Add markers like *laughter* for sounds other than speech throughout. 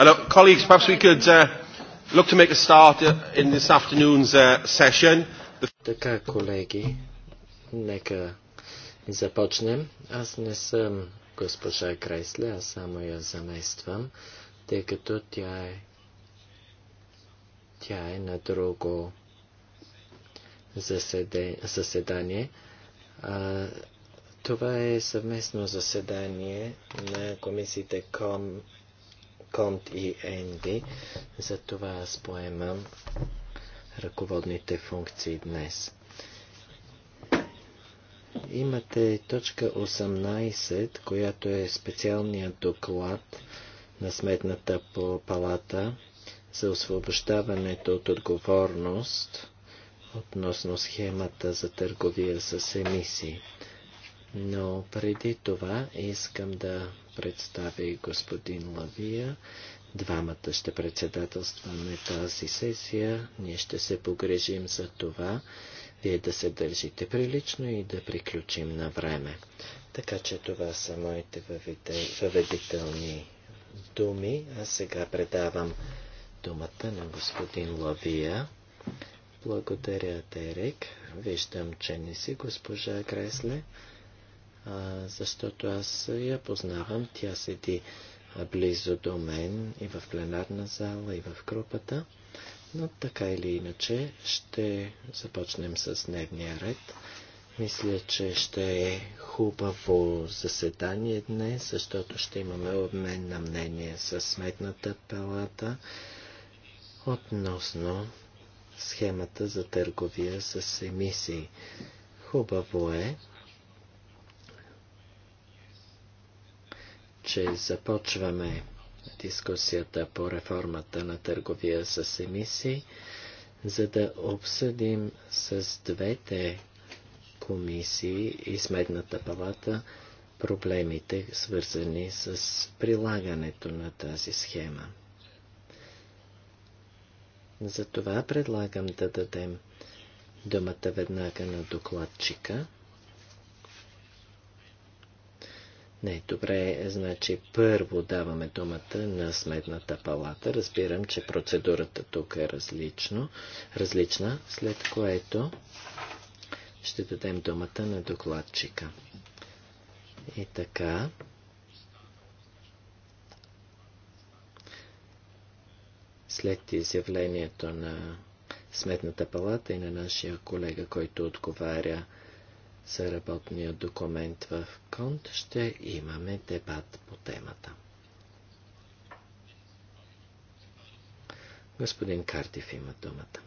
Hello, colleagues, perhaps we could uh, look to make a start uh, in this afternoon's uh, session. Така, колеги, нека започнем. Аз не съм госпожа Крайсле, аз само я замествам, тъй като тя е, тя е на друго заседе, заседание. А, това е съвместно заседание на комисиите КОМ Конт и Енди. За това аз поемам ръководните функции днес. Имате точка 18, която е специалният доклад на Сметната палата за освобождаването от отговорност относно схемата за търговия с емисии. Но преди това искам да представя господин Лавия. Двамата ще председателстваме тази сесия. Ние ще се погрежим за това, вие да се държите прилично и да приключим на време. Така че това са моите въведителни думи. А сега предавам думата на господин Лавия. Благодаря, Терек. Виждам, че не си госпожа Кресле защото аз я познавам. Тя седи близо до мен и в пленарна зала, и в групата. Но така или иначе ще започнем с дневния ред. Мисля, че ще е хубаво заседание днес, защото ще имаме обмен на мнение с Сметната палата относно схемата за търговия с емисии. Хубаво е че започваме дискусията по реформата на търговия с емисии, за да обсъдим с двете комисии и Сметната палата проблемите, свързани с прилагането на тази схема. Затова предлагам да дадем думата веднага на докладчика. Не, добре, значи първо даваме думата на Сметната палата. Разбирам, че процедурата тук е различно, различна, след което ще дадем думата на докладчика. И така. След изявлението на Сметната палата и на нашия колега, който отговаря за работния документ в Конт, ще имаме дебат по темата. Господин Картиф има думата.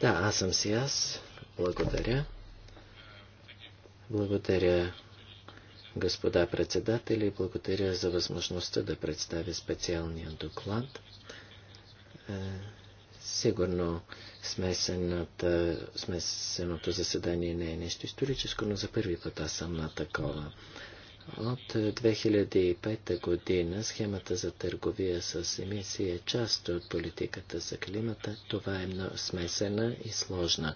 Да, аз съм си аз. Благодаря. Благодаря, господа председатели. Благодаря за възможността да представя специалния доклад. Е, Сигурно смесеното заседание не е нещо историческо, но за първи път аз съм на такова. От 2005 е, година схемата за търговия с емисии е част от политиката за климата. Това е смесена и сложна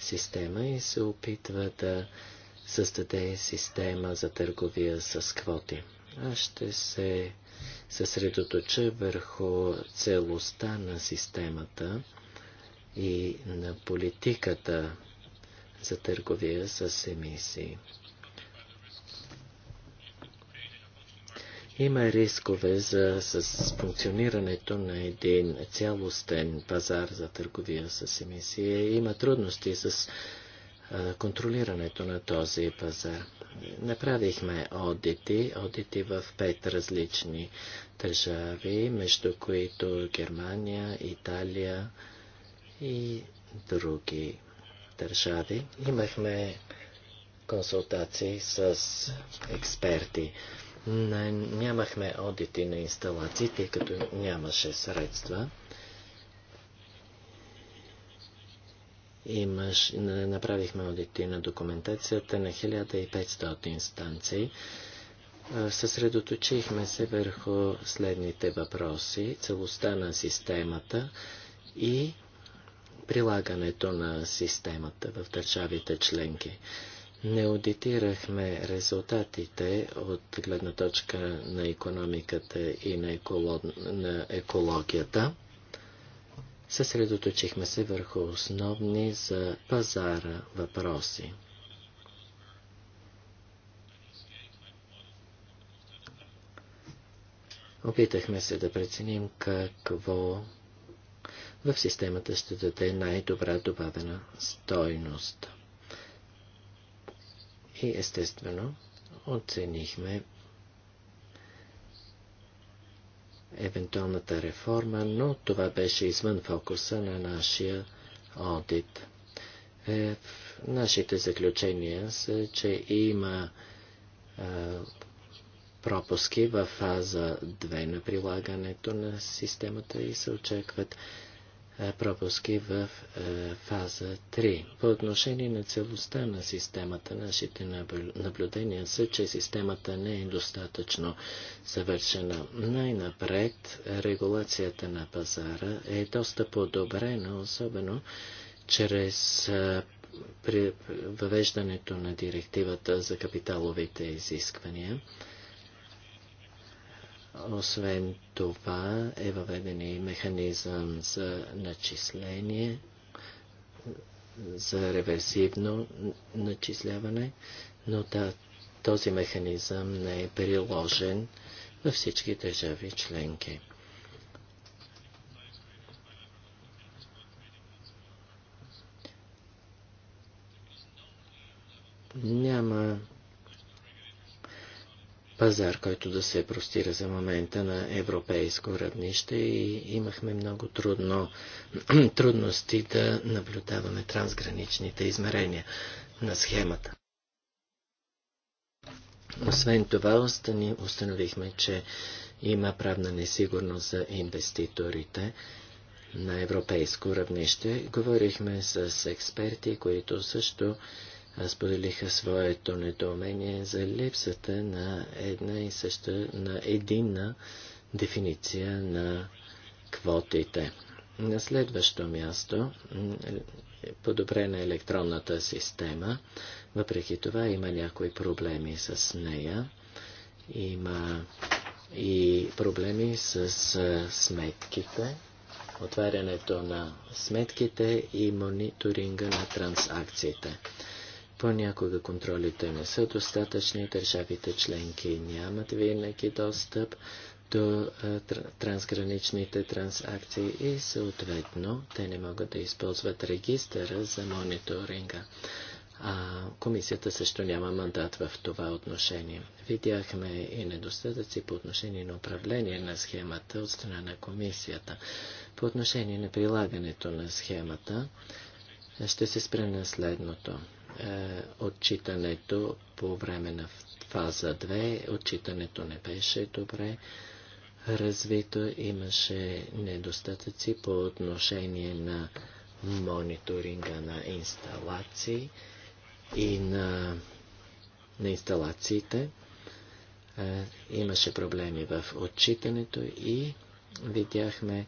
система и се опитва да създаде система за търговия с квоти. Аз ще се съсредоточа върху целостта на системата и на политиката за търговия с емисии. Има рискове за, с функционирането на един цялостен пазар за търговия с емисии. Има трудности с контролирането на този пазар. Направихме одити, одити в пет различни държави, между които Германия, Италия и други държави. Имахме консултации с експерти. Нямахме одити на инсталации, тъй като нямаше средства. Имаш, направихме аудити на документацията на 1500 станции. Съсредоточихме се върху следните въпроси, целостта на системата и прилагането на системата в държавите членки. Не аудитирахме резултатите от гледна точка на економиката и на, еколог... на екологията съсредоточихме се върху основни за пазара въпроси. Опитахме се да преценим какво в системата ще даде най-добра добавена стойност. И естествено оценихме евентуалната реформа, но това беше извън фокуса на нашия одит. Е, нашите заключения са, че има е, пропуски в фаза 2 на прилагането на системата и се очакват е, пропуски в е, фаза 3. По отношение на целостта на системата, нашите наблюдения са, че системата не е достатъчно съвършена. Най-напред регулацията на пазара е доста подобрена, особено чрез е, при въвеждането на директивата за капиталовите изисквания. Освен това е въведен и механизъм за начисление, за реверсивно начисляване, но да, този механизъм не е приложен във всички държави членки. Няма пазар, който да се простира за момента на европейско равнище и имахме много трудно, *clears throat* трудности да наблюдаваме трансграничните измерения на схемата. Освен това, установихме, че има правна несигурност за инвеститорите на европейско равнище. Говорихме с експерти, които също разпределиха своето недоумение за липсата на една и съща, на единна дефиниция на квотите. На следващо място е подобрена електронната система. Въпреки това има някои проблеми с нея. Има и проблеми с сметките, отварянето на сметките и мониторинга на трансакциите. Понякога контролите не са достатъчни, държавите членки нямат винаги достъп до а, трансграничните трансакции и съответно те не могат да използват регистъра за мониторинга. А комисията също няма мандат в това отношение. Видяхме и недостатъци по отношение на управление на схемата от страна на комисията. По отношение на прилагането на схемата ще се спре на следното. Е, отчитането по време на фаза 2. Отчитането не беше добре развито, имаше недостатъци по отношение на мониторинга на инсталации и на, на инсталациите. Е, имаше проблеми в отчитането и видяхме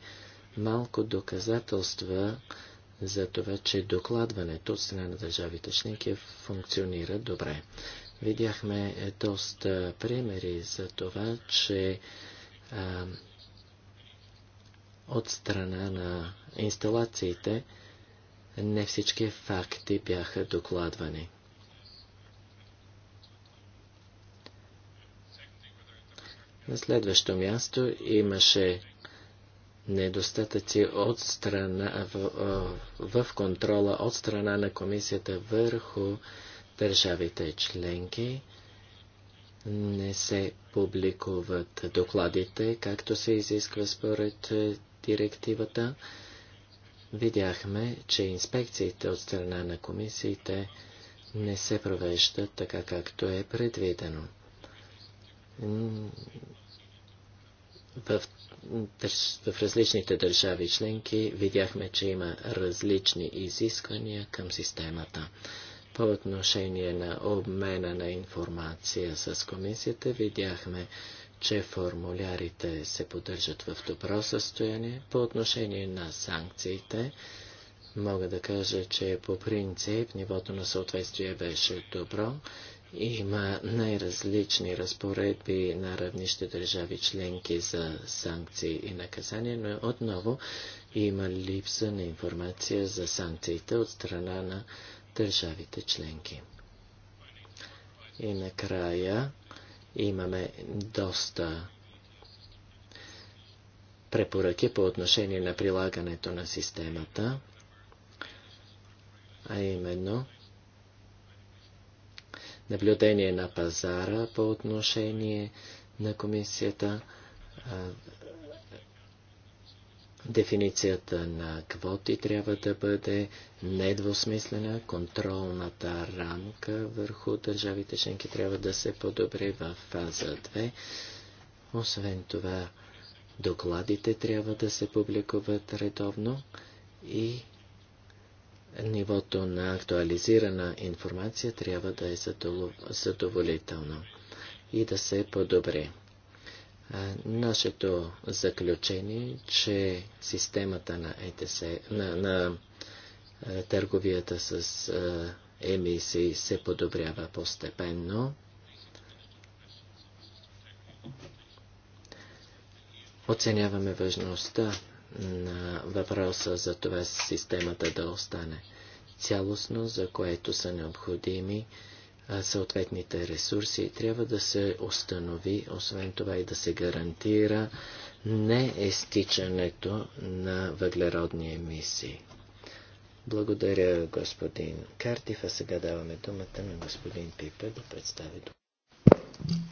малко доказателства за това, че докладването от страна на държавите членки функционира добре. Видяхме е, доста примери за това, че а, от страна на инсталациите не всички факти бяха докладвани. На следващо място имаше недостатъци от страна, в, в контрола от страна на комисията върху държавите членки. Не се публикуват докладите, както се изисква според директивата. Видяхме, че инспекциите от страна на комисиите не се провеждат така, както е предвидено в, в различните държави членки видяхме, че има различни изисквания към системата. По отношение на обмена на информация с комисията видяхме, че формулярите се поддържат в добро състояние. По отношение на санкциите, мога да кажа, че по принцип нивото на съответствие беше добро. Има най-различни разпоредби на равнище държави членки за санкции и наказания, но отново има липса на информация за санкциите от страна на държавите членки. И накрая имаме доста препоръки по отношение на прилагането на системата, а именно – наблюдение на пазара по отношение на комисията, дефиницията на квоти трябва да бъде недвусмислена, контролната рамка върху държавите членки трябва да се подобри в фаза 2. Освен това, докладите трябва да се публикуват редовно и нивото на актуализирана информация трябва да е задоволително и да се подобри. Нашето заключение, че системата на, ЕТС, на, на търговията с емисии се подобрява постепенно. Оценяваме важността на въпроса за това системата да остане цялостно, за което са необходими съответните ресурси трябва да се установи, освен това и да се гарантира не естичането на въглеродни емисии. Благодаря, господин Картиф, а сега даваме думата на господин Пипе да представи думата.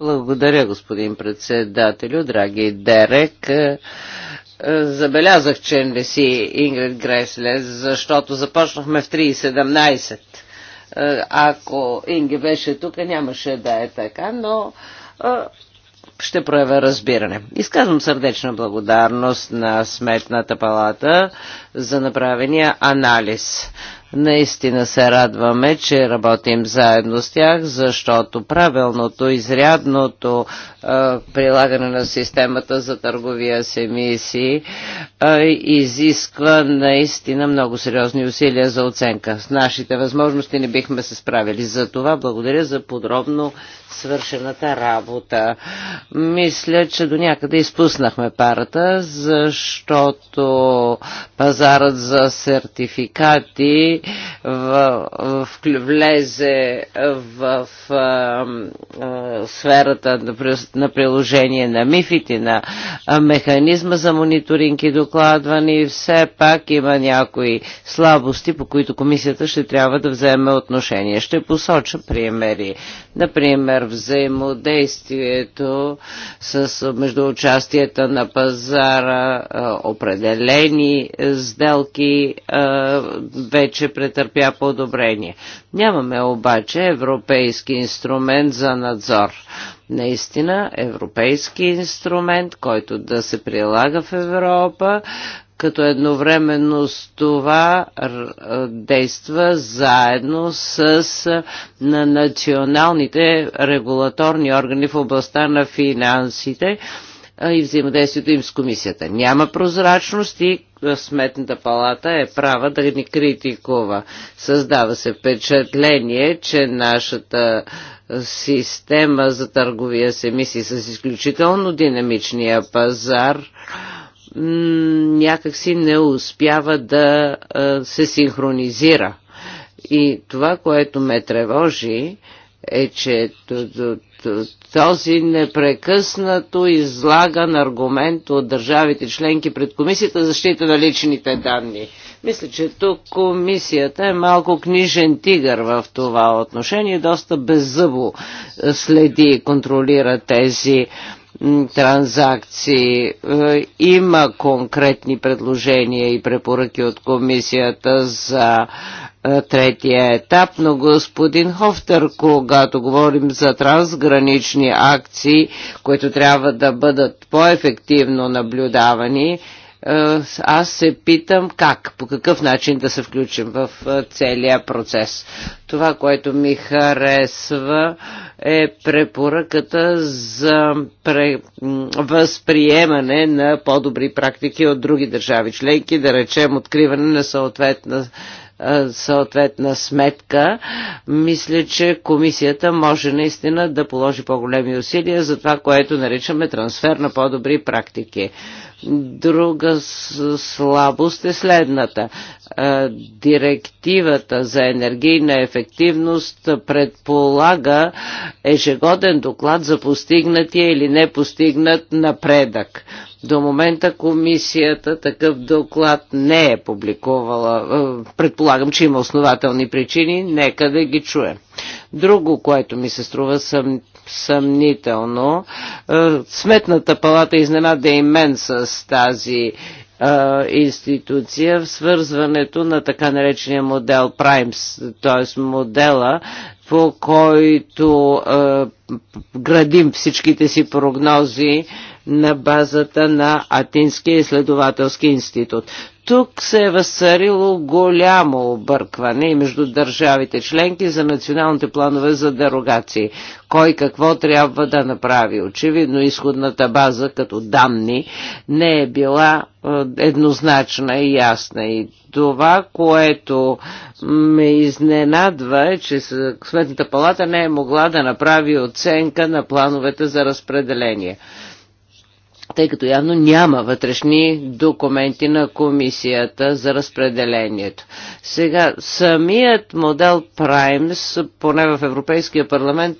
Благодаря, господин председателю, драги Дерек. Е, е, забелязах, че не си Ингрид Гресле, защото започнахме в 3.17. Е, ако Инги беше тук, нямаше да е така, но ще проявя разбиране. Изказвам сърдечна благодарност на Сметната палата за направения анализ. Наистина се радваме, че работим заедно с тях, защото правилното, изрядното а, прилагане на системата за търговия с емисии а, изисква наистина много сериозни усилия за оценка. С нашите възможности не бихме се справили. За това благодаря за подробно свършената работа. Мисля, че до някъде изпуснахме парата, защото пазарът за сертификати в, в, влезе в, в сферата на, на приложение на мифите, на механизма за мониторинг и докладване и все пак има някои слабости, по които комисията ще трябва да вземе отношение. Ще посоча примери. Например, взаимодействието с, между участията на пазара, определени сделки вече претърпя подобрение. Нямаме обаче европейски инструмент за надзор наистина европейски инструмент, който да се прилага в Европа, като едновременно с това действа заедно с на националните регулаторни органи в областта на финансите и взаимодействието им с комисията. Няма прозрачност и Сметната палата е права да ни критикува. Създава се впечатление, че нашата система за търговия с емисии с изключително динамичния пазар някакси не успява да се синхронизира. И това, което ме тревожи, е, че този непрекъснато излаган аргумент от държавите членки пред Комисията за защита на личните данни. Мисля, че тук комисията е малко книжен тигър в това отношение, доста беззъбо следи и контролира тези транзакции. Е, има конкретни предложения и препоръки от комисията за е, третия етап, но господин Хофтер, когато говорим за трансгранични акции, които трябва да бъдат по-ефективно наблюдавани, е, аз се питам как, по какъв начин да се включим в е, целия процес. Това, което ми харесва е препоръката за пре... възприемане на по-добри практики от други държави членки, да речем откриване на съответна е, съответна сметка. Мисля, че комисията може наистина да положи по-големи усилия за това, което наричаме трансфер на по-добри практики. Друга слабост е следната. Е, директивата за енергийна ефективност предполага ежегоден доклад за постигнатия или не постигнат напредък. До момента комисията такъв доклад не е публикувала. Е, предполагам, че има основателни причини. Нека да ги чуем. Друго, което ми се струва съм съмнително. Е, Сметната палата изненада и мен с тази е, институция в свързването на така наречения модел Primes, т.е. модела, по който е, градим всичките си прогнози на базата на Атинския изследователски институт. Тук се е възцарило голямо объркване между държавите членки за националните планове за дерогации. Кой какво трябва да направи? Очевидно изходната база като данни не е била е, еднозначна и ясна. И това, което ме изненадва е, че Сметната палата не е могла да направи оценка на плановете за разпределение тъй като явно няма вътрешни документи на комисията за разпределението. Сега, самият модел Праймс, поне в Европейския парламент,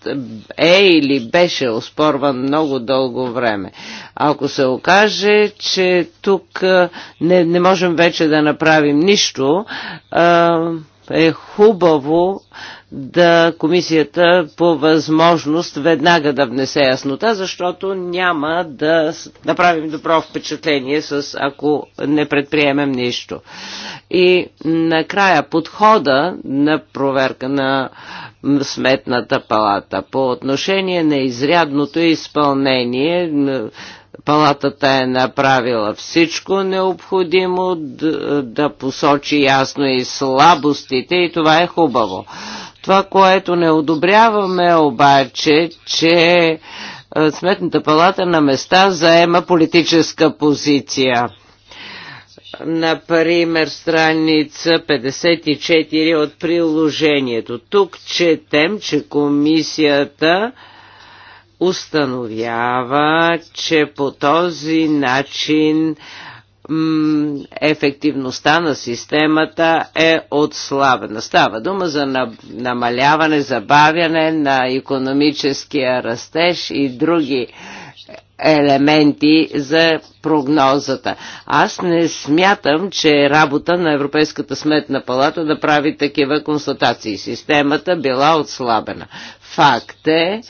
е или беше оспорван много дълго време. Ако се окаже, че тук не, не можем вече да направим нищо, е хубаво да комисията по възможност веднага да внесе яснота, защото няма да направим добро впечатление с ако не предприемем нищо. И накрая подхода на проверка на Сметната палата по отношение на изрядното изпълнение Палатата е направила всичко необходимо да, да посочи ясно и слабостите и това е хубаво. Това, което не одобряваме обаче, че Сметната палата на места заема политическа позиция. Например, страница 54 от приложението. Тук четем, че комисията установява, че по този начин ефективността на системата е отслабена. Става дума за намаляване, забавяне на економическия растеж и други елементи за прогнозата. Аз не смятам, че е работа на Европейската сметна палата да прави такива констатации. Системата била отслабена. Факт е,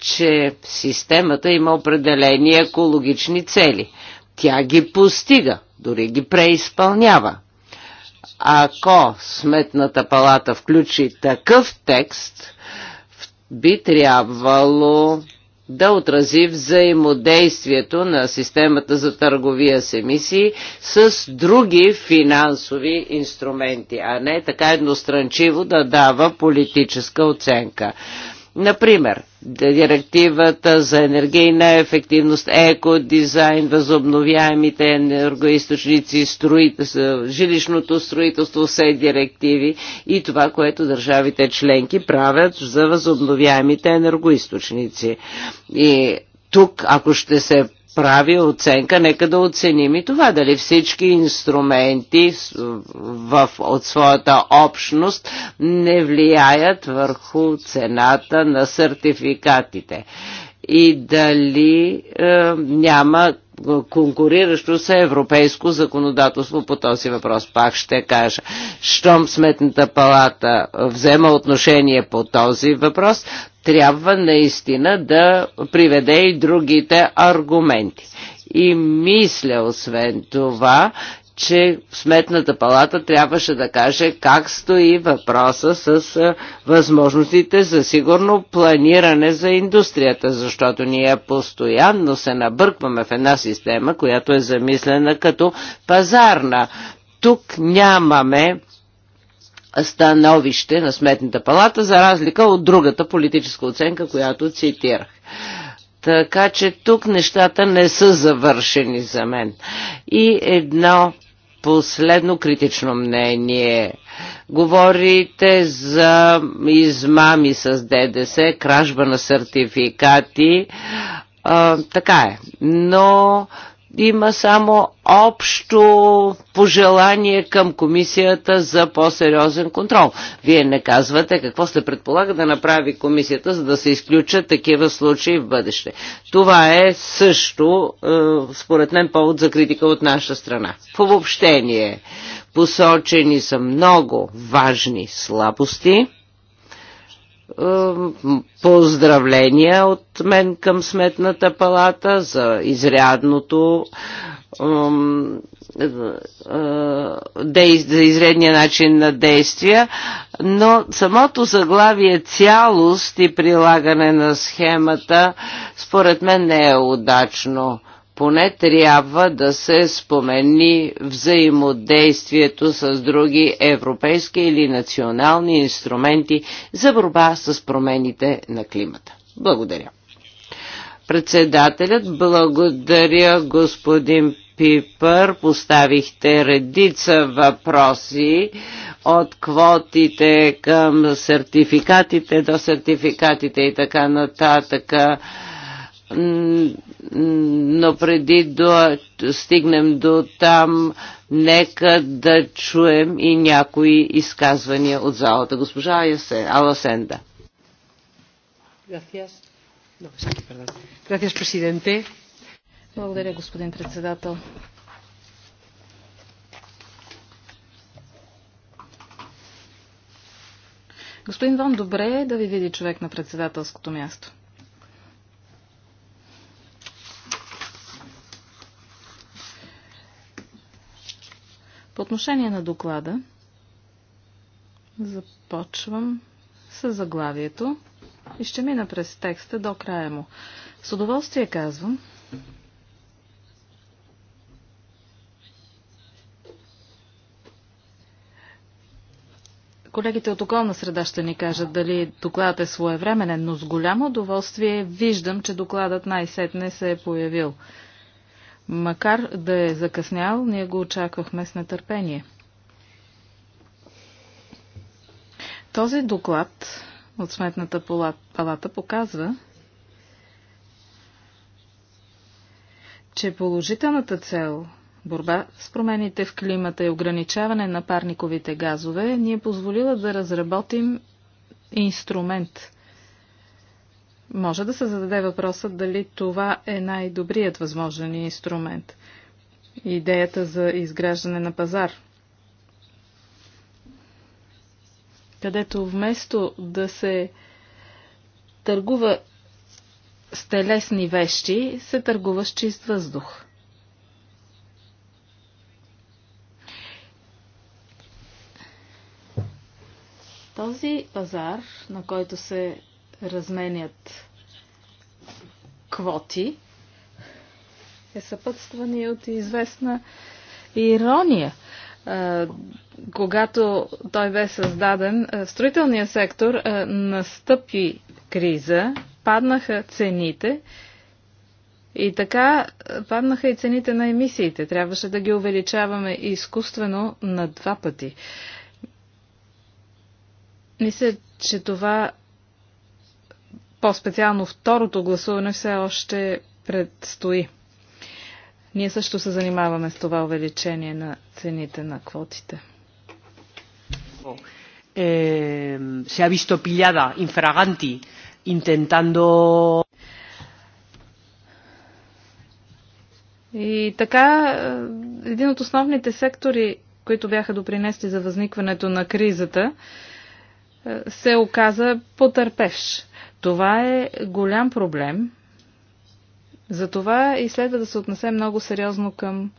че системата има определени екологични цели – тя ги постига, дори ги преизпълнява. Ако Сметната палата включи такъв текст, би трябвало да отрази взаимодействието на системата за търговия с емисии с други финансови инструменти, а не така едностранчиво да дава политическа оценка. Например, директивата за енергийна ефективност, екодизайн, възобновяемите енергоисточници, жилищното строителство, все директиви и това, което държавите членки правят за възобновяемите енергоисточници. И тук, ако ще се прави оценка, нека да оценим и това, дали всички инструменти в, от своята общност не влияят върху цената на сертификатите и дали е, няма конкуриращо с европейско законодателство по този въпрос. Пак ще кажа, щом Сметната палата взема отношение по този въпрос, трябва наистина да приведе и другите аргументи. И мисля, освен това, че Сметната палата трябваше да каже как стои въпроса с възможностите за сигурно планиране за индустрията, защото ние постоянно се набъркваме в една система, която е замислена като пазарна. Тук нямаме становище на Сметната палата, за разлика от другата политическа оценка, която цитирах. Така че тук нещата не са завършени за мен. И едно последно критично мнение. Говорите за измами с ДДС, кражба на сертификати. А, така е. Но има само общо пожелание към комисията за по-сериозен контрол. Вие не казвате какво се предполага да направи комисията, за да се изключат такива случаи в бъдеще. Това е също, е, според мен, повод за критика от наша страна. В обобщение, посочени са много важни слабости – поздравления от мен към Сметната палата за изрядното за изредния начин на действия, но самото заглавие цялост и прилагане на схемата според мен не е удачно поне трябва да се спомени взаимодействието с други европейски или национални инструменти за борба с промените на климата. Благодаря. Председателят, благодаря господин Пипър. Поставихте редица въпроси от квотите към сертификатите до сертификатите и така нататък но преди да стигнем до там, нека да чуем и някои изказвания от залата. Госпожа Аласенда. Благодаря, господин председател. Господин Ван, добре е да ви види човек на председателското място. По отношение на доклада, започвам с заглавието и ще мина през текста до края му. С удоволствие казвам, Колегите от околна среда ще ни кажат дали докладът е своевременен, но с голямо удоволствие виждам, че докладът най-сетне се е появил. Макар да е закъснял, ние го очаквахме с нетърпение. Този доклад от Сметната палата показва, че положителната цел борба с промените в климата и ограничаване на парниковите газове ни е позволила да разработим инструмент може да се зададе въпросът дали това е най-добрият възможен инструмент. Идеята за изграждане на пазар, където вместо да се търгува с телесни вещи, се търгува с чист въздух. Този пазар, на който се разменят квоти, е съпътствани от известна ирония. Когато той бе създаден, в строителния сектор настъпи криза, паднаха цените и така паднаха и цените на емисиите. Трябваше да ги увеличаваме изкуствено на два пъти. Мисля, че това по-специално второто гласуване все още предстои. Ние също се занимаваме с това увеличение на цените на квотите. Е, се ha visto pillada infraganti intentando И така, е, един от основните сектори, които бяха допринесли за възникването на кризата, се оказа потърпеш. Това е голям проблем. Затова и следва да се отнесе много сериозно към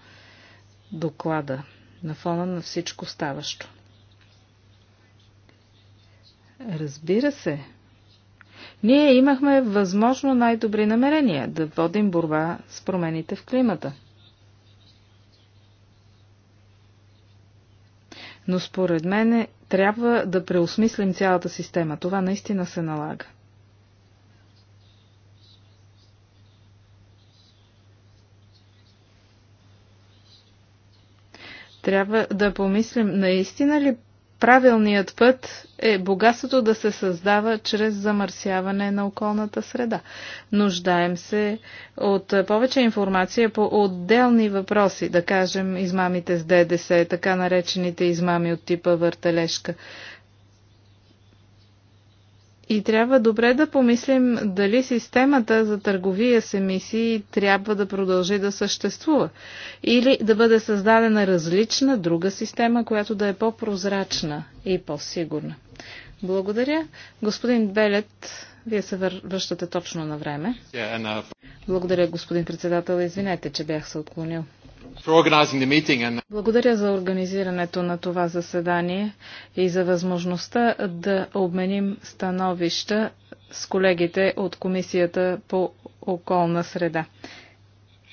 доклада на фона на всичко ставащо. Разбира се, ние имахме възможно най-добри намерения да водим борба с промените в климата – но според мен трябва да преосмислим цялата система. Това наистина се налага. Трябва да помислим, наистина ли правилният път е богатството да се създава чрез замърсяване на околната среда. Нуждаем се от повече информация по отделни въпроси, да кажем измамите с ДДС, така наречените измами от типа въртележка. И трябва добре да помислим дали системата за търговия с емисии трябва да продължи да съществува или да бъде създадена различна друга система, която да е по-прозрачна и по-сигурна. Благодаря. Господин Белет, вие се връщате точно на време. Uh, Благодаря, господин председател. Извинете, че бях се отклонил. Благодаря за организирането на това заседание и за възможността да обменим становища с колегите от Комисията по околна среда.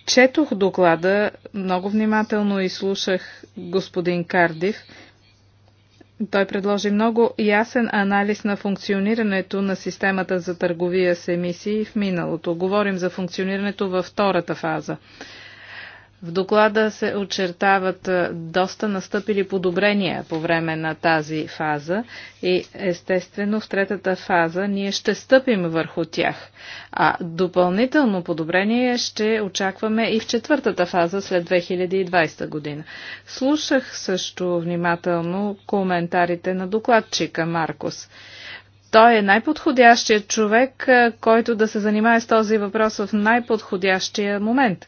Четох доклада, много внимателно слушах господин Кардив. Той предложи много ясен анализ на функционирането на системата за търговия с емисии в миналото. Говорим за функционирането във втората фаза в доклада се очертават доста настъпили подобрения по време на тази фаза и естествено в третата фаза ние ще стъпим върху тях. А допълнително подобрение ще очакваме и в четвъртата фаза след 2020 година. Слушах също внимателно коментарите на докладчика Маркос той е най-подходящият човек, който да се занимае с този въпрос в най-подходящия момент.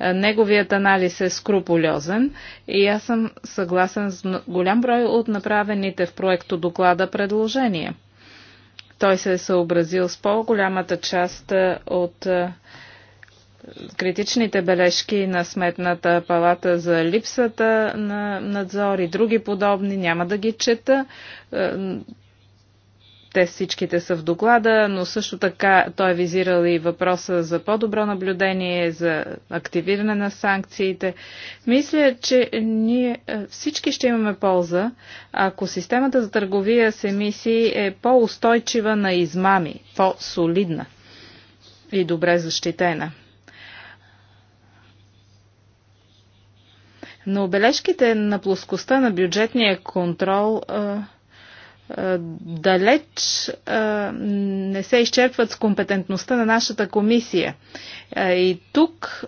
Неговият анализ е скрупулезен и аз съм съгласен с голям брой от направените в проекто доклада предложения. Той се е съобразил с по-голямата част от критичните бележки на Сметната палата за липсата на надзор и други подобни. Няма да ги чета те всичките са в доклада, но също така той е визирал и въпроса за по-добро наблюдение, за активиране на санкциите. Мисля, че ние е, всички ще имаме полза, ако системата за търговия с емисии е по-устойчива на измами, по-солидна и добре защитена. Но бележките на плоскостта на бюджетния контрол а, е, е, далеч е, не се изчерпват с компетентността на нашата комисия. Е, и тук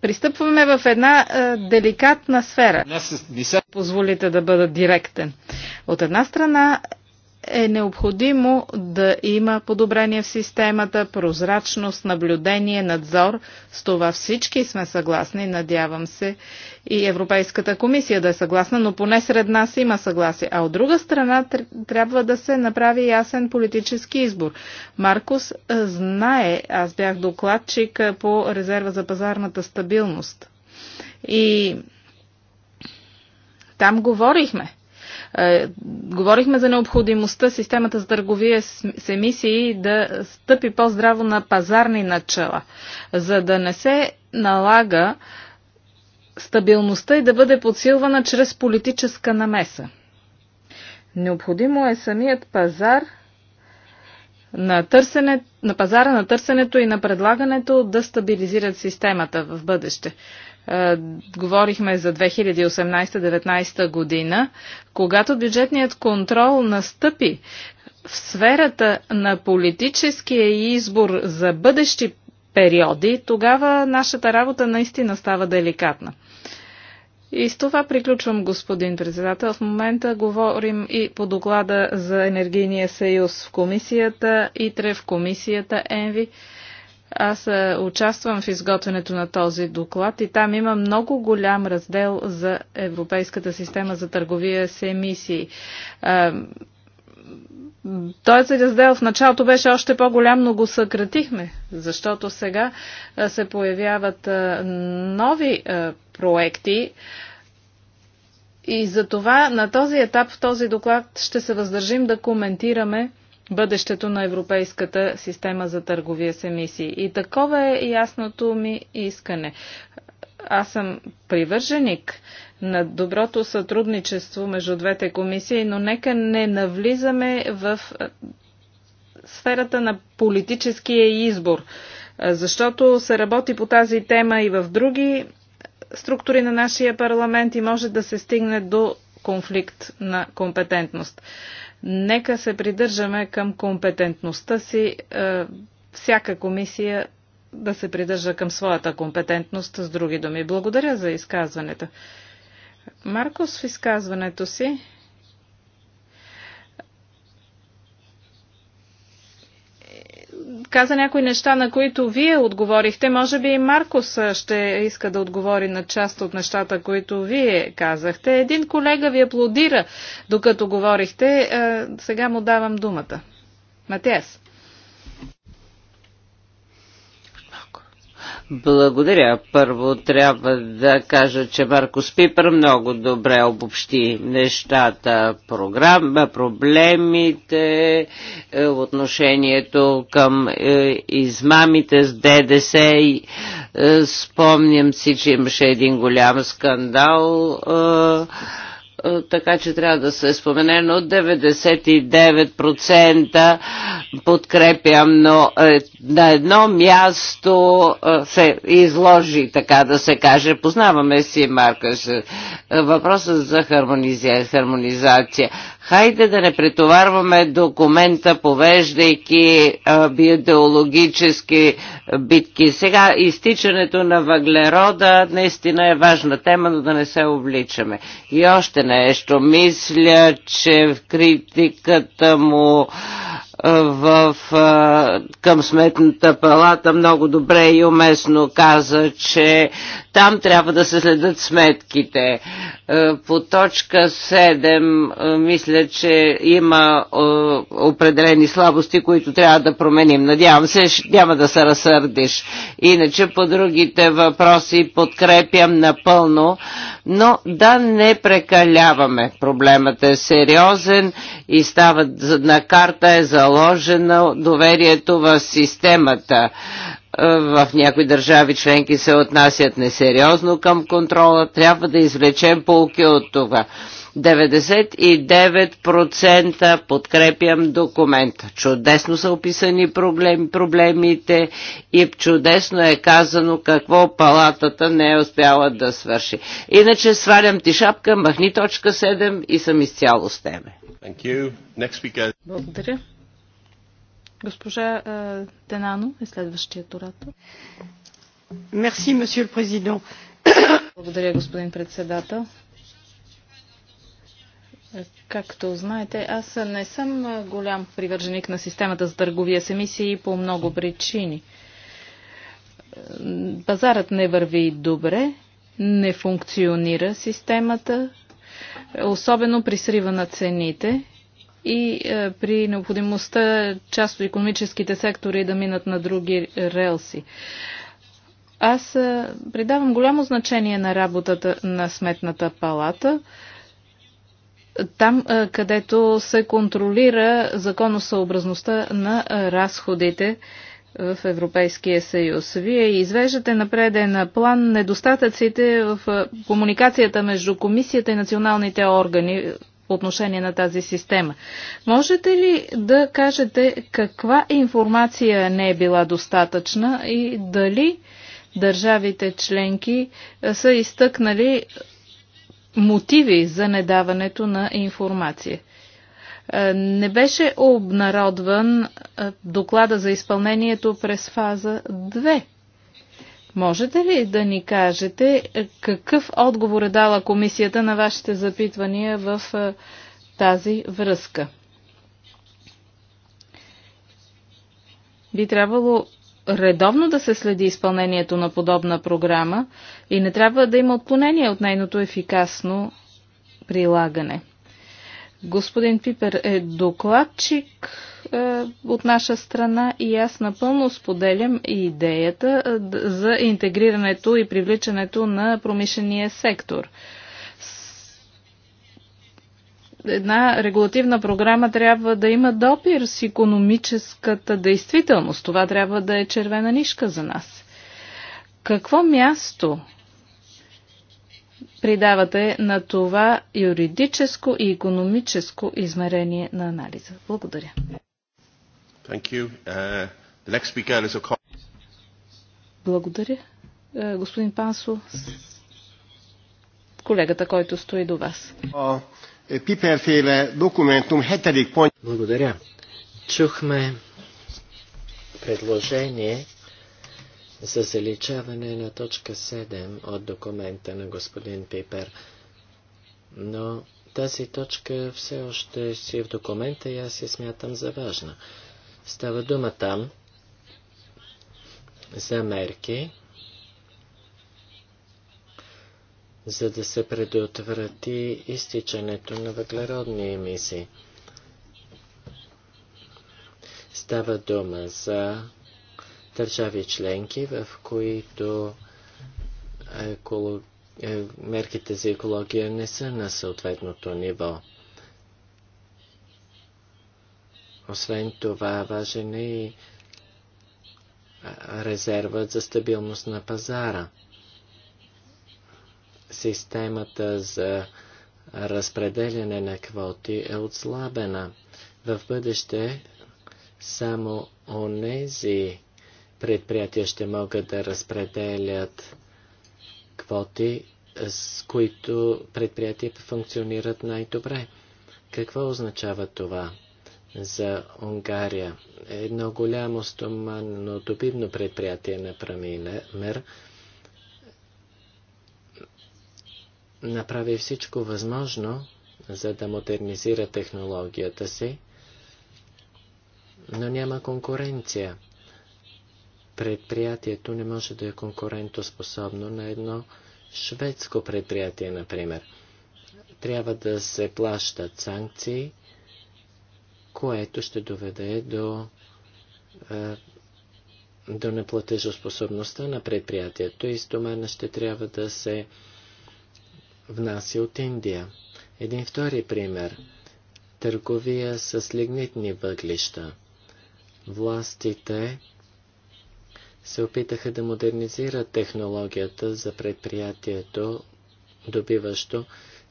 пристъпваме в една деликатна сфера. Позволите да бъда директен. От една страна е необходимо да има подобрение в системата, прозрачност, наблюдение, надзор. С това всички сме съгласни, надявам се и Европейската комисия да е съгласна, но поне сред нас има съгласие. А от друга страна трябва да се направи ясен политически избор. Маркус е, знае, аз бях докладчик е, по резерва за пазарната стабилност. И там говорихме е, говорихме за необходимостта системата за търговия с емисии да стъпи по-здраво на пазарни начала, за да не се налага стабилността и да бъде подсилвана чрез политическа намеса. Необходимо е самият пазар на, търсене, на пазара на търсенето и на предлагането да стабилизират системата в бъдеще. Е, говорихме за 2018-2019 година, когато бюджетният контрол настъпи в сферата на политическия избор за бъдещи периоди, тогава нашата работа наистина става деликатна. И с това приключвам, господин председател. В момента говорим и по доклада за енергийния съюз в комисията, ИТРЕ в комисията ЕНВИ. Аз е, участвам в изготвянето на този доклад и там има много голям раздел за Европейската система за търговия с емисии. Е, този раздел в началото беше още по-голям, но го съкратихме, защото сега е, се появяват нови проекти. И за това на този етап в този доклад ще се въздържим да коментираме бъдещето на европейската система за търговия с емисии. И такова е ясното ми искане. Аз съм привърженик на доброто сътрудничество между двете комисии, но нека не навлизаме в сферата на политическия избор, защото се работи по тази тема и в други структури на нашия парламент и може да се стигне до конфликт на компетентност. Нека се придържаме към компетентността си. Е, всяка комисия да се придържа към своята компетентност, с други думи. Благодаря за изказването. Маркос в изказването си каза някои неща, на които вие отговорихте. Може би и Маркос ще иска да отговори на част от нещата, които вие казахте. Един колега ви аплодира, докато говорихте. Сега му давам думата. Матеас. Благодаря. Първо трябва да кажа, че Марко Пипър много добре обобщи нещата, програма, проблемите, е, отношението към е, измамите с ДДС. Е, спомням си, че имаше един голям скандал е, така че трябва да се спомене, но 99% подкрепям, но е, на едно място е, се изложи, така да се каже. Познаваме си Марка. Въпросът за хармонизация. Хайде да не претоварваме документа, повеждайки биодеологически битки. Сега изтичането на въглерода наистина е важна тема, но да не се обличаме. И още нещо. Мисля, че в критиката му в, към сметната палата много добре и уместно каза, че там трябва да се следят сметките. По точка 7 мисля, че има определени слабости, които трябва да променим. Надявам се, няма да се разсърдиш. Иначе по другите въпроси подкрепям напълно, но да не прекаляваме. Проблемът е сериозен и става на карта е за заложено доверието в системата е, в някои държави членки се отнасят несериозно към контрола, трябва да извлечем полки от това. 99% подкрепям документа. Чудесно са описани проблем, проблемите и чудесно е казано какво палатата не е успяла да свърши. Иначе свалям ти шапка, махни точка 7 и съм изцяло с теме. Благодаря. Госпожа е, Тенано е следващият оратор. Мерси, месье президент. Благодаря, господин председател. Както знаете, аз не съм голям привърженик на системата за търговия с емисии по много причини. Пазарът не върви добре, не функционира системата, особено при срива на цените и е, при необходимостта част от економическите сектори да минат на други релси. Аз е, придавам голямо значение на работата на Сметната палата там, е, където се контролира законосъобразността на разходите в Европейския съюз. Вие извеждате на план недостатъците в комуникацията между комисията и националните органи по отношение на тази система. Можете ли да кажете каква информация не е била достатъчна и дали държавите членки е, са изтъкнали мотиви за недаването на информация? Е, не беше обнародван е, доклада за изпълнението през фаза 2 Можете ли да ни кажете е, какъв отговор е дала комисията на вашите запитвания в е, тази връзка? Би трябвало редовно да се следи изпълнението на подобна програма и не трябва да има отклонение от нейното ефикасно прилагане. Господин Пипер е докладчик е, от наша страна и аз напълно споделям идеята е, за интегрирането и привличането на промишления сектор една регулативна програма трябва да има допир с економическата действителност. Това трябва да е червена нишка за нас. Какво място придавате на това юридическо и економическо измерение на анализа. Благодаря. Uh, a... Благодаря. Uh, господин Пансо, колегата, който стои до вас. Е, Благодаря. Чухме предложение за заличаване на точка 7 от документа на господин Пипер. Но тази точка все още си е в документа и аз я смятам за важна. Става дума там за мерки, за да се предотврати изтичането на въглеродни емисии. Става дума за държави членки, в които еколог... Е, мерките за екология не са на съответното ниво. Освен това, важен е и резервът за стабилност на пазара. Системата за разпределяне на квоти е отслабена. В бъдеще само онези предприятия ще могат да разпределят квоти, с които предприятия функционират най-добре. Какво означава това за Унгария? Едно голямо стоманно добивно предприятие на мер направи всичко възможно, за да модернизира технологията си, но няма конкуренция предприятието не може да е конкурентоспособно на едно шведско предприятие, например. Трябва да се плащат санкции, което ще доведе до, е, до неплатежоспособността на предприятието и стомана ще трябва да се внася от Индия. Един втори пример – търговия с лигнитни въглища. Властите се опитаха да модернизират технологията за предприятието, добиващо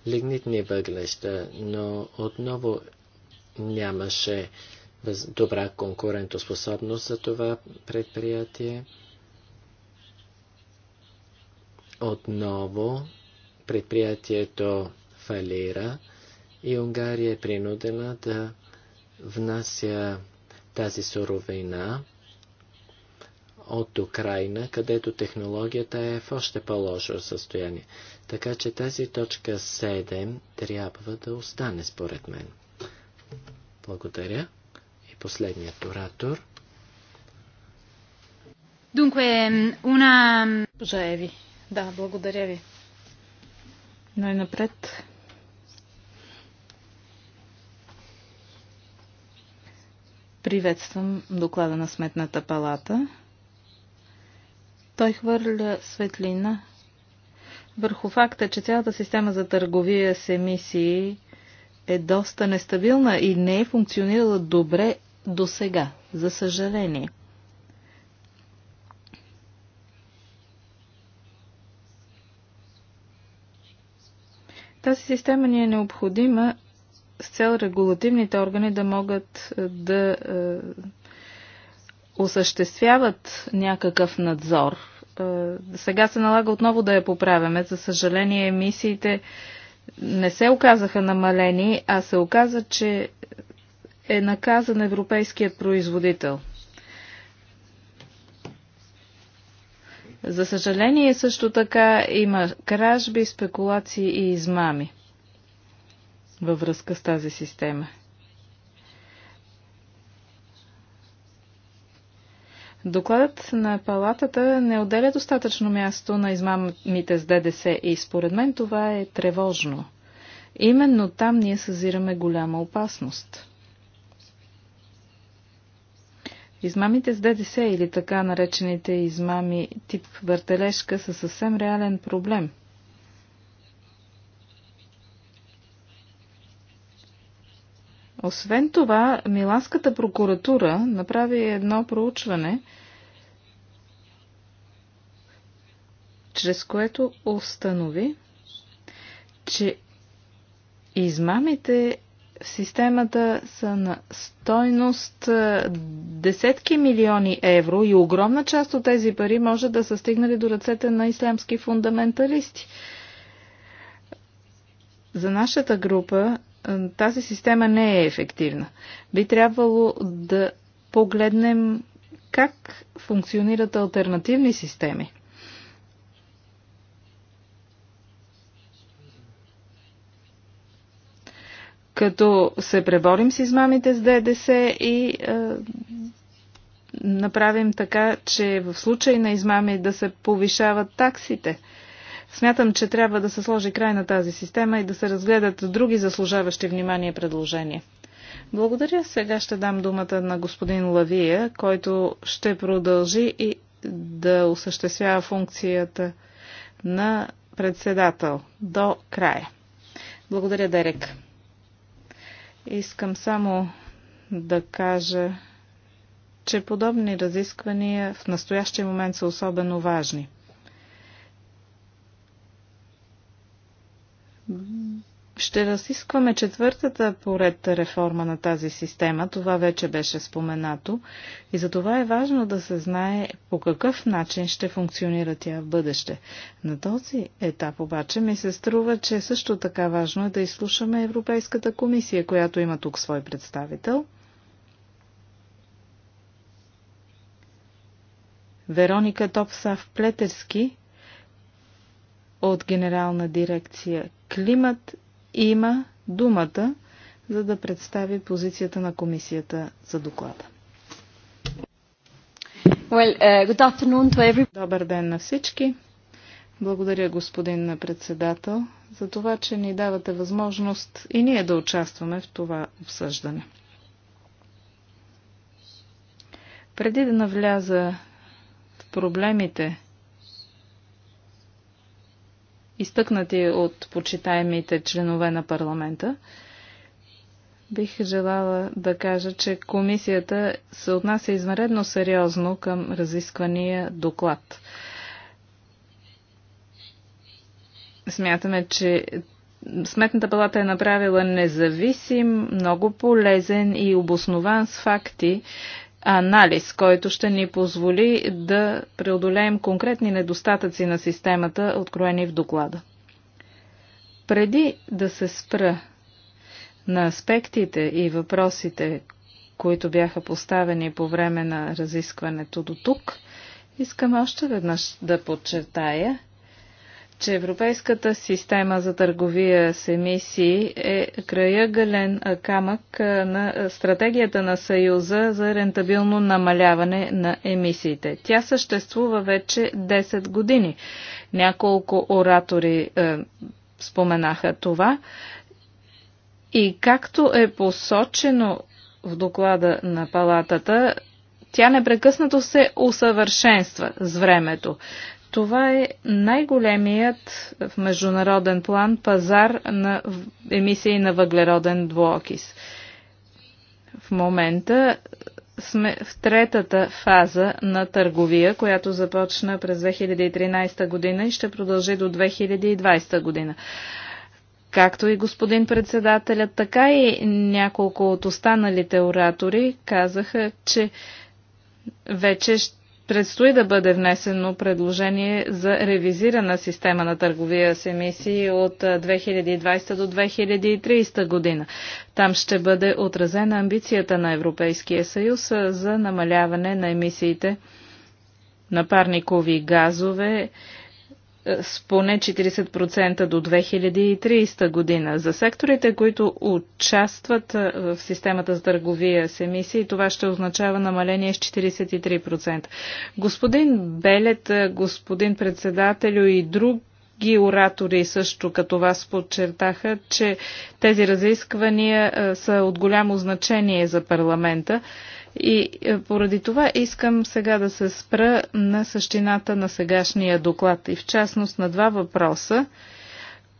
лигнитни въглеща, но отново нямаше добра конкурентоспособност за това предприятие. Отново предприятието фалира и Унгария е принудена да внася тази суровина от Украина, където технологията е в още по-лошо състояние. Така че тази точка 7 трябва да остане според мен. Благодаря. И последният оратор. Дункве, уна... Жаеви. Да, благодаря ви. Най-напред. Приветствам доклада на Сметната палата. Той хвърля светлина върху факта, че цялата система за търговия с емисии е доста нестабилна и не е функционирала добре до сега, за съжаление. Тази система ни е необходима с цел регулативните органи да могат е, да е, осъществяват някакъв надзор. Е, сега се налага отново да я поправяме. За съжаление, емисиите не се оказаха намалени, а се оказа, че е наказан европейският производител. За съжаление също така има кражби, спекулации и измами във връзка с тази система. Докладът на палатата не отделя достатъчно място на измамите с ДДС и според мен това е тревожно. Именно там ние съзираме голяма опасност. Измамите с ДДС или така наречените измами тип въртележка са съвсем реален проблем – Освен това, Миланската прокуратура направи едно проучване, чрез което установи, че измамите в системата са на стойност десетки милиони евро и огромна част от тези пари може да са стигнали до ръцете на ислямски фундаменталисти. За нашата група тази система не е ефективна. Би трябвало да погледнем как функционират альтернативни системи. Като се преборим с измамите с ДДС и е, направим така, че в случай на измами да се повишават таксите – Смятам, че трябва да се сложи край на тази система и да се разгледат други заслужаващи внимание предложения. Благодаря. Сега ще дам думата на господин Лавия, който ще продължи и да осъществява функцията на председател до края. Благодаря, Дерек. Искам само да кажа, че подобни разисквания в настоящия момент са особено важни. Ще разискваме четвъртата поред реформа на тази система, това вече беше споменато, и за това е важно да се знае по какъв начин ще функционира тя в бъдеще. На този етап обаче ми се струва, че също така важно е да изслушаме Европейската комисия, която има тук свой представител. Вероника Топсав Плетерски от Генерална дирекция климат има думата, за да представи позицията на комисията за доклада. Well, uh, good afternoon to every... Добър ден на всички. Благодаря, господин председател, за това, че ни давате възможност и ние да участваме в това обсъждане. Преди да навляза в проблемите, изтъкнати от почитаемите членове на парламента, бих желала да кажа, че комисията се отнася извънредно сериозно към разисквания доклад. Смятаме, че Сметната палата е направила независим, много полезен и обоснован с факти анализ, който ще ни позволи да преодолеем конкретни недостатъци на системата, откроени в доклада. Преди да се спра на аспектите и въпросите, които бяха поставени по време на разискването до тук, искам още веднъж да подчертая, че Европейската система за търговия с емисии е краягален камък на стратегията на Съюза за рентабилно намаляване на емисиите. Тя съществува вече 10 години. Няколко оратори е, споменаха това. И както е посочено в доклада на палатата, тя непрекъснато се усъвършенства с времето. Това е най-големият в международен план пазар на емисии на въглероден двуокис. В момента сме в третата фаза на търговия, която започна през 2013 година и ще продължи до 2020 година. Както и господин председателят, така и няколко от останалите оратори казаха, че вече ще Предстои да бъде внесено предложение за ревизирана система на търговия с емисии от 2020 до 2030 година. Там ще бъде отразена амбицията на Европейския съюз за намаляване на емисиите на парникови газове с поне 40% до 2030 година. За секторите, които участват в системата с търговия с емисии, това ще означава намаление с 43%. Господин Белет, господин председателю и друг ги оратори също като вас подчертаха, че тези разисквания са от голямо значение за парламента. И е, поради това искам сега да се спра на същината на сегашния доклад и в частност на два въпроса,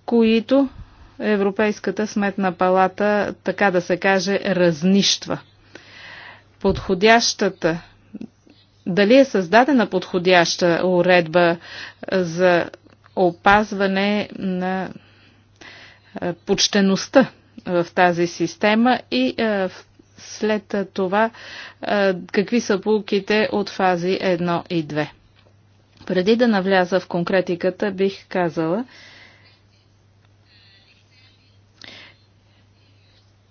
които Европейската сметна палата, така да се каже, разнищва. Подходящата дали е създадена подходяща уредба за опазване на е, почтеността в тази система и е, в след това какви са полуките от фази 1 и 2. Преди да навляза в конкретиката, бих казала,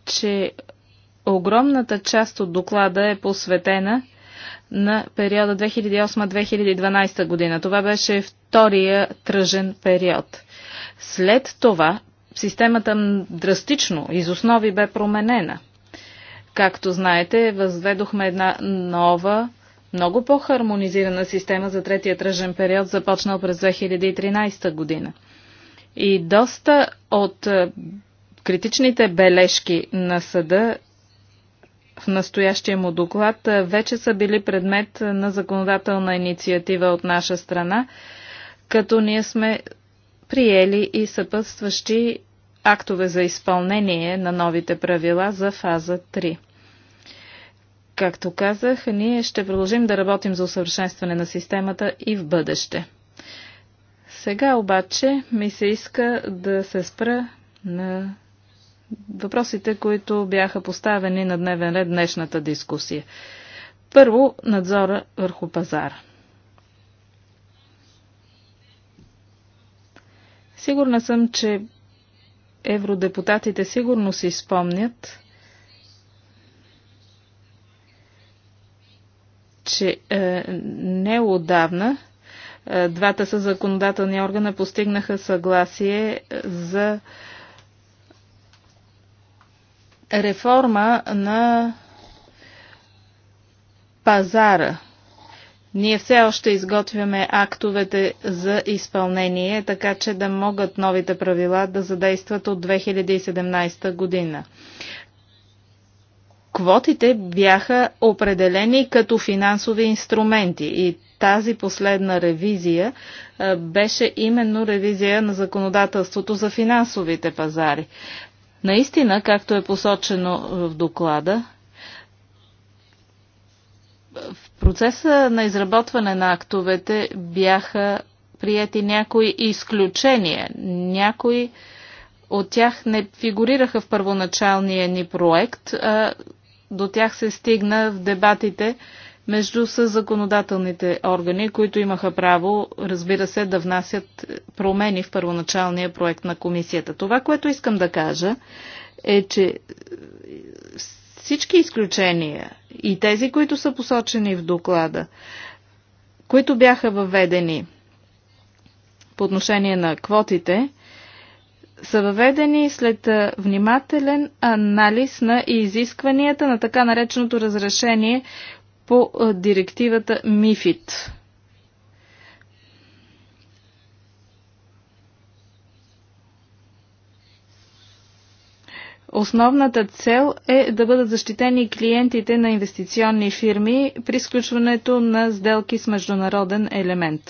че огромната част от доклада е посветена на периода 2008-2012 година. Това беше втория тръжен период. След това системата драстично из основи бе променена. Както знаете, възведохме една нова, много по-хармонизирана система за третия тръжен период, започнал през 2013 година. И доста от е, критичните бележки на съда в настоящия му доклад е, вече са били предмет на законодателна инициатива от наша страна, като ние сме приели и съпътстващи актове за изпълнение на новите правила за фаза 3. Както казах, ние ще продължим да работим за усъвършенстване на системата и в бъдеще. Сега обаче ми се иска да се спра на въпросите, които бяха поставени на дневен ред днешната дискусия. Първо, надзора върху пазара. Сигурна съм, че евродепутатите сигурно си спомнят, че е, не отдавна е, двата са законодателни органа постигнаха съгласие е, за реформа на пазара ние все още изготвяме актовете за изпълнение, така че да могат новите правила да задействат от 2017 година. Квотите бяха определени като финансови инструменти и тази последна ревизия беше именно ревизия на законодателството за финансовите пазари. Наистина, както е посочено в доклада, процеса на изработване на актовете бяха прияти някои изключения. Някои от тях не фигурираха в първоначалния ни проект, а до тях се стигна в дебатите между законодателните органи, които имаха право, разбира се, да внасят промени в първоначалния проект на комисията. Това, което искам да кажа, е, че всички изключения и тези, които са посочени в доклада, които бяха въведени по отношение на квотите, са въведени след внимателен анализ на изискванията на така нареченото разрешение по директивата МИФИТ. Основната цел е да бъдат защитени клиентите на инвестиционни фирми при сключването на сделки с международен елемент.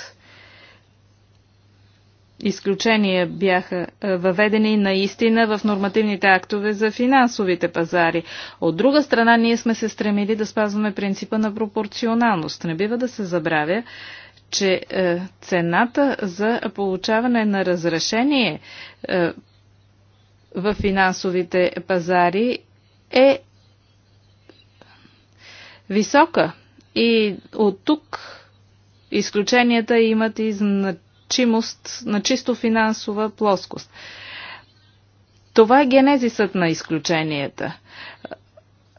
Изключения бяха е, въведени наистина в нормативните актове за финансовите пазари. От друга страна, ние сме се стремили да спазваме принципа на пропорционалност. Не бива да се забравя, че е, цената за получаване на разрешение е, в финансовите пазари е висока и от тук изключенията имат и значимост на чисто финансова плоскост. Това е генезисът на изключенията.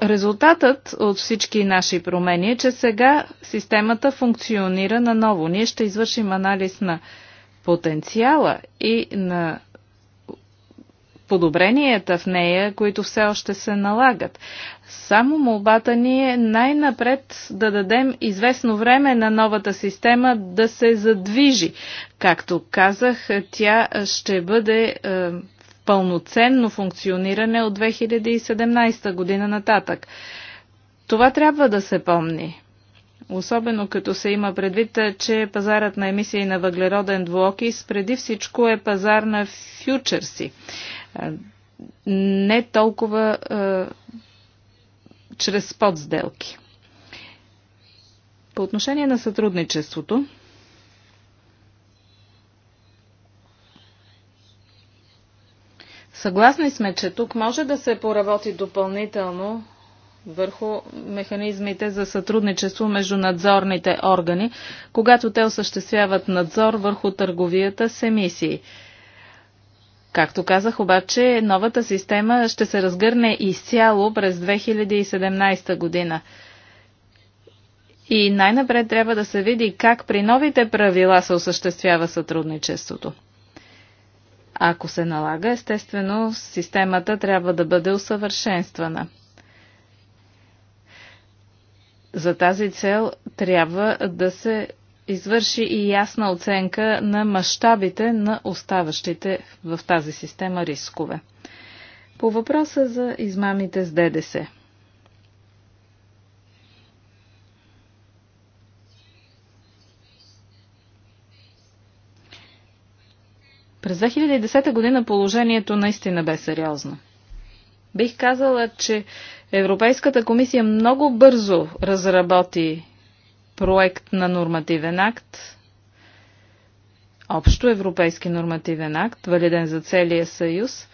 Резултатът от всички наши промени е, че сега системата функционира наново. Ние ще извършим анализ на потенциала и на подобренията в нея, които все още се налагат. Само молбата ни е най-напред да дадем известно време на новата система да се задвижи. Както казах, тя ще бъде е, в пълноценно функциониране от 2017 година нататък. Това трябва да се помни. Особено като се има предвид, че пазарът на емисии на въглероден двуокис преди всичко е пазар на фьючерси не толкова чрез подсделки. По отношение на сътрудничеството, съгласни сме, че тук може да се поработи допълнително върху механизмите за сътрудничество между надзорните органи, когато те осъществяват надзор върху търговията с емисии. Както казах, обаче, новата система ще се разгърне изцяло през 2017 година. И най-напред трябва да се види как при новите правила се осъществява сътрудничеството. Ако се налага, естествено, системата трябва да бъде усъвършенствана. За тази цел трябва да се извърши и ясна оценка на мащабите на оставащите в тази система рискове. По въпроса за измамите с ДДС. През 2010 година положението наистина бе сериозно. Бих казала, че Европейската комисия много бързо разработи проект на нормативен акт, общо европейски нормативен акт, валиден за целия съюз,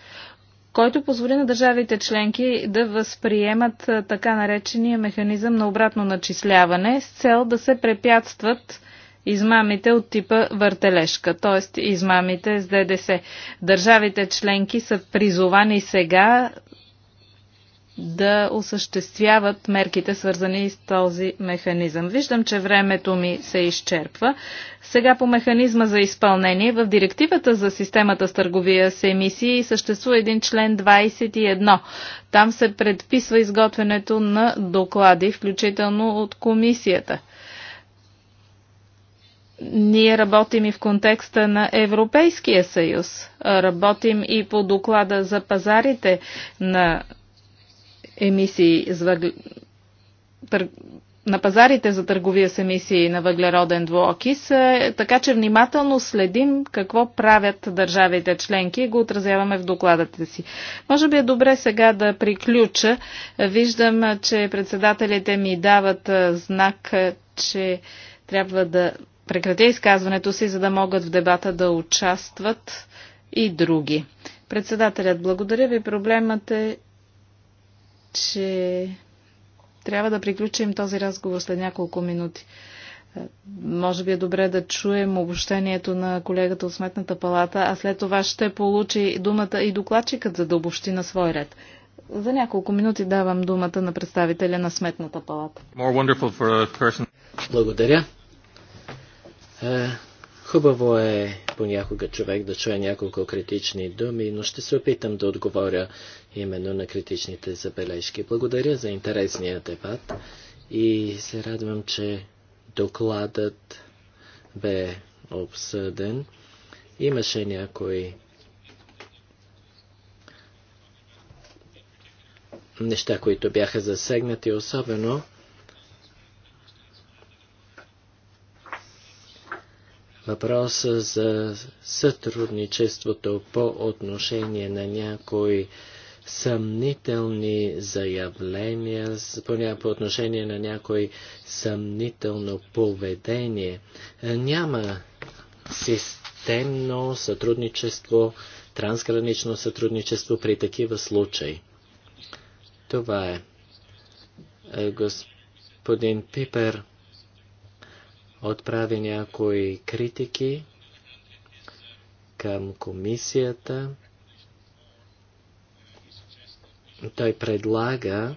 който позволи на държавите членки да възприемат така наречения механизъм на обратно начисляване с цел да се препятстват измамите от типа въртележка, т.е. измамите с ДДС. Държавите членки са призовани сега да осъществяват мерките, свързани с този механизъм. Виждам, че времето ми се изчерпва. Сега по механизма за изпълнение. В директивата за системата с търговия с емисии съществува един член 21. Там се предписва изготвянето на доклади, включително от комисията. Ние работим и в контекста на Европейския съюз. Работим и по доклада за пазарите на емисии с въгл... тър... на пазарите за търговия с емисии на въглероден двуокис, е, така че внимателно следим какво правят държавите членки и го отразяваме в докладата си. Може би е добре сега да приключа. Виждам, че председателите ми дават е, знак, е, че трябва да прекратя изказването си, за да могат в дебата да участват и други. Председателят, благодаря ви. Проблемът е, че трябва да приключим този разговор след няколко минути. Е, може би е добре да чуем обобщението на колегата от Сметната палата, а след това ще получи думата и докладчикът, за да обобщи на свой ред. За няколко минути давам думата на представителя на Сметната палата. Благодаря. Е, Хубаво е понякога човек да чуе няколко критични думи, но ще се опитам да отговоря именно на критичните забележки. Благодаря за интересния дебат и се радвам, че докладът бе обсъден. Имаше някои неща, които бяха засегнати, особено въпроса за сътрудничеството по отношение на някои съмнителни заявления, поня по отношение на някои съмнително поведение. Е, няма системно сътрудничество, трансгранично сътрудничество при такива случаи. Това е. е господин Пипер отправи някои критики към комисията. Той предлага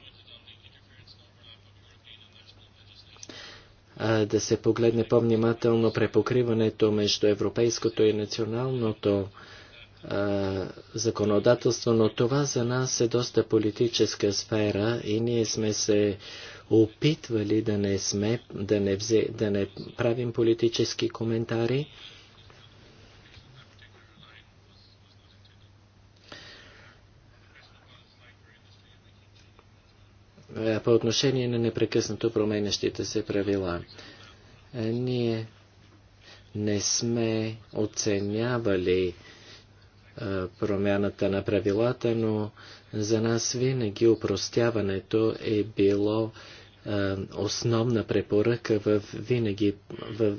да се погледне по-внимателно препокриването между европейското и националното законодателство, но това за нас е доста политическа сфера и ние сме се опитвали да не, сме, да не, взе, да не правим политически коментари. По отношение на непрекъснато променящите се правила, ние не сме оценявали промяната на правилата, но за нас винаги упростяването е било основна препоръка в винаги в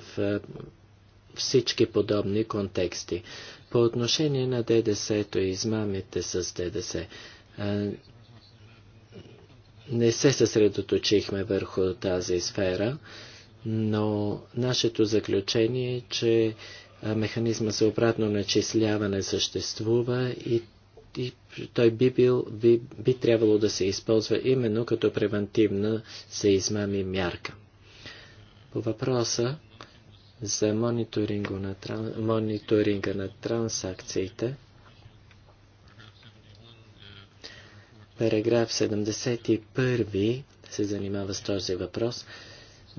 всички подобни контексти. По отношение на ДДС и измамите с ДДС, не се съсредоточихме върху тази сфера, но нашето заключение е, че механизма за обратно начисляване съществува и, и той би, бил, би, би трябвало да се използва именно като превентивна се измами мярка. По въпроса за мониторинга на, мониторинга на трансакциите, параграф 71 се занимава с този въпрос.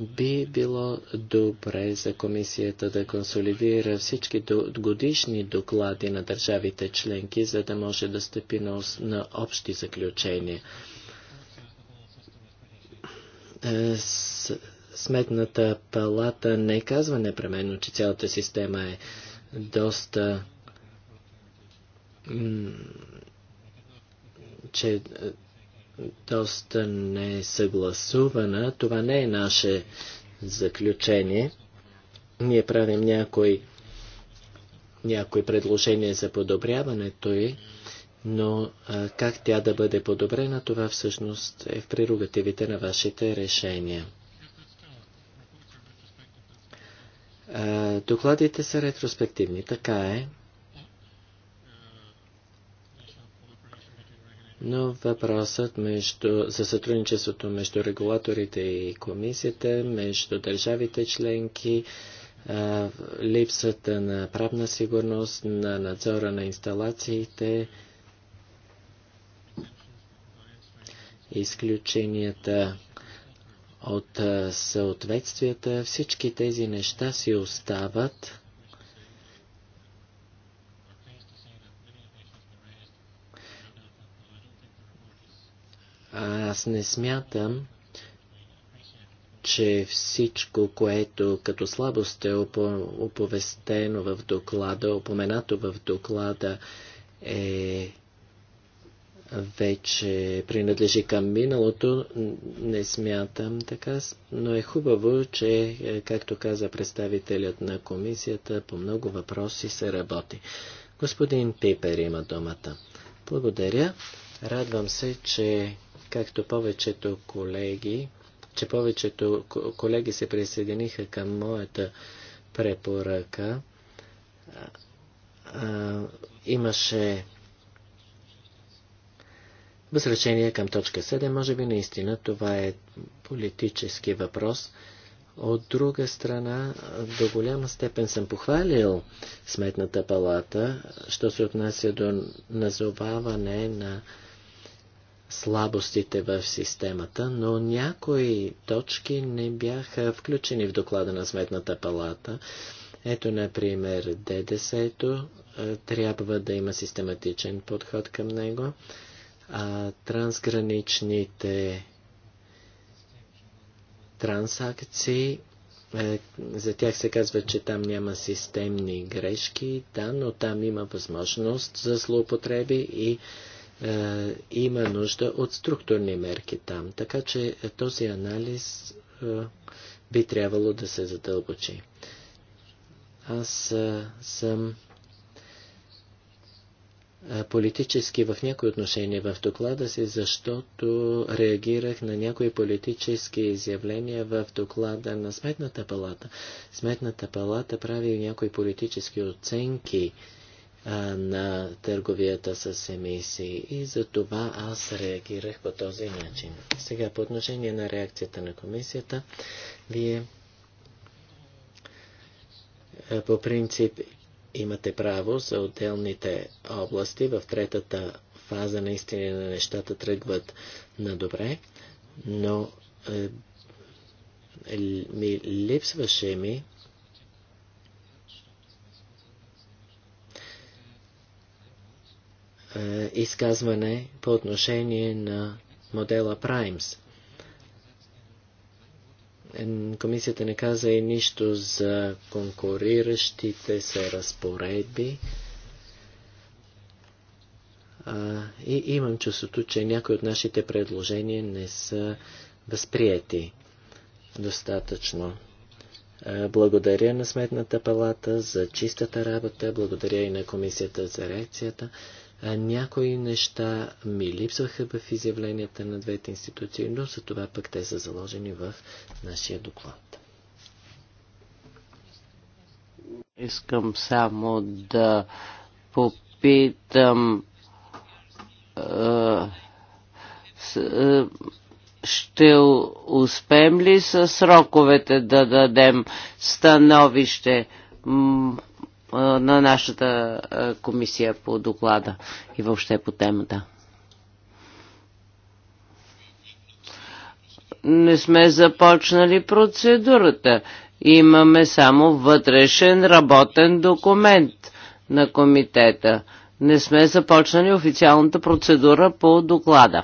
Би било добре за комисията да консолидира всички годишни доклади на държавите членки, за да може да стъпи на, на общи заключения. Е, Сметната палата не казва непременно, че цялата система е доста че е, доста несъгласувана. Това не е наше заключение. Ние правим някои, някои предложения за подобряването й, но а, как тя да бъде подобрена, това всъщност е в прерогативите на вашите решения. А, докладите са ретроспективни, така е. но въпросът между, за сътрудничеството между регулаторите и комисията, между държавите членки, липсата на правна сигурност, на надзора на инсталациите, изключенията от съответствията, всички тези неща си остават Аз не смятам, че всичко, което като слабост е оповестено в доклада, опоменато в доклада, е вече принадлежи към миналото, не смятам така, но е хубаво, че, е, както каза представителят на комисията, по много въпроси се работи. Господин Пипер има думата. Благодаря. Радвам се, че както повечето колеги, че повечето колеги се присъединиха към моята препоръка. А, имаше възречение към точка 7. Може би наистина това е политически въпрос. От друга страна, до голяма степен съм похвалил Сметната палата, що се отнася до назоваване на слабостите в системата, но някои точки не бяха включени в доклада на Сметната палата. Ето, например, ДДС-то трябва да има систематичен подход към него, а трансграничните трансакции е, за тях се казва, че там няма системни грешки, да, но там има възможност за злоупотреби и е, има нужда от структурни мерки там. Така че този анализ е, би трябвало да се задълбочи. Аз е, съм е, политически в някои отношения в доклада си, защото реагирах на някои политически изявления в доклада на Сметната палата. Сметната палата прави някои политически оценки на търговията с емисии и за това аз реагирах по този начин. Сега по отношение на реакцията на комисията, вие по принцип имате право за отделните области. В третата фаза наистина на нещата тръгват на добре, но е, е, ми липсваше ми Е, изказване по отношение на модела Праймс. Комисията не каза и нищо за конкуриращите се разпоредби. А, и имам чувството, че някои от нашите предложения не са възприяти достатъчно. Благодаря на Сметната палата за чистата работа, благодаря и на Комисията за реакцията. Някои неща ми липсваха в изявленията на двете институции, но за това пък те са заложени в нашия доклад. Искам само да попитам ще успеем ли с сроковете да дадем становище? на нашата комисия по доклада и въобще по темата. Не сме започнали процедурата. Имаме само вътрешен работен документ на комитета. Не сме започнали официалната процедура по доклада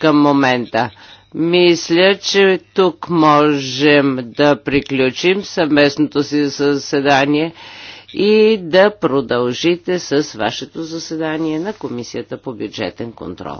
към момента. Мисля, че тук можем да приключим съвместното си заседание и да продължите с вашето заседание на Комисията по бюджетен контрол.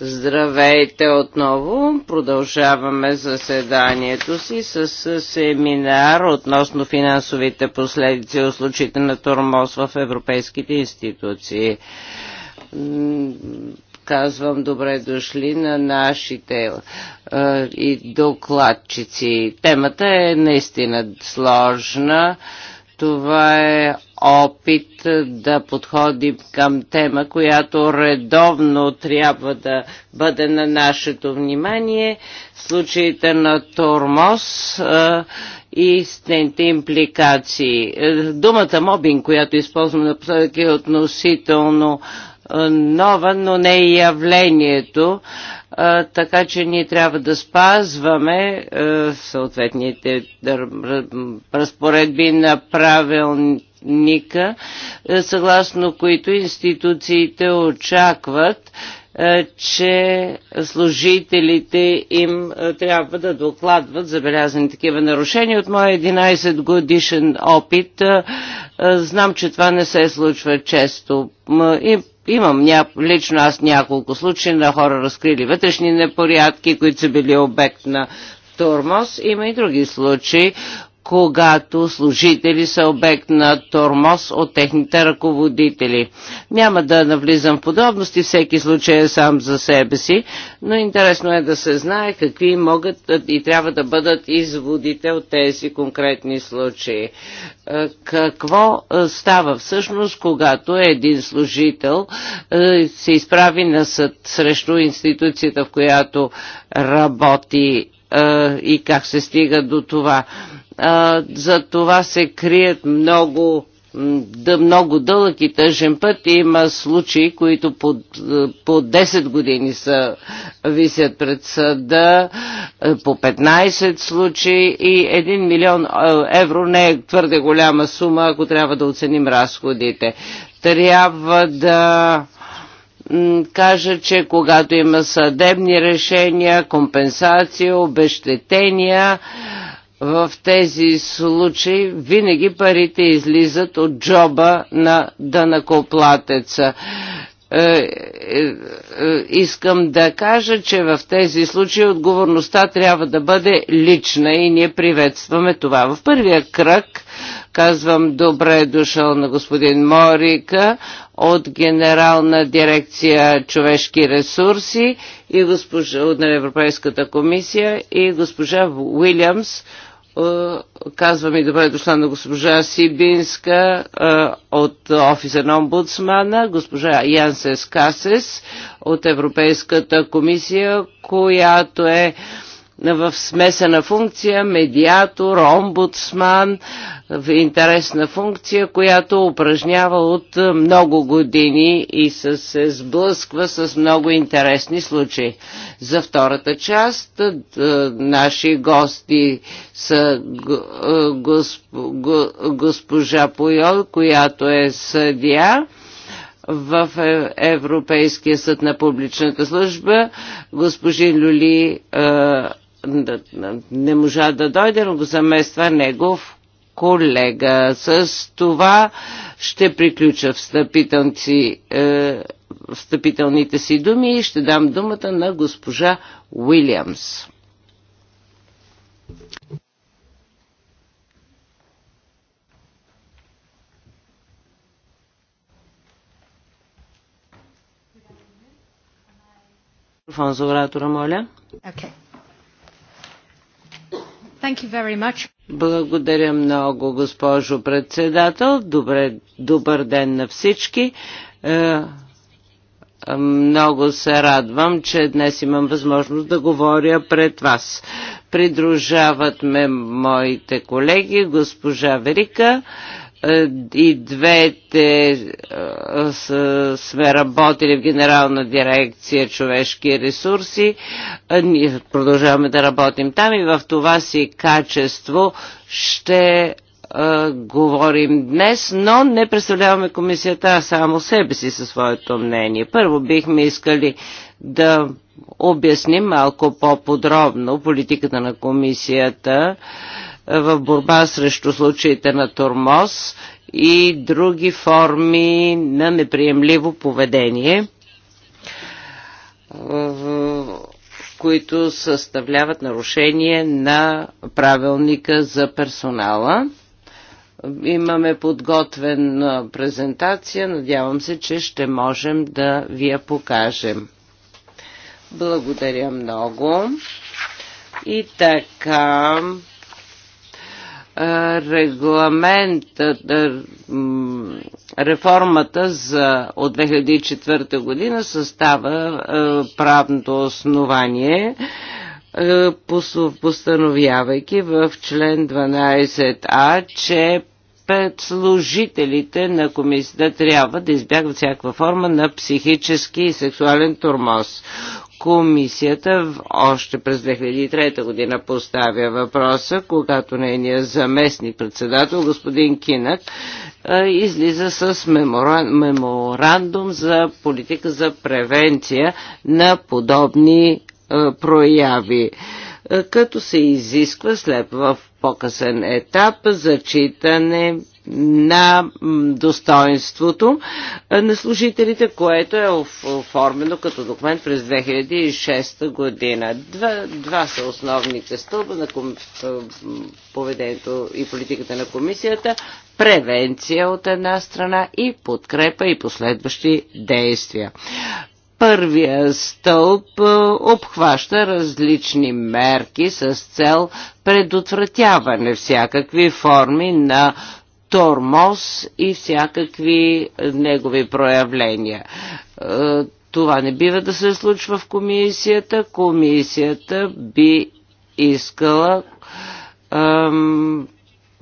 Здравейте отново. Продължаваме заседанието си с семинар относно финансовите последици от случаите на тормоз в европейските институции. Казвам добре дошли на нашите е, и докладчици. Темата е наистина сложна. Това е опит е, да подходим към тема, която редовно трябва да бъде на нашето внимание. Случаите на тормоз е, и стените импликации. Е, думата мобинг, която използвам напоследък е относително нова, но не и явлението, така че ние трябва да спазваме съответните разпоредби на правилните. Ника, е, съгласно които институциите очакват, е, че служителите им е, трябва да докладват забелязани такива нарушения. От моя 11 годишен опит знам, че това не се случва често. Имам лично аз няколко случаи на хора разкрили вътрешни непорядки, които са били обект на тормоз. Има и други случаи, когато служители са обект на тормоз от техните ръководители. Няма да навлизам в подробности, всеки случай е сам за себе си, но интересно е да се знае какви могат и трябва да бъдат изводите от тези конкретни случаи. Е, какво е, става всъщност, когато един служител е, се изправи на съд срещу институцията, в която работи е, и как се стига до това. Е, за това се крият много да много дълъг и тъжен път има случаи, които по, е, по 10 години са висят пред съда, по 15 случаи и 1 милион евро не е твърде голяма сума, ако трябва да оценим разходите. Трябва да кажа, че когато има съдебни решения, компенсация, обещетения, в тези случаи винаги парите излизат от джоба на дънакоплатеца. Е, е, е, искам да кажа, че в тези случаи отговорността трябва да бъде лична и ние приветстваме това. В първия кръг Казвам добре е дошъл на господин Морика от Генерална дирекция човешки ресурси и госпожа, от Европейската комисия и госпожа Уилямс е, казвам и добре е дошла на госпожа Сибинска е, от офиса на омбудсмана, госпожа Янсес Касес от Европейската комисия, която е в смесена функция, медиатор, омбудсман, в интересна функция, която упражнява от е, много години и се сблъсква с много интересни случаи. За втората част е, е, наши гости са госпожа Пойол, която е съдия в Европейския съд на публичната служба, госпожи Люли е, не можа да дойде, но го замества негов колега. С това ще приключа встъпителци, е, встъпителните си думи и ще дам думата на госпожа Уилямс. Микрофон за оратора, моля. Okay. Благодаря много, госпожо председател. Добре, добър ден на всички. Е, е, много се радвам, че днес имам възможност да говоря пред вас. Придружават ме моите колеги, госпожа Верика, е, и двете е, сме работили в Генерална дирекция човешки ресурси. Е, ние продължаваме да работим там и в това си качество ще говорим днес, но не представляваме комисията, а само себе си със своето мнение. Първо бихме искали да обясним малко по-подробно политиката на комисията в борба срещу случаите на тормоз и други форми на неприемливо поведение, които съставляват нарушение на правилника за персонала. Имаме подготвена презентация, надявам се, че ще можем да ви я покажем. Благодаря много. И така, регламент, реформата за, от 2004 година състава правното основание, постановявайки в член 12а, че служителите на комисията трябва да избягват всякаква форма на психически и сексуален турмоз. Комисията още през 2003 година поставя въпроса, когато нейният заместник председател, господин Кинак, излиза с меморандум за политика за превенция на подобни прояви като се изисква след в по-късен етап зачитане на достоинството на служителите, което е оформено като документ през 2006 година. Два, два са основните стълба на ком... поведението и политиката на комисията. Превенция от една страна и подкрепа и последващи действия. Първия стълб обхваща различни мерки с цел предотвратяване всякакви форми на тормоз и всякакви негови проявления. Е, това не бива да се случва в комисията. Комисията би искала ем,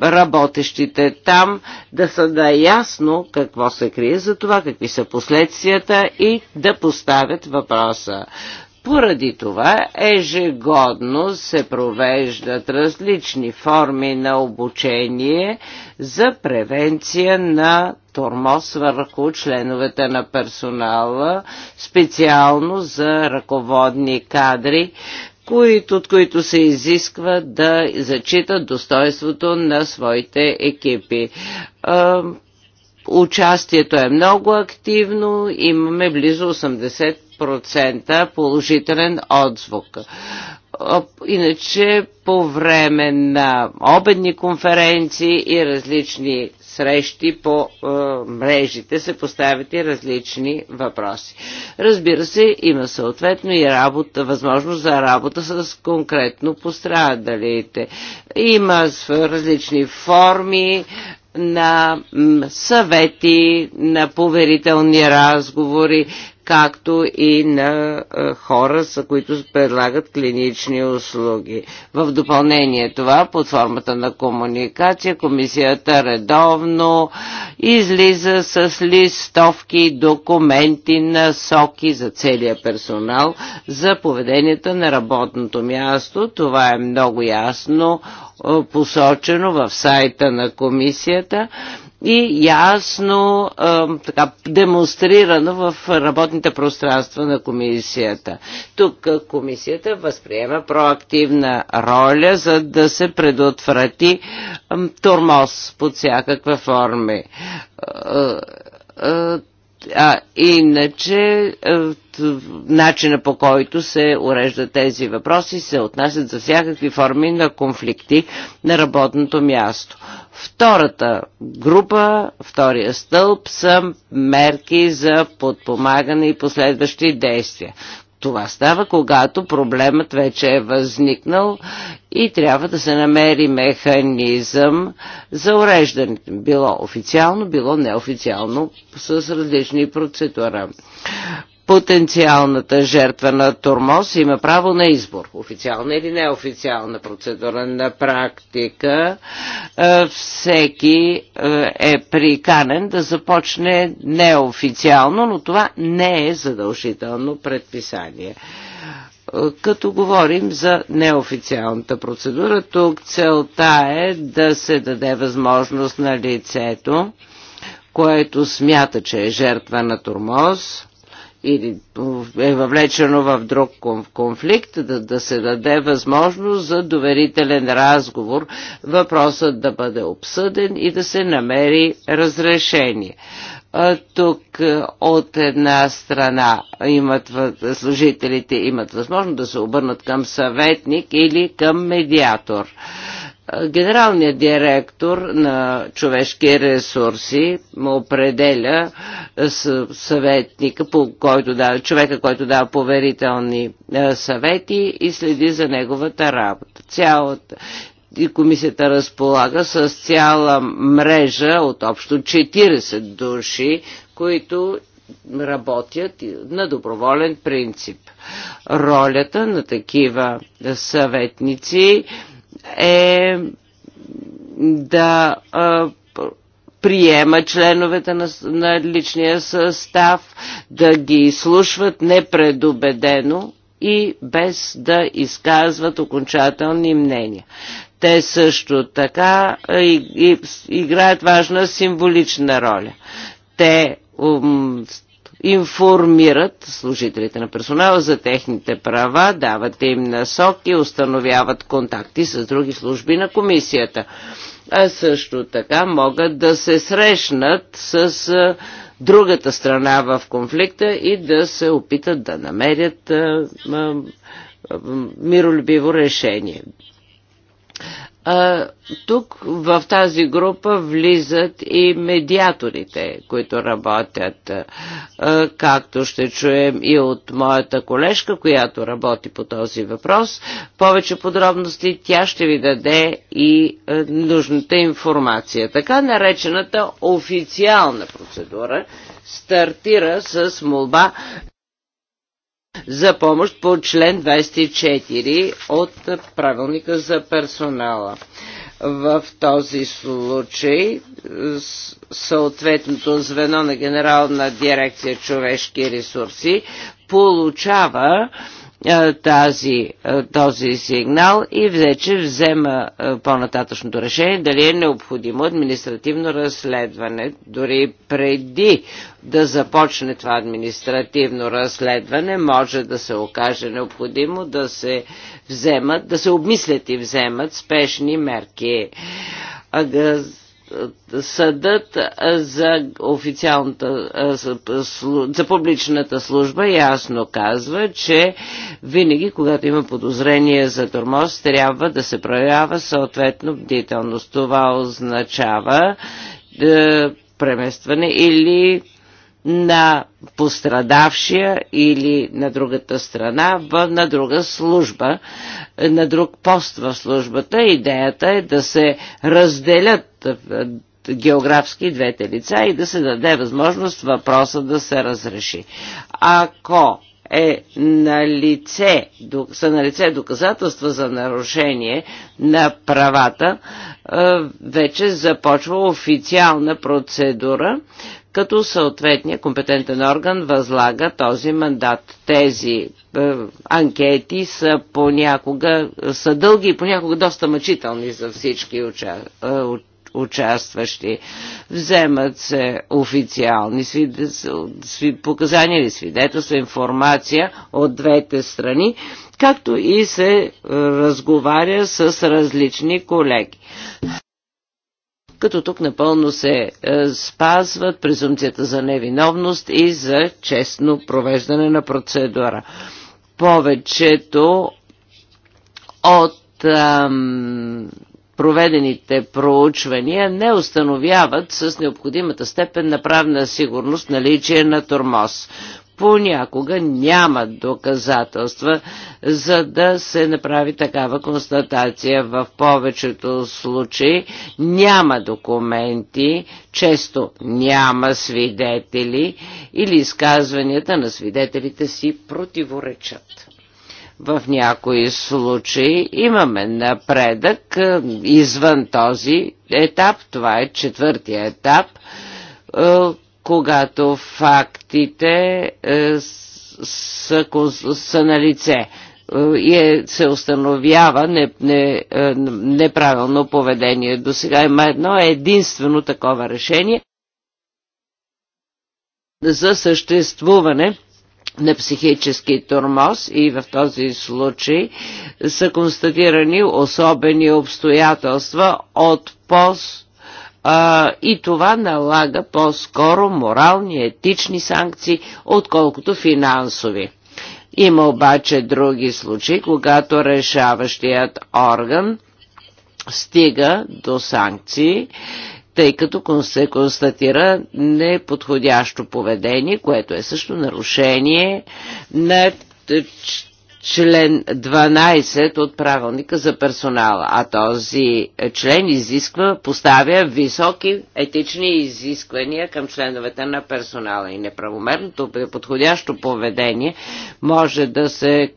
работещите там да са да ясно какво се крие за това, какви са последствията и да поставят въпроса. Поради това ежегодно се провеждат различни форми на обучение за превенция на тормоз върху членовете на персонала, специално за ръководни кадри, които, от които се изисква да зачитат достоинството на своите екипи. Участието е много активно, имаме близо 80 5% положителен отзвук. Иначе по време на обедни конференции и различни срещи по е, мрежите се поставят и различни въпроси. Разбира се, има съответно и работа, възможност за работа с конкретно пострадалите. Има различни форми на съвети, на поверителни разговори, както и на хора, за които предлагат клинични услуги. В допълнение това, под формата на комуникация, комисията редовно излиза с листовки, документи, насоки за целия персонал за поведението на работното място. Това е много ясно посочено в сайта на комисията и ясно така, демонстрирано в работните пространства на комисията. Тук комисията възприема проактивна роля, за да се предотврати тормоз под всякаква форма. А иначе начина по който се уреждат тези въпроси се отнасят за всякакви форми на конфликти на работното място. Втората група, втория стълб са мерки за подпомагане и последващи действия. Това става, когато проблемът вече е възникнал и трябва да се намери механизъм за уреждането. Било официално, било неофициално, с различни процедура потенциалната жертва на тормоз има право на избор, официална или неофициална процедура. На практика е, всеки е, е приканен да започне неофициално, но това не е задължително предписание като говорим за неофициалната процедура. Тук целта е да се даде възможност на лицето, което смята, че е жертва на тормоз, или е въвлечено в друг конфликт, да, да се даде възможност за доверителен разговор, въпросът да бъде обсъден и да се намери разрешение. Тук е, от една страна имат, служителите имат възможност да се обърнат към съветник или към медиатор. Генералният директор на човешки ресурси му определя е, съветника, по който дава, човека, който дава поверителни е, съвети и следи за неговата работа. Цялата и комисията разполага с цяла мрежа от общо 40 души, които работят на доброволен принцип. Ролята на такива съветници е да приема членовете на, на личния състав, да ги изслушват непредобедено и без да изказват окончателни мнения. Те също така и, и, играят важна символична роля. Те информират служителите на персонала за техните права, дават им насоки, установяват контакти с други служби на комисията. А също така могат да се срещнат с другата страна в конфликта и да се опитат да намерят миролюбиво решение. Тук в тази група влизат и медиаторите, които работят, както ще чуем и от моята колежка, която работи по този въпрос. Повече подробности тя ще ви даде и нужната информация. Така наречената официална процедура стартира с молба за помощ по член 24 от правилника за персонала. В този случай съответното звено на Генерална дирекция човешки ресурси получава е, тази, е, този сигнал и вече взема е, по-нататъчното решение дали е необходимо административно разследване. Дори преди да започне това административно разследване, може да се окаже необходимо да се вземат, да се обмислят и вземат спешни мерки съдът за официалната, за публичната служба ясно казва, че винаги, когато има подозрение за тормоз, трябва да се проявява съответно бдителност. Това означава е, преместване или на пострадавшия или на другата страна, на друга служба, на друг пост в службата. Идеята е да се разделят е, географски двете лица и да се даде възможност въпроса да се разреши. Ако е на лице, са на лице доказателства за нарушение на правата, е, вече започва официална процедура като съответния компетентен орган възлага този мандат. Тези е, анкети са понякога, са дълги и понякога доста мъчителни за всички участници. е, участващи. Вземат се официални показания или свидетелства, информация от двете страни, както и се разговаря с различни колеги като тук напълно се е, спазват презумцията за невиновност и за честно провеждане на процедура. Повечето от ам, проведените проучвания не установяват с необходимата степен на правна сигурност наличие на тормоз понякога няма доказателства, за да се направи такава констатация. В повечето случаи няма документи, често няма свидетели или изказванията на свидетелите си противоречат. В някои случаи имаме напредък е, извън този етап, това е четвъртия етап, е, когато фактите е, са, са на лице е, и е, се установява не, не, е, неправилно поведение. До сега има едно единствено такова решение за съществуване на психически тормоз и в този случай са констатирани особени обстоятелства от пост а, и това налага по-скоро морални, етични санкции, отколкото финансови. Има обаче други случаи, когато решаващият орган стига до санкции, тъй като се констатира неподходящо поведение, което е също нарушение на член 12 от правилника за персонала, а този член изисква, поставя високи етични изисквания към членовете на персонала и неправомерното подходящо поведение може да се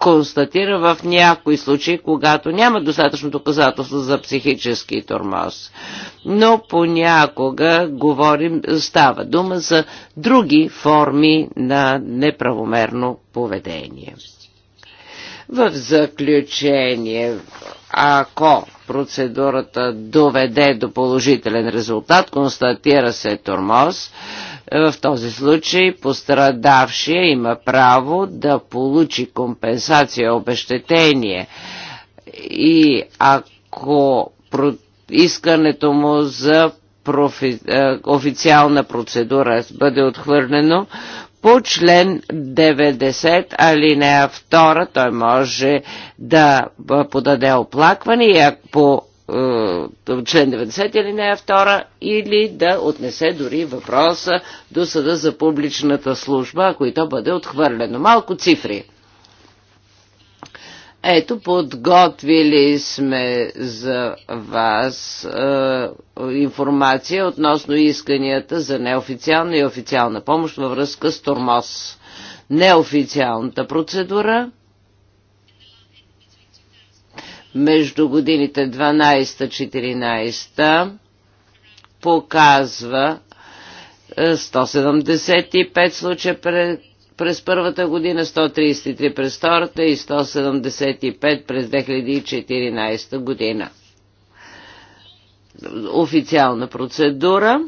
констатира в някои случаи, когато няма достатъчно доказателство за психически тормоз. Но понякога говорим, става дума за други форми на неправомерно поведение. В заключение, ако процедурата доведе до положителен резултат, констатира се тормоз, в този случай пострадавшия има право да получи компенсация, обещетение и ако искането му за профи, е, официална процедура бъде отхвърлено, по член 90 алинея 2 той може да е, подаде оплакване и по е, член 90 или е втора, или да отнесе дори въпроса до съда за публичната служба, ако и то бъде отхвърлено. Малко цифри. Ето, подготвили сме за вас е, информация относно исканията за неофициална и официална помощ във връзка с Тормоз. Неофициалната процедура между годините 12-14 показва 175 е, случая през първата година, 133 през втората и 175 през 2014 година. Официална процедура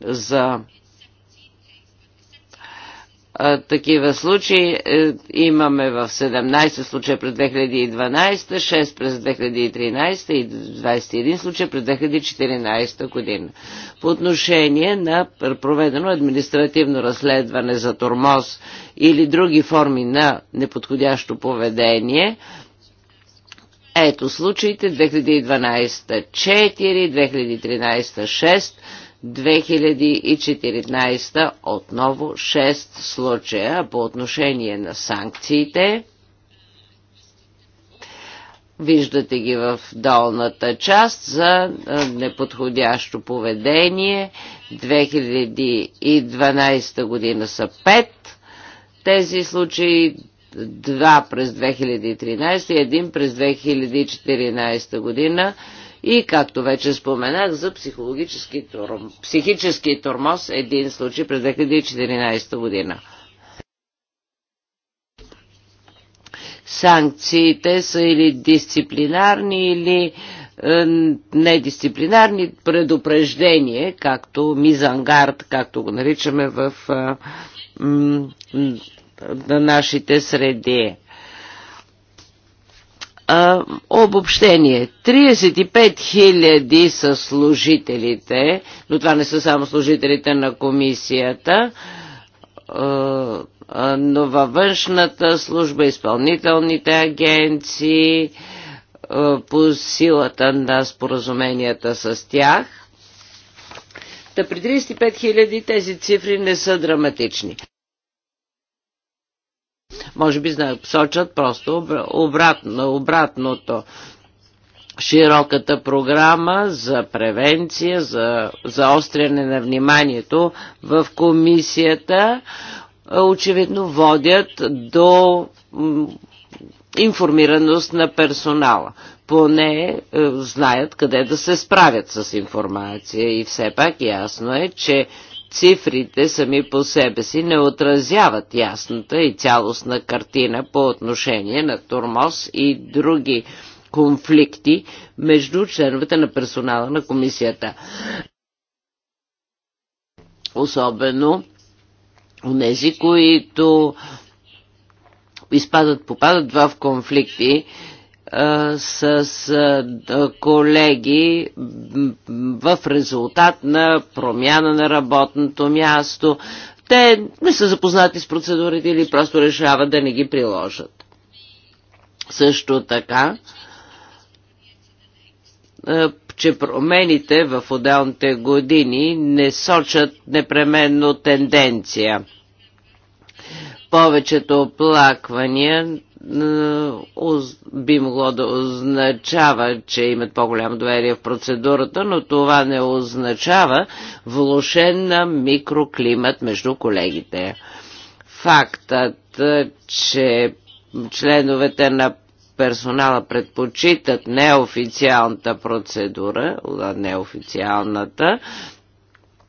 за такива случаи е, имаме в 17 случая през 2012, 6 през 2013 и 21 случая през 2014 година. По отношение на проведено административно разследване за тормоз или други форми на неподходящо поведение, ето случаите 2012 4, 2013 6, 2014 отново 6 случая по отношение на санкциите. Виждате ги в долната част за неподходящо поведение. 2012 година са 5 тези случаи, два през 2013 и един през 2014 година и, както вече споменах, за психологически турм, психически тормоз един случай през 2014 година. Санкциите са или дисциплинарни, или е, недисциплинарни предупреждения, както мизангард, както го наричаме в е, на нашите среди а, обобщение. 35 000 са служителите, но това не са само служителите на комисията, а, а, но във външната служба, изпълнителните агенции, а, по силата на споразуменията с тях. Та при 35 000 тези цифри не са драматични. Може би сочат просто обратно, обратното широката програма за превенция, за заостряне на вниманието в комисията е, очевидно водят до информираност на персонала. Поне е, знаят къде да се справят с информация и все пак ясно е, че Цифрите сами по себе си не отразяват ясната и цялостна картина по отношение на тормоз и други конфликти между членовете на персонала на комисията. Особено у нези, които изпадат, попадат в конфликти с колеги в резултат на промяна на работното място. Те не са запознати с процедурите или просто решават да не ги приложат. Също така, че промените в отделните години не сочат непременно тенденция повечето оплаквания би могло да означава, че имат по-голямо доверие в процедурата, но това не означава влошен на микроклимат между колегите. Фактът, че членовете на персонала предпочитат неофициалната процедура, неофициалната,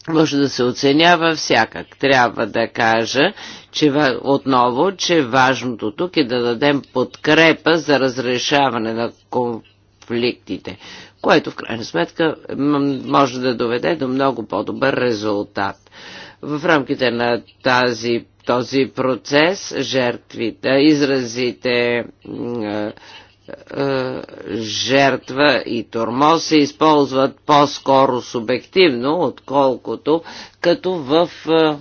може да се оценява всякак. Трябва да кажа че, отново, че важното тук е да дадем подкрепа за разрешаване на конфликтите, което в крайна сметка може да доведе до много по-добър резултат. В рамките на тази, този процес жертвите, изразите е, жертва и тормоз се използват по-скоро субективно, отколкото като в е,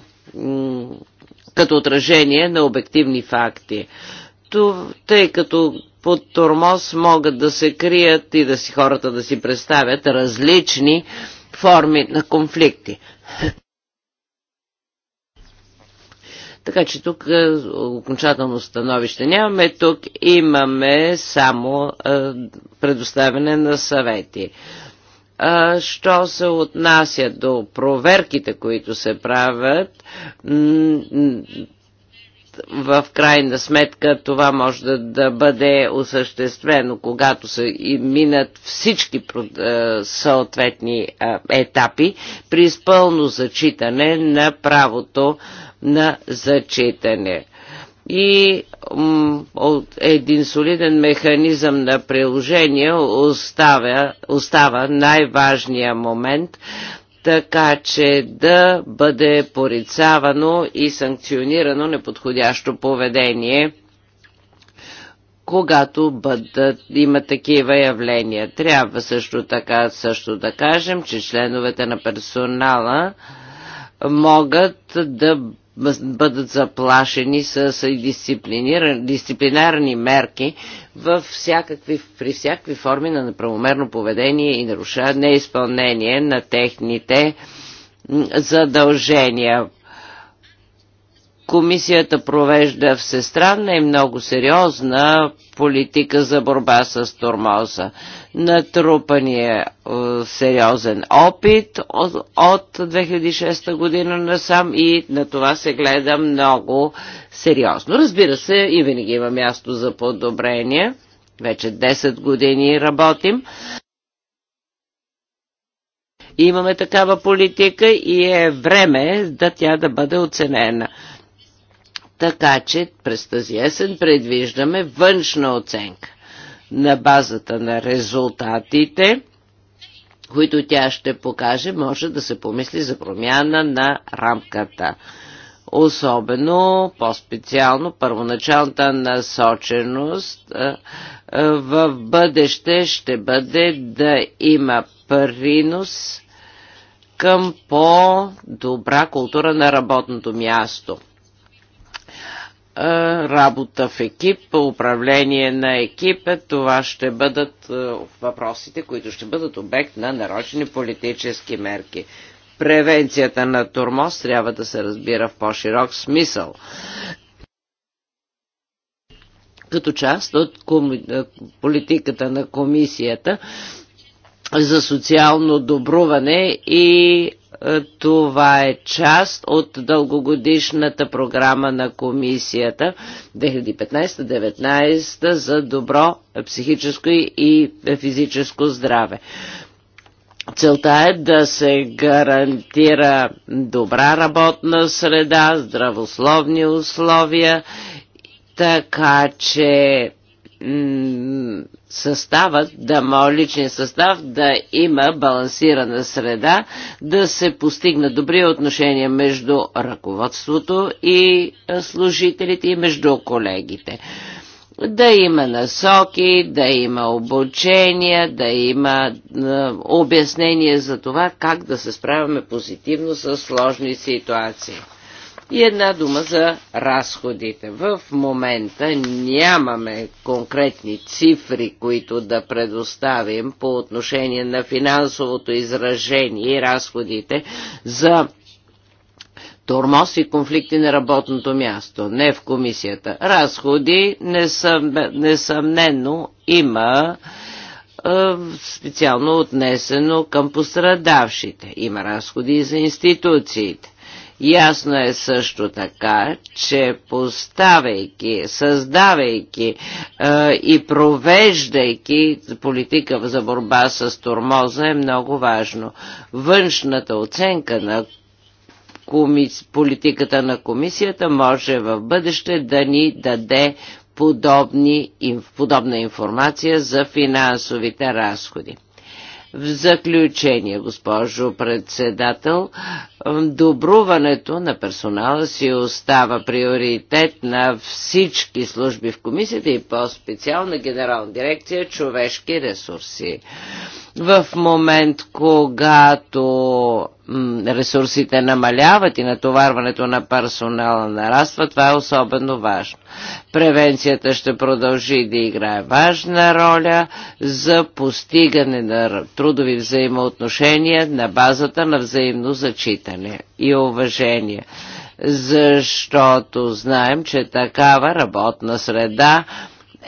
като отражение на обективни факти. Тъй като под тормоз могат да се крият и да си хората да си представят различни форми на конфликти. Така че тук е, окончателно становище нямаме. Тук имаме само е, предоставяне на съвети. Е, що се отнася до проверките, които се правят, в крайна сметка това може да, бъде осъществено, когато се минат всички съответни етапи при пълно зачитане на правото на зачитане и един солиден механизъм на приложение оставя, остава най-важния момент, така че да бъде порицавано и санкционирано неподходящо поведение когато бъдат, има такива явления. Трябва също така също да кажем, че членовете на персонала могат да бъдат заплашени с дисциплинарни мерки във всякакви, при всякакви форми на неправомерно поведение и нарушение, неизпълнение на техните задължения. Комисията провежда всестранна и много сериозна политика за борба с тормоза. Натрупан е, е сериозен опит от, от 2006 година насам и на това се гледа много сериозно. Разбира се, и винаги има място за подобрение. Вече 10 години работим. Имаме такава политика и е време да тя да бъде оценена. Така че през тази есен предвиждаме външна оценка на базата на резултатите, които тя ще покаже, може да се помисли за промяна на рамката. Особено, по-специално, първоначалната насоченост в бъдеще ще бъде да има принос към по-добра култура на работното място е, работа в екип, управление на екипа. Това ще бъдат е, въпросите, които ще бъдат обект на нарочни политически мерки. Превенцията на турмоз трябва да се разбира в по-широк смисъл като част от е, политиката на комисията за социално добруване и е, това е част от дългогодишната програма на комисията 2015 2019 за добро психическо и физическо здраве. Целта е да се гарантира добра работна среда, здравословни условия, така че съставът, да моят личен състав, да има балансирана среда, да се постигна добри отношения между ръководството и служителите и между колегите. Да има насоки, да има обучения, да има обяснения за това как да се справяме позитивно с сложни ситуации. И една дума за разходите. В момента нямаме конкретни цифри, които да предоставим по отношение на финансовото изражение и разходите за тормоз и конфликти на работното място, не в комисията. Разходи несъм, несъмнено има специално отнесено към пострадавшите. Има разходи и за институциите. Ясно е също така, че поставяйки, създавайки е, и провеждайки политика за борба с турмоза е много важно. Външната оценка на комис... политиката на комисията може в бъдеще да ни даде подобни, подобна информация за финансовите разходи. В заключение, госпожо председател, добруването на персонала си остава приоритет на всички служби в комисията и по-специално Генерална дирекция човешки ресурси в момент, когато ресурсите намаляват и натоварването на персонала нараства, това е особено важно. Превенцията ще продължи да играе важна роля за постигане на трудови взаимоотношения на базата на взаимно зачитане и уважение защото знаем, че такава работна среда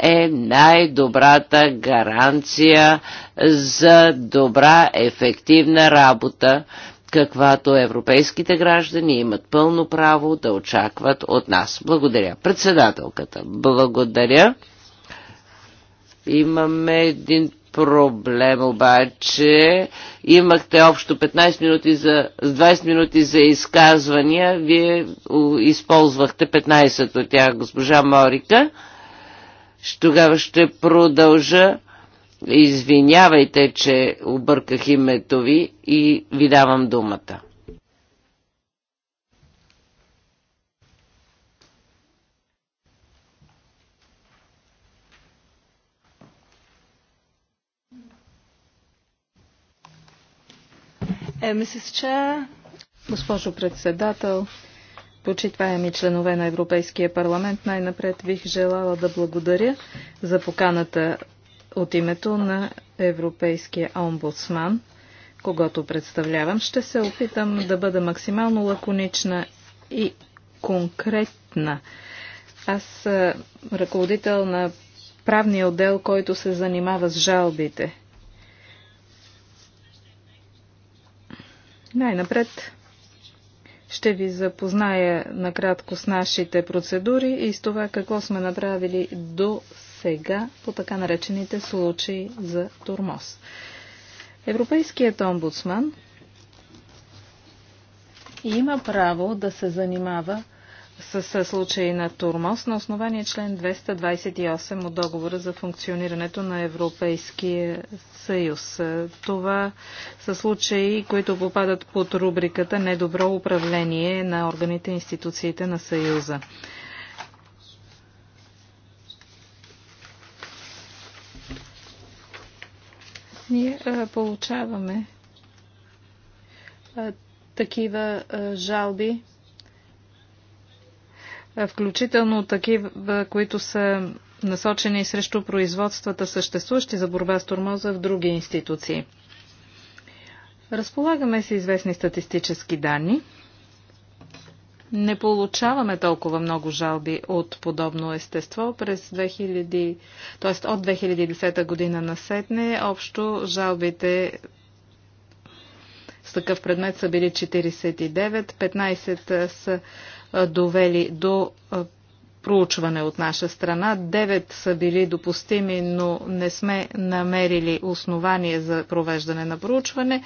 е най-добрата гаранция за добра, ефективна работа, каквато европейските граждани имат пълно право да очакват от нас. Благодаря. Председателката, благодаря. Имаме един проблем обаче. Имахте общо 15 минути за, 20 минути за изказвания. Вие използвахте 15 от тях, госпожа Морика. Тогава ще продължа. Извинявайте, че обърках името ви и ви давам думата. Е, Госпожо председател, Почитваеми членове на Европейския парламент, най-напред бих желала да благодаря за поканата от името на Европейския омбудсман, когато представлявам. Ще се опитам да бъда максимално лаконична и конкретна. Аз ръководител на правния отдел, който се занимава с жалбите. Най-напред ще ви запозная накратко с нашите процедури и с това какво сме направили до сега по така наречените случаи за турмоз. Европейският омбудсман има право да се занимава с случаи на турмоз на основание член 228 от договора за функционирането на Европейския съюз. Това са случаи, които попадат под рубриката Недобро управление на органите и институциите на съюза. Ние получаваме такива жалби включително такива, които са насочени срещу производствата, съществуващи за борба с тормоза в други институции. Разполагаме се известни статистически данни. Не получаваме толкова много жалби от подобно естество през 2000, т.е. от 2010 година насетне. Общо жалбите с такъв предмет са били 49, 15 са довели до проучване от наша страна. Девет са били допустими, но не сме намерили основание за провеждане на проучване.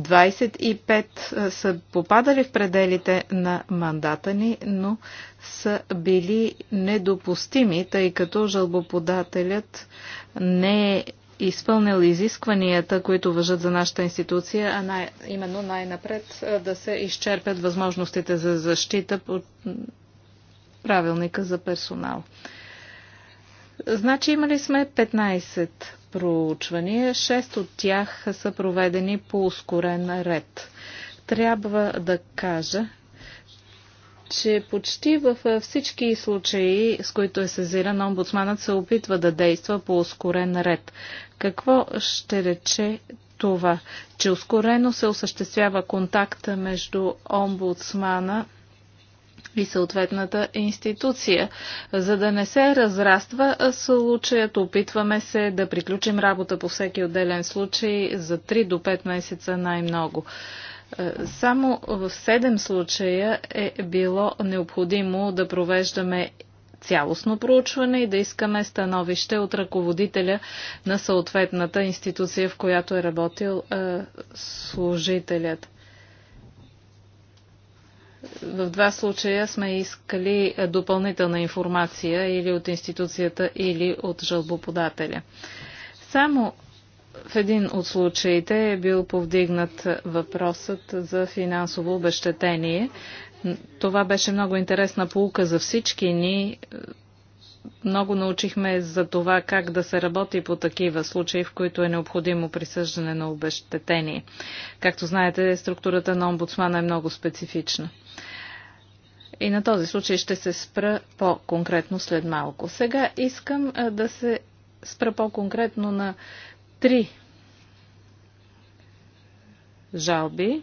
25 са попадали в пределите на мандата ни, но са били недопустими, тъй като жалбоподателят не е изпълнил изискванията, които въжат за нашата институция, а най- именно най-напред да се изчерпят възможностите за защита по правилника за персонал. Значи имали сме 15 проучвания, 6 от тях са проведени по ускорен ред. Трябва да кажа, че почти във всички случаи, с които е сезиран, омбудсманът се опитва да действа по ускорен ред. Какво ще рече това? Че ускорено се осъществява контакта между омбудсмана и съответната институция. За да не се разраства случаят, опитваме се да приключим работа по всеки отделен случай за 3 до 5 месеца най-много. Е, само в 7 случая е било необходимо да провеждаме цялостно проучване и да искаме становище от ръководителя на съответната институция, в която е работил е, служителят. В два случая сме искали е, допълнителна информация или от институцията, или от жълбоподателя. Само в един от случаите е бил повдигнат въпросът за финансово обещетение. Това беше много интересна полука за всички ни. Много научихме за това как да се работи по такива случаи, в които е необходимо присъждане на обещетение. Както знаете, структурата на омбудсмана е много специфична. И на този случай ще се спра по-конкретно след малко. Сега искам да се спра по-конкретно на три жалби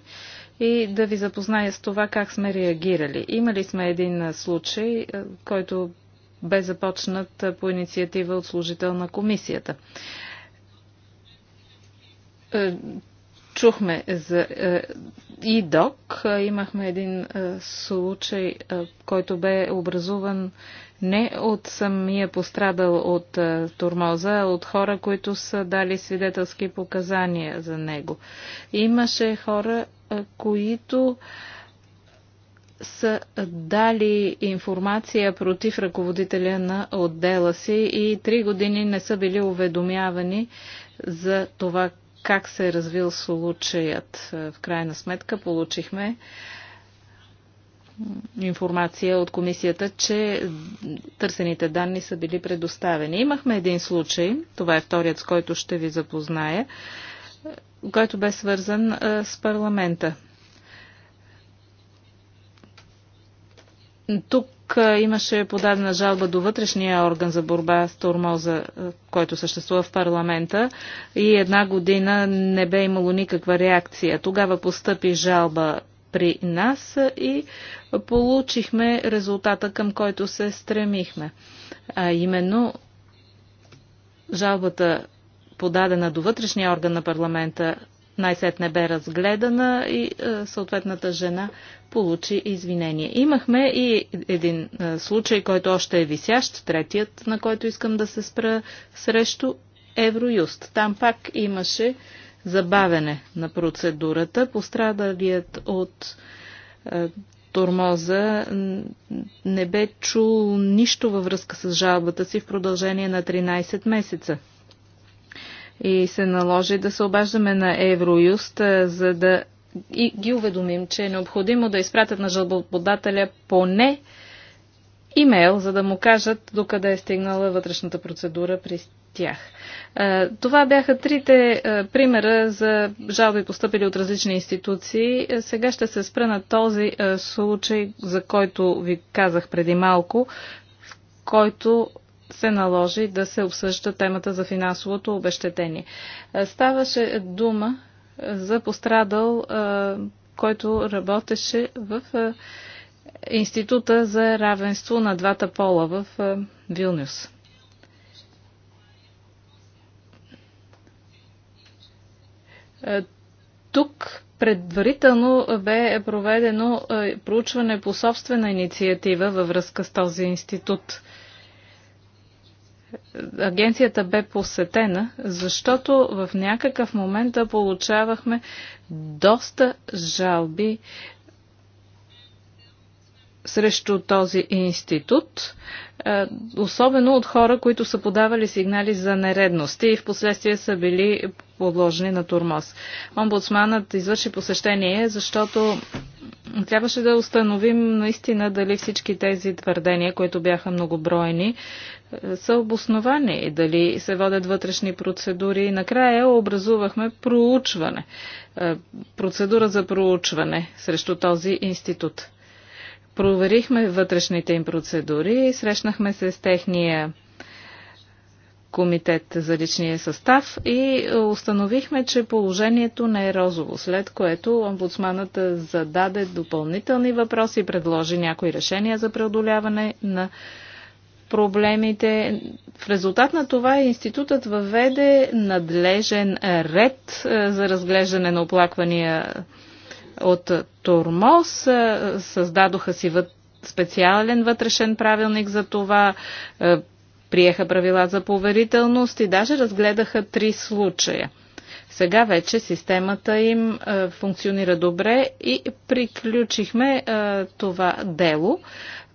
и да ви запозная с това как сме реагирали. Имали сме един случай, който бе започнат по инициатива от служител на комисията. Е, чухме за е, док, Имахме един е, случай, който бе образуван не от самия пострадал от е, турмоза, а от хора, които са дали свидетелски показания за него. Имаше хора, е, които са дали информация против ръководителя на отдела си и три години не са били уведомявани за това как се е развил случаят. Е, в крайна сметка получихме информация от комисията, че търсените данни са били предоставени. Имахме един случай, това е вторият, с който ще ви запозная, който бе свързан с парламента. Тук имаше подадена жалба до вътрешния орган за борба с тормоза, който съществува в парламента и една година не бе имало никаква реакция. Тогава постъпи жалба при нас и получихме резултата, към който се стремихме. А именно жалбата подадена до вътрешния орган на парламента най-сетне бе разгледана и съответната жена получи извинение. Имахме и един случай, който още е висящ, третият, на който искам да се спра срещу Евроюст. Там пак имаше забавене на процедурата. Пострадалият от е, тормоза не бе чул нищо във връзка с жалбата си в продължение на 13 месеца. И се наложи да се обаждаме на Евроюст, е, за да и ги уведомим, че е необходимо да изпратят на жалбоподателя поне имейл, за да му кажат докъде е стигнала вътрешната процедура при тях. Това бяха трите примера за жалби поступили от различни институции. Сега ще се спра на този случай, за който ви казах преди малко, в който се наложи да се обсъжда темата за финансовото обещетение. Ставаше дума за пострадал, който работеше в Института за равенство на двата пола в е, Вилнюс. Е, тук предварително бе проведено е, проучване по собствена инициатива във връзка с този институт. Агенцията бе посетена, защото в някакъв момент получавахме доста жалби срещу този институт, е, особено от хора, които са подавали сигнали за нередности и в последствие са били подложени на турмоз. Омбудсманът извърши посещение, защото трябваше да установим наистина дали всички тези твърдения, които бяха многобройни, е, са обосновани и дали се водят вътрешни процедури. Накрая образувахме проучване, е, процедура за проучване срещу този институт. Проверихме вътрешните им процедури и срещнахме се с техния комитет за личния състав и установихме, че положението не е розово, след което омбудсманът зададе допълнителни въпроси и предложи някои решения за преодоляване на проблемите. В резултат на това институтът въведе надлежен ред е, за разглеждане на оплаквания от Тормоз. Създадоха си специален вътрешен правилник за това, приеха правила за поверителност и даже разгледаха три случая. Сега вече системата им функционира добре и приключихме това дело,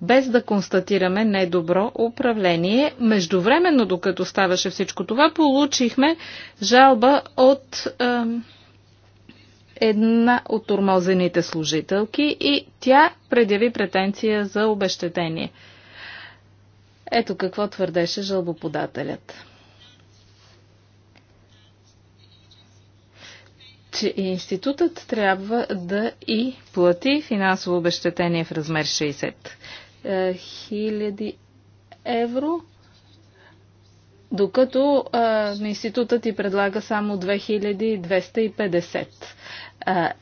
без да констатираме недобро управление. Междувременно, докато ставаше всичко това, получихме жалба от една от турмозените служителки и тя предяви претенция за обещетение. Ето какво твърдеше жалбоподателят. че институтът трябва да и плати финансово обещетение в размер 60 000 е, евро докато а, институтът ти предлага само 2250 а,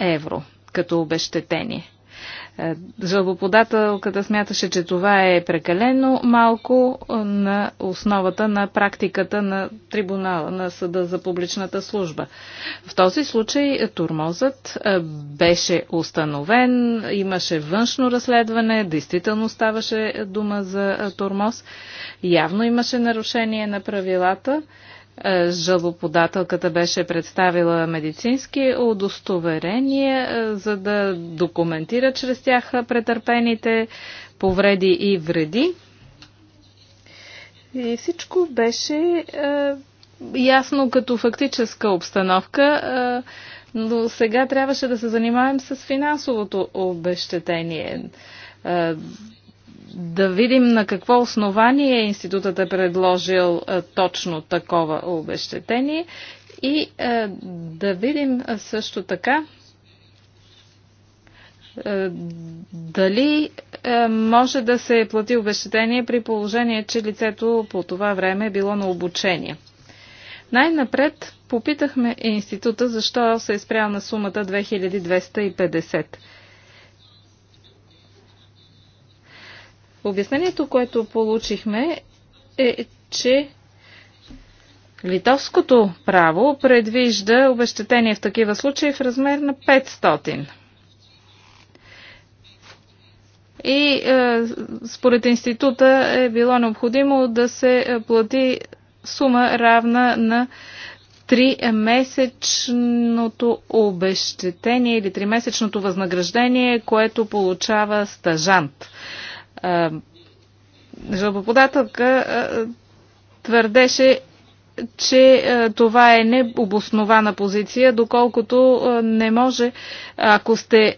евро като обещетение. Е, жалбоподателката смяташе, че това е прекалено малко е, на основата на практиката на трибунала, на съда за публичната служба. В този случай е, турмозът беше установен, имаше външно разследване, действително ставаше дума за турмоз, явно имаше нарушение на правилата. Е, жалоподателката беше представила медицински удостоверения, е, за да документира чрез тях претърпените повреди и вреди. И всичко беше е, ясно като фактическа обстановка, е, но сега трябваше да се занимаваме с финансовото обещетение. Е, да видим на какво основание институтът е предложил е, точно такова обещетение и е, да видим е, също така дали може да се плати обещетение при положение, че лицето по това време е било на обучение. Най-напред попитахме института защо се е спрял на сумата 2250. Обяснението, което получихме е, че литовското право предвижда обещетение в такива случаи в размер на 500. И е, според института е било необходимо да се е, плати сума равна на 3-месечното обещетение или 3-месечното възнаграждение, което получава стажант. Жалбоподателка твърдеше, че това е необоснована позиция, доколкото не може, ако сте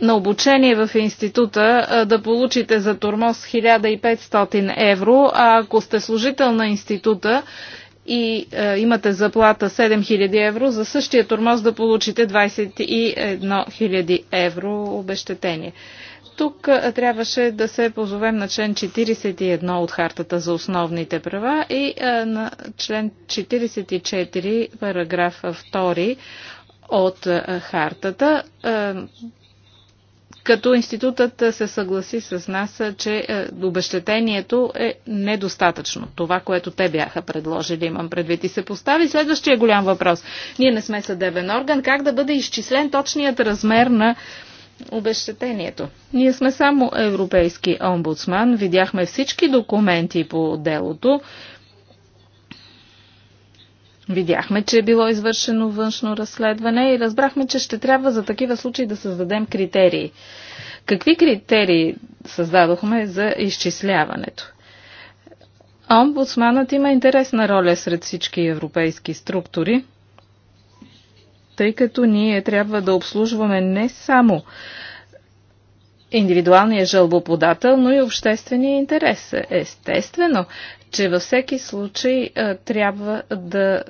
на обучение в института да получите за тормоз 1500 евро, а ако сте служител на института и имате заплата 7000 евро, за същия тормоз да получите 21 000 евро обещетение. Тук трябваше да се позовем на член 41 от Хартата за основните права и на член 44, параграф 2 от Хартата, като институтът се съгласи с нас, че обещетението е недостатъчно. Това, което те бяха предложили, имам предвид и се постави. Следващия голям въпрос. Ние не сме съдебен орган. Как да бъде изчислен точният размер на обещетението. Ние сме само европейски омбудсман, видяхме всички документи по делото, видяхме, че е било извършено външно разследване и разбрахме, че ще трябва за такива случаи да създадем критерии. Какви критерии създадохме за изчисляването? Омбудсманът има интересна роля сред всички европейски структури – тъй като ние трябва да обслужваме не само индивидуалния жалбоподател, но и обществения интерес. Естествено, че във всеки случай трябва да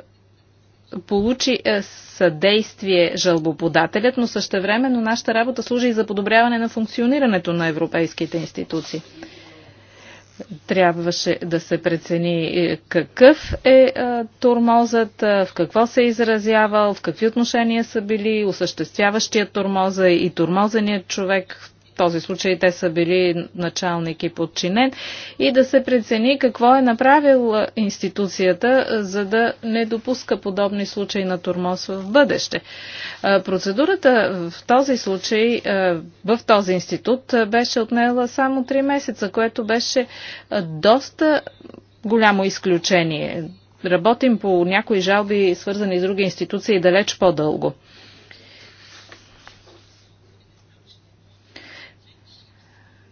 получи съдействие жалбоподателят, но същевременно нашата работа служи и за подобряване на функционирането на европейските институции трябваше да се прецени е, какъв е, е турмозът, е, в какво се е изразявал, в какви отношения са били осъществяващия турмоза и турмозеният човек, този случай те са били началник и подчинен, и да се прецени какво е направила институцията, за да не допуска подобни случаи на турмоз в бъдеще. Процедурата в този случай, в този институт, беше отнела само 3 месеца, което беше доста голямо изключение. Работим по някои жалби, свързани с други институции, далеч по-дълго.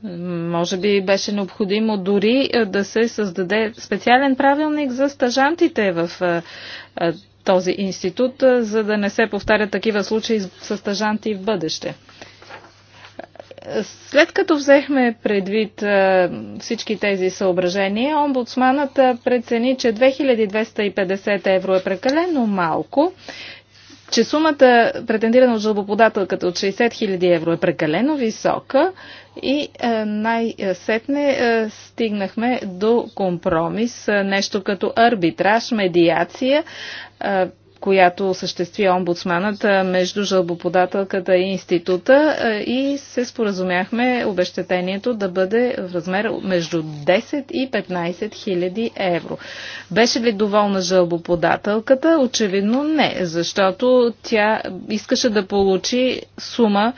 Може би беше необходимо дори е, да се създаде специален правилник за стажантите в е, е, този институт, за да не се повтарят такива случаи с стажанти в бъдеще. След като взехме предвид всички тези съображения, омбудсманът прецени, че 2250 евро е прекалено малко, че сумата, претендирана от жалбоподателката от 60 000 евро е прекалено висока и е, най-сетне е, стигнахме до компромис, е, нещо като арбитраж, медиация, която осъществи омбудсманът между жалбоподателката и института и се споразумяхме обещетението да бъде в размер между 10 и 15 хиляди евро. Беше ли доволна жалбоподателката? Очевидно не, защото тя искаше да получи сума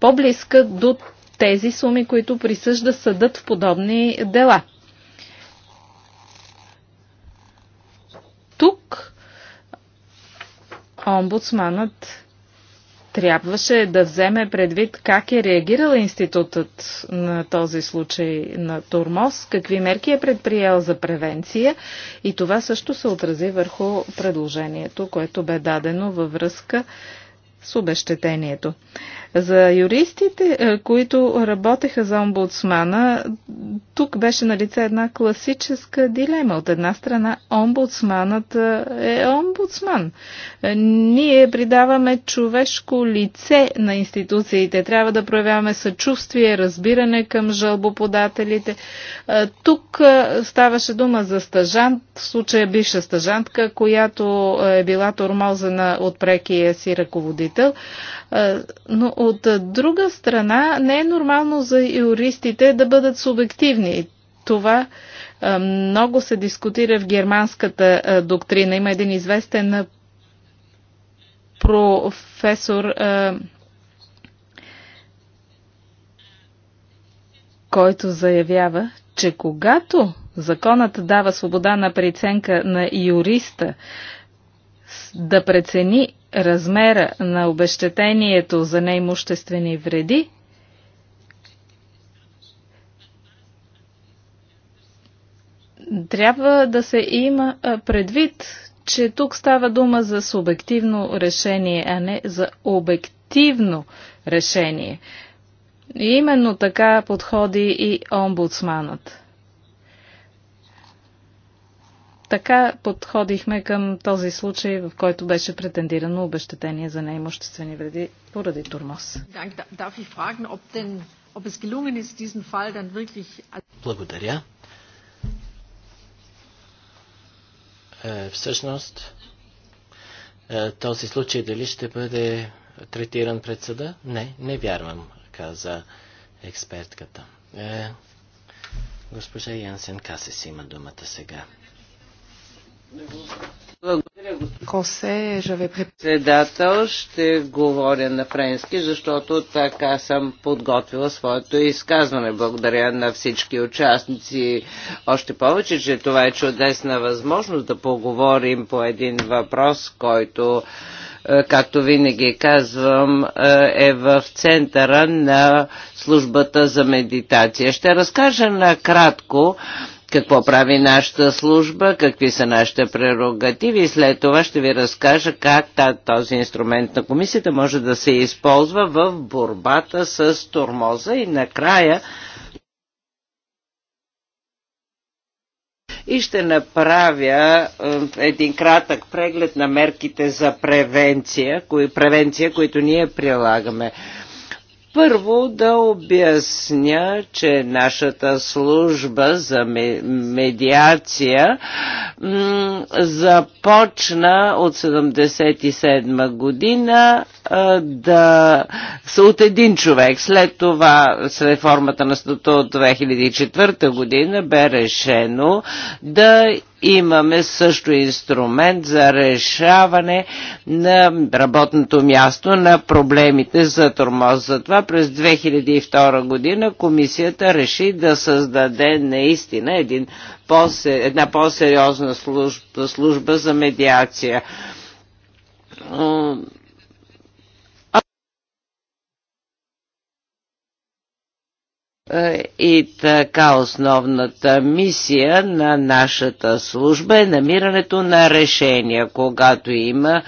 по-близка до тези суми, които присъжда съдът в подобни дела. Тук омбудсманът трябваше да вземе предвид как е реагирал институтът на този случай на турмоз, какви мерки е предприел за превенция и това също се отрази върху предложението, което бе дадено във връзка с обещетението. За юристите, е, които работеха за омбудсмана, тук беше на лице една класическа дилема. От една страна, омбудсманът е, е омбудсман. Е, ние придаваме човешко лице на институциите. Трябва да проявяваме съчувствие, разбиране към жалбоподателите. Тук ставаше дума за стажант, в случая бивша стажантка, която е била тормозена от прекия си ръководител. Е, но от друга страна не е нормално за юристите да бъдат субективни. Това е, много се дискутира в германската е, доктрина. Има един известен професор, който заявява, че когато законът дава свобода на преценка на юриста да прецени размера на обещетението за неимуществени вреди трябва да се има предвид, че тук става дума за субективно решение, а не за обективно решение. И именно така подходи и омбудсманът. Така подходихме към този случай, в който беше претендирано обещетение за неимуществени вреди поради турмоз. Благодаря. Е, всъщност, е, този случай дали ще бъде третиран пред съда? Не, не вярвам, каза експертката. Е, госпожа Янсен Касес има думата сега. Благодаря, господин председател. Ще говоря на френски, защото така съм подготвила своето изказване. Благодаря на всички участници. Още повече, че това е чудесна възможност да поговорим по един въпрос, който е, както винаги казвам, е, е в центъра на службата за медитация. Ще разкажа накратко какво прави нашата служба, какви са нашите прерогативи и след това ще ви разкажа как този инструмент на комисията може да се използва в борбата с тормоза и накрая и ще направя е, един кратък преглед на мерките за превенция, кои, превенция които ние прилагаме. Първо да обясня, че нашата служба за медиация започна от 77 година да са от един човек. След това, с реформата на статута от 2004 година, бе решено да Имаме също инструмент за решаване на работното място на проблемите за тормоз. Затова през 2002 година комисията реши да създаде наистина един по една по-сериозна служба, служба за медиация Е, и така основната мисия на нашата служба е намирането на решения, когато има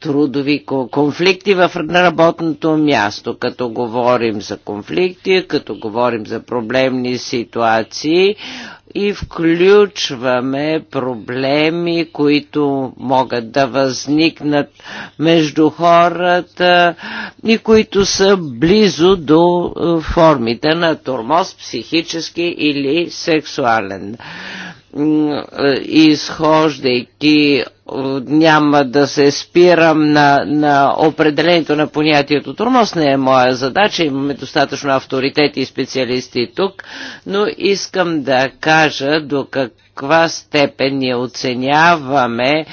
трудови конфликти в работното място. Като говорим за конфликти, като говорим за проблемни ситуации и включваме проблеми, които могат да възникнат между хората и които са близо до е, формите на тормоз, психически или сексуален изхождайки няма да се спирам на, на определението на понятието тормоз. Не е моя задача, имаме достатъчно авторитети и специалисти тук, но искам да кажа до каква степен ние оценяваме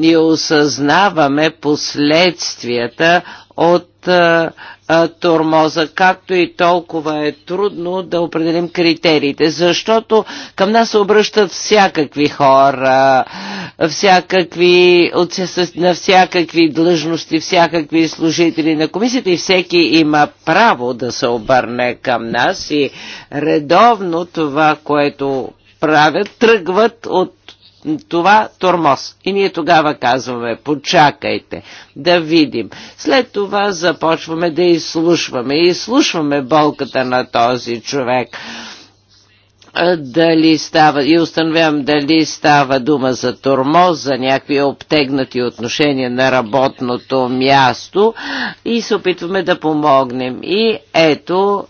и осъзнаваме последствията от а, тормоза, както и толкова е трудно да определим критериите, защото към нас се обръщат всякакви хора, всякакви, на всякакви длъжности, всякакви служители на комисията и всеки има право да се обърне към нас и редовно това, което правят, тръгват от това тормоз. И ние тогава казваме, почакайте да видим. След това започваме да изслушваме. И изслушваме болката на този човек дали става, и установявам дали става дума за тормоз, за някакви обтегнати отношения на работното място и се опитваме да помогнем. И ето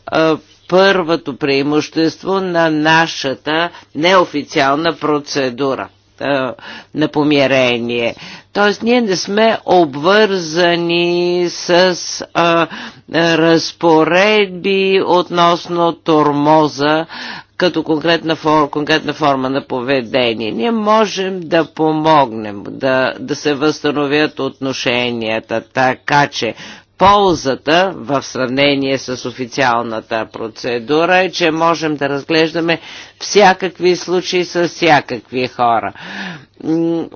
първото преимущество на нашата неофициална процедура на помирение. Тоест, ние не сме обвързани с а, разпоредби относно тормоза, като конкретна, фор, конкретна форма на поведение. Ние можем да помогнем да, да се възстановят отношенията, така че ползата в сравнение с официалната процедура е, че можем да разглеждаме всякакви случаи с всякакви хора.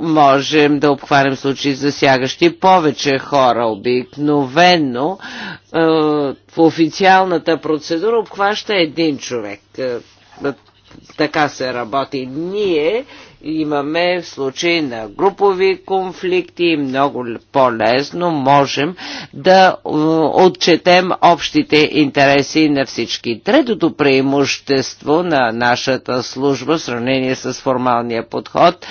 Можем да обхванем случаи засягащи повече хора. Обикновено в е, официалната процедура обхваща един човек. Е, е, така се работи. Ние имаме в случай на групови конфликти, много по-лесно можем да е, отчетем общите интереси на всички. Третото преимущество на нашата служба в сравнение с формалния подход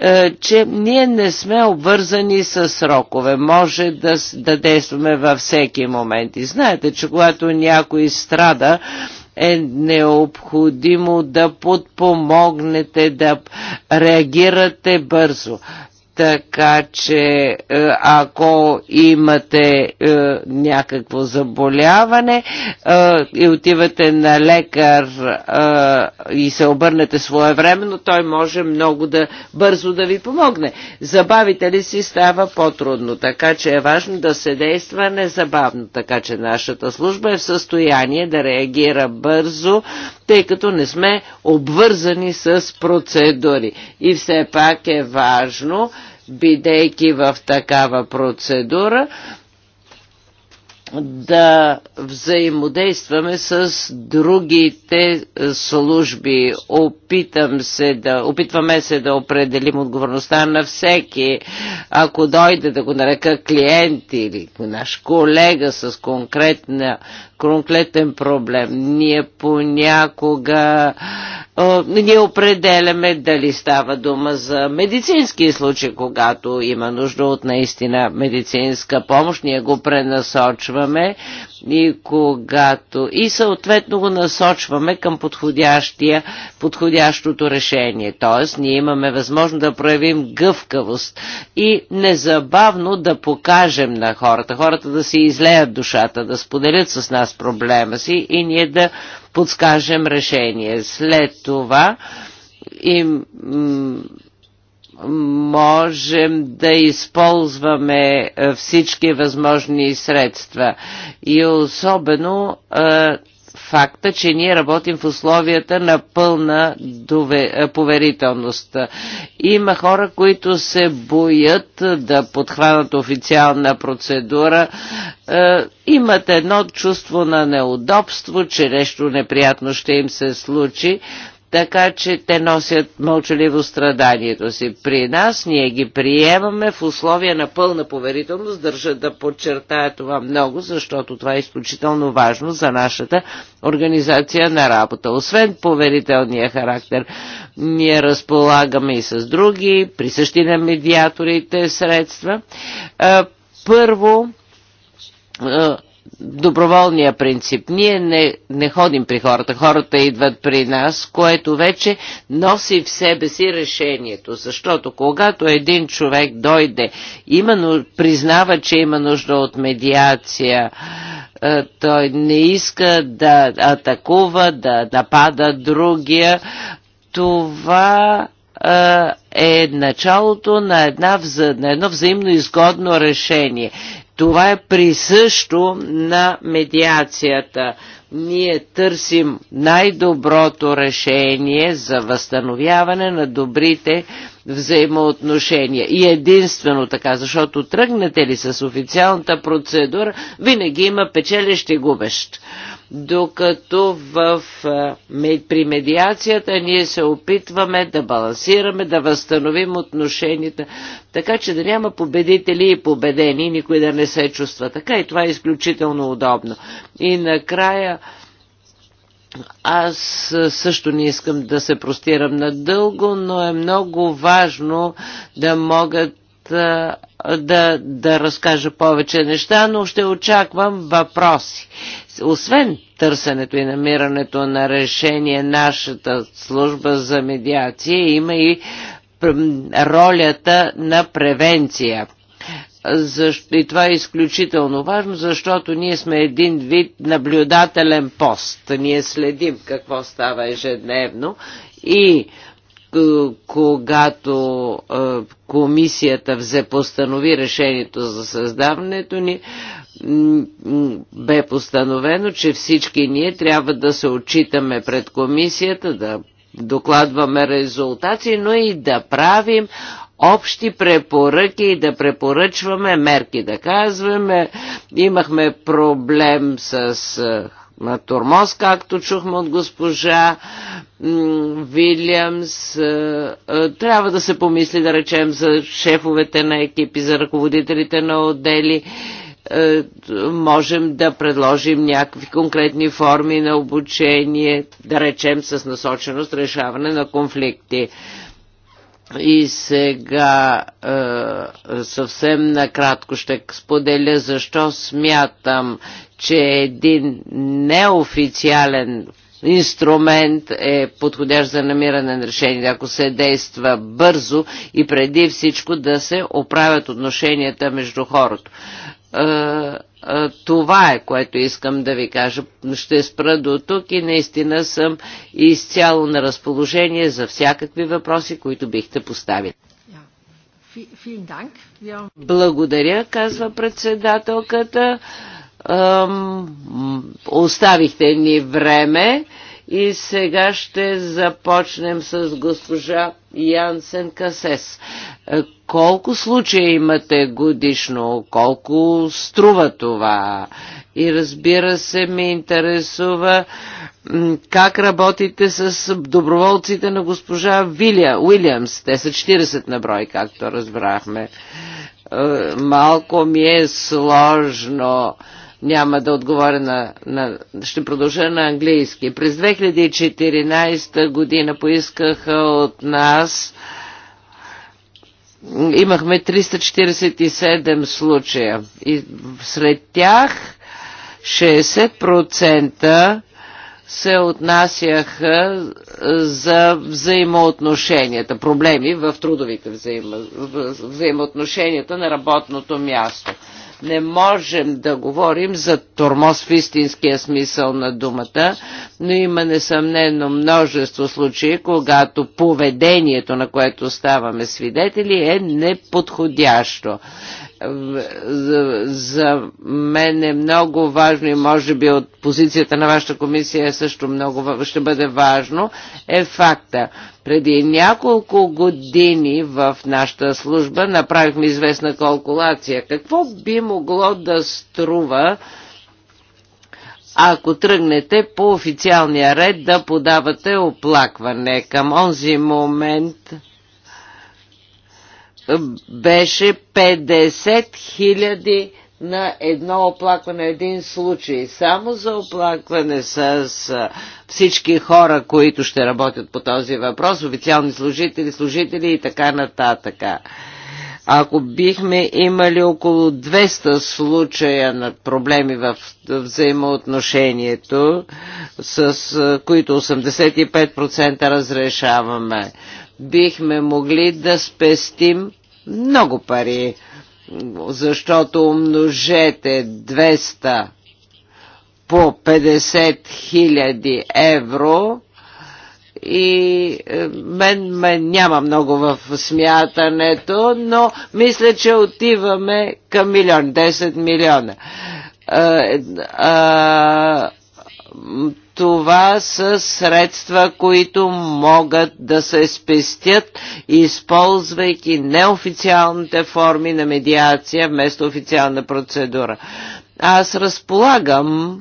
е, че ние не сме обвързани с срокове. Може да, да действаме във всеки момент. И знаете, че когато някой страда е необходимо да подпомогнете, да реагирате бързо. Така че е, ако имате е, някакво заболяване е, и отивате на лекар и се обърнете своевременно, той може много да бързо да ви помогне. Забавите ли си става по-трудно, така че е важно да се действа незабавно, така че нашата служба е в състояние да реагира бързо, тъй като не сме обвързани с процедури. И все пак е важно, бидейки в такава процедура, да взаимодействаме с другите е, служби. Опитам се да, опитваме се да определим отговорността на всеки. Ако дойде да го нарека клиент или наш колега с конкретна конкретен проблем. Ние понякога а, ние определяме дали става дума за медицински случаи, когато има нужда от наистина медицинска помощ. Ние го пренасочваме и когато и съответно го насочваме към подходящия, подходящото решение. Тоест, ние имаме възможност да проявим гъвкавост и незабавно да покажем на хората, хората да си излеят душата, да споделят с нас с проблема си и ние да подскажем решение. След това им можем да използваме е, всички възможни средства и особено е, факта, че ние работим в условията на пълна поверителност. Има хора, които се боят да подхванат официална процедура, имат едно чувство на неудобство, че нещо неприятно ще им се случи, така че те носят мълчаливо страданието си. При нас ние ги приемаме в условия на пълна поверителност. Държа да подчертая това много, защото това е изключително важно за нашата организация на работа. Освен поверителния характер, ние разполагаме и с други, присъщи на медиаторите средства. Е, първо, е, доброволния принцип. Ние не, не ходим при хората, хората идват при нас, което вече носи в себе си решението, защото когато един човек дойде, има, признава, че има нужда от медиация, е, той не иска да атакува, да напада другия, това е, е началото на, една, на едно взаимно изгодно решение. Това е присъщо на медиацията. Ние търсим най-доброто решение за възстановяване на добрите взаимоотношения. И единствено така, защото тръгнете ли с официалната процедура, винаги има печелещ и губещ докато в, при медиацията ние се опитваме да балансираме, да възстановим отношенията, така че да няма победители и победени, никой да не се чувства така и това е изключително удобно. И накрая аз също не искам да се простирам надълго, но е много важно да могат да, да разкажа повече неща, но ще очаквам въпроси освен търсенето и намирането на решение, нашата служба за медиация има и ролята на превенция. И това е изключително важно, защото ние сме един вид наблюдателен пост. Ние следим какво става ежедневно и когато комисията взе постанови решението за създаването ни, бе постановено, че всички ние трябва да се отчитаме пред комисията, да докладваме резултати, но и да правим общи препоръки и да препоръчваме мерки. Да казваме, имахме проблем с на тормоз, както чухме от госпожа Вилямс. Трябва да се помисли, да речем, за шефовете на екипи, за ръководителите на отдели е, можем да предложим някакви конкретни форми на обучение, да речем с насоченост решаване на конфликти. И сега е, съвсем накратко ще споделя защо смятам, че един неофициален инструмент е подходящ за намиране на решение. Ако се действа бързо и преди всичко да се оправят отношенията между хората. Е, е, това е, което искам да ви кажа. Ще спра до тук и наистина съм изцяло на разположение за всякакви въпроси, които бихте поставили. Благодаря, казва председателката. оставихте ни време и сега ще започнем с госпожа Янсен Касес. Е, колко случая имате годишно? Колко струва това? И разбира се, ме интересува как работите с доброволците на госпожа Вилия, Уилямс. Те са 40 на брой, както разбрахме. Е, малко ми е сложно няма да отговоря на, на... Ще продължа на английски. През 2014 година поискаха от нас имахме 347 случая и сред тях 60% се отнасяха за взаимоотношенията, проблеми в трудовите взаимо, взаимоотношенията на работното място. Не можем да говорим за тормоз в истинския смисъл на думата, но има несъмнено множество случаи, когато поведението, на което ставаме свидетели, е неподходящо за мен е много важно и може би от позицията на вашата комисия е също много ще бъде важно, е факта, преди няколко години в нашата служба направихме известна калкулация. Какво би могло да струва ако тръгнете по официалния ред да подавате оплакване. Към онзи момент беше 50 000 на едно оплакване, един случай. Само за оплакване с всички хора, които ще работят по този въпрос, официални служители, служители и така нататък. Ако бихме имали около 200 случая на проблеми в взаимоотношението, с които 85% разрешаваме, бихме могли да спестим много пари защото умножете 200 по 50 000 евро и е, мен, мен няма много в смятането, но мисля, че отиваме към милион, 10 милиона. Е, е, а, а, това са средства, които могат да се спестят, използвайки неофициалните форми на медиация вместо официална процедура. Аз разполагам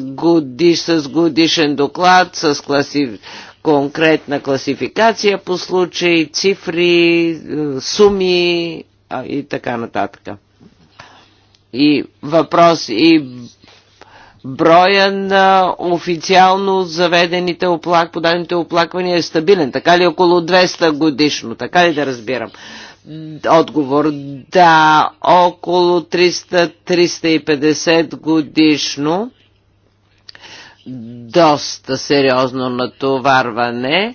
годиш, с годишен доклад, с класи, конкретна класификация по случай, цифри, е, суми и така нататък. И въпрос и броя на официално заведените оплак, подадените оплаквания е стабилен, така ли около 200 годишно, така ли да разбирам? Отговор да, около 300-350 годишно. Доста сериозно натоварване. А,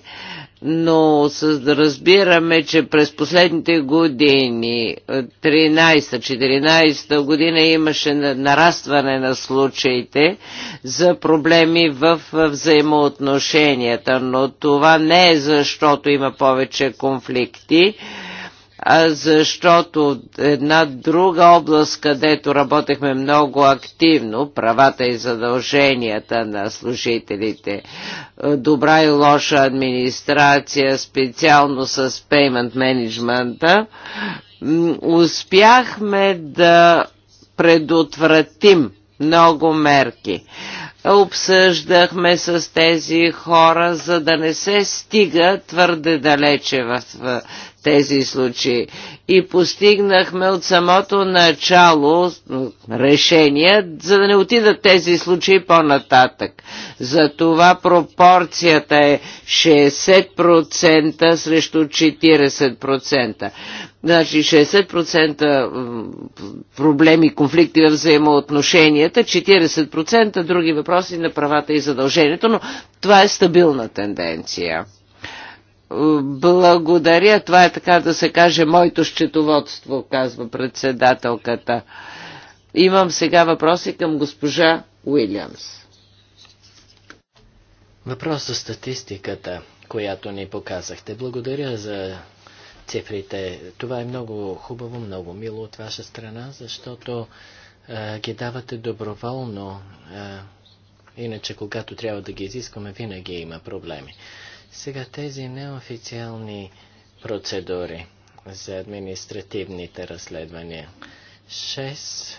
но разбираме, че през последните години, 13-14 година, имаше нарастване на случаите за проблеми в взаимоотношенията, но това не е защото има повече конфликти, защото една друга област, където работехме много активно, правата и задълженията на служителите, добра и лоша администрация, специално с пеймент менеджмента, успяхме да предотвратим много мерки. Обсъждахме с тези хора, за да не се стига твърде далече в тези случаи. И постигнахме от самото начало решение, за да не отидат тези случаи по-нататък. Затова пропорцията е 60% срещу 40%. Значи 60% проблеми, конфликти в взаимоотношенията, 40% други въпроси на правата и задължението, но това е стабилна тенденция. Благодаря, това е така да се каже моето счетоводство, казва председателката. Имам сега въпроси към госпожа Уилямс. Въпрос за статистиката, която ни показахте. Благодаря за цифрите. Това е много хубаво, много мило от ваша страна, защото е, ги давате доброволно. Е, иначе, когато трябва да ги изискваме, винаги има проблеми. Сега тези неофициални процедури за административните разследвания. 6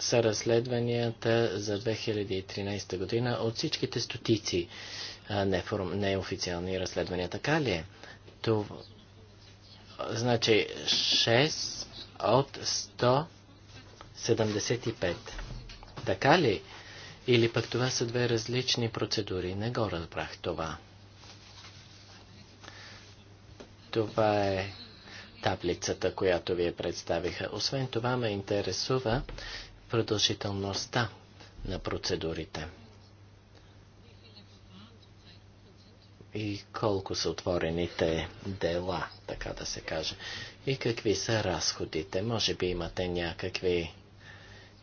са разследванията за 2013 година от всичките стотици неформ... неофициални разследвания. Така ли е? Значи 6 от 175. Така ли? Или пък това са две различни процедури. Не го разбрах това. Това е таблицата, която вие представиха. Освен това ме интересува продължителността на процедурите. И колко са отворените дела, така да се каже. И какви са разходите. Може би имате някакви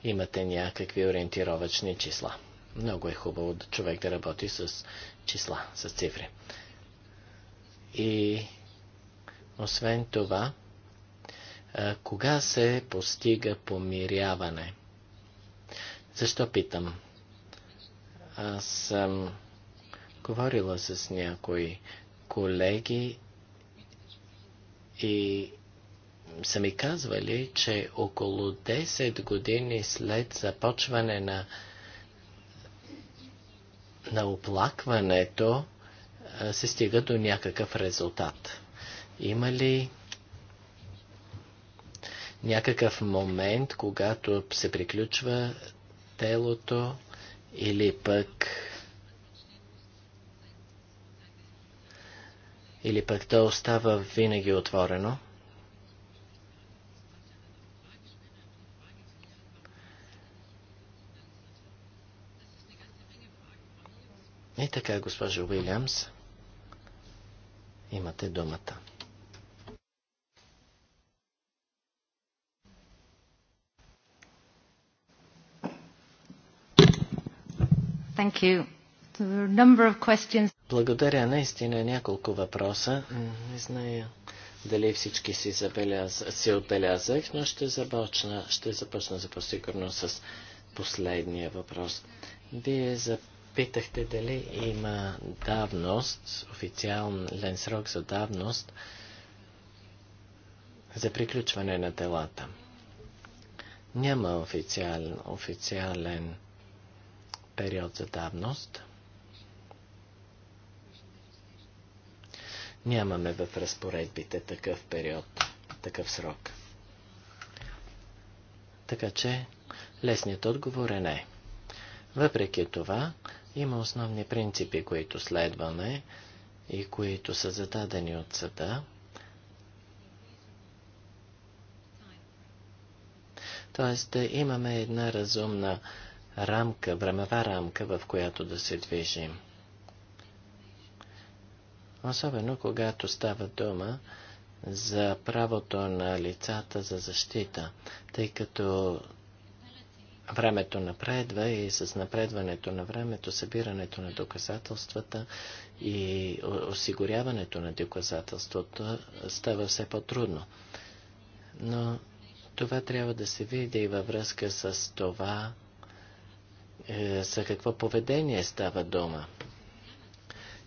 имате някакви ориентировачни числа. Много е хубаво да човек да работи с числа, с цифри. И освен това, кога се постига помиряване? Защо питам? Аз съм говорила с някои колеги и са ми казвали, че около 10 години след започване на, на оплакването се стига до някакъв резултат. Има ли някакъв момент, когато се приключва телото или пък или пък то остава винаги отворено? И така, госпожо Уилямс, имате думата. Thank you. Благодаря. Наистина е няколко въпроса. Не зная дали всички си, забеляз... си отбелязах, но ще започна, ще започна за по-сигурно с последния въпрос. Вие за... Питахте дали има давност, официален срок за давност за приключване на делата. Няма официален, официален период за давност. Нямаме в разпоредбите такъв период, такъв срок. Така че лесният отговор е не. Въпреки това, има основни принципи, които следваме и които са зададени от съда. Тоест да имаме една разумна рамка, времева рамка, в която да се движим. Особено когато става дума за правото на лицата за защита, тъй като Времето напредва и с напредването на времето, събирането на доказателствата и осигуряването на доказателството става все по-трудно. Но това трябва да се види и във връзка с това, за е, какво поведение става дома,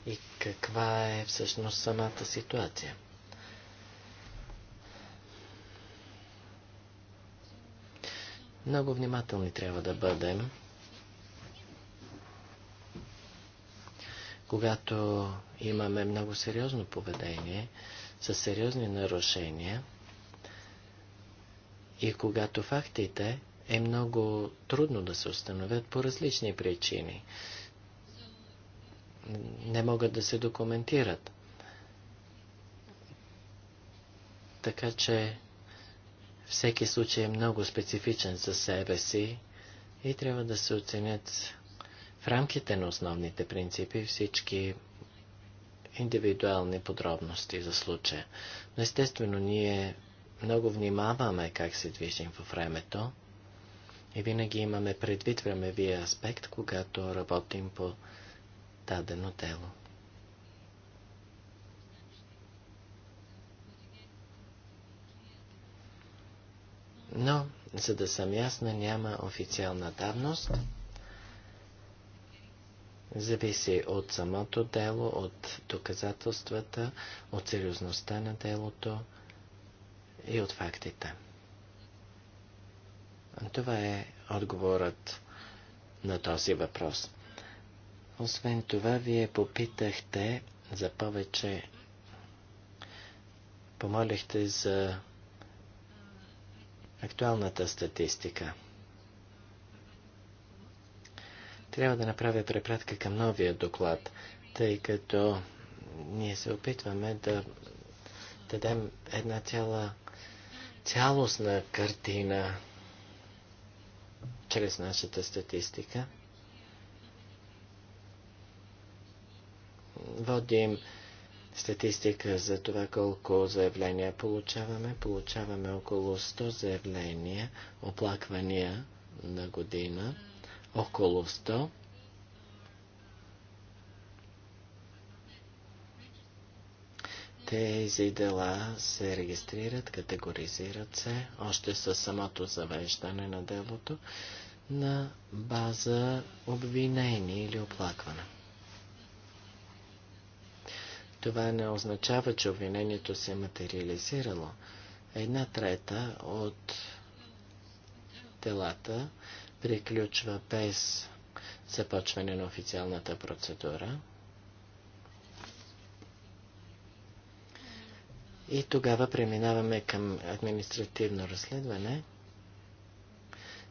и каква е всъщност самата ситуация. Много внимателни трябва да бъдем, когато имаме много сериозно поведение, с сериозни нарушения и когато фактите е много трудно да се установят по различни причини. Не могат да се документират. Така че всеки случай е много специфичен за себе си и трябва да се оценят в рамките на основните принципи всички индивидуални подробности за случая. Но естествено ние много внимаваме как се движим във времето и винаги имаме предвид времевия аспект, когато работим по дадено дело. Но, за да съм ясна, няма официална давност. Зависи от самото дело, от доказателствата, от сериозността на делото и от фактите. Това е отговорът на този въпрос. Освен това, вие попитахте за повече, помолихте за актуалната статистика. Трябва да направя препратка към новия доклад, тъй като ние се опитваме да дадем една цяла цялостна картина чрез нашата статистика. Водим статистика за това колко заявления получаваме. Получаваме около 100 заявления, оплаквания на година. Около 100. Тези дела се регистрират, категоризират се, още със самото завеждане на делото, на база обвинение или оплакване. Това не означава, че обвинението се е материализирало. Една трета от делата приключва без започване на официалната процедура. И тогава преминаваме към административно разследване.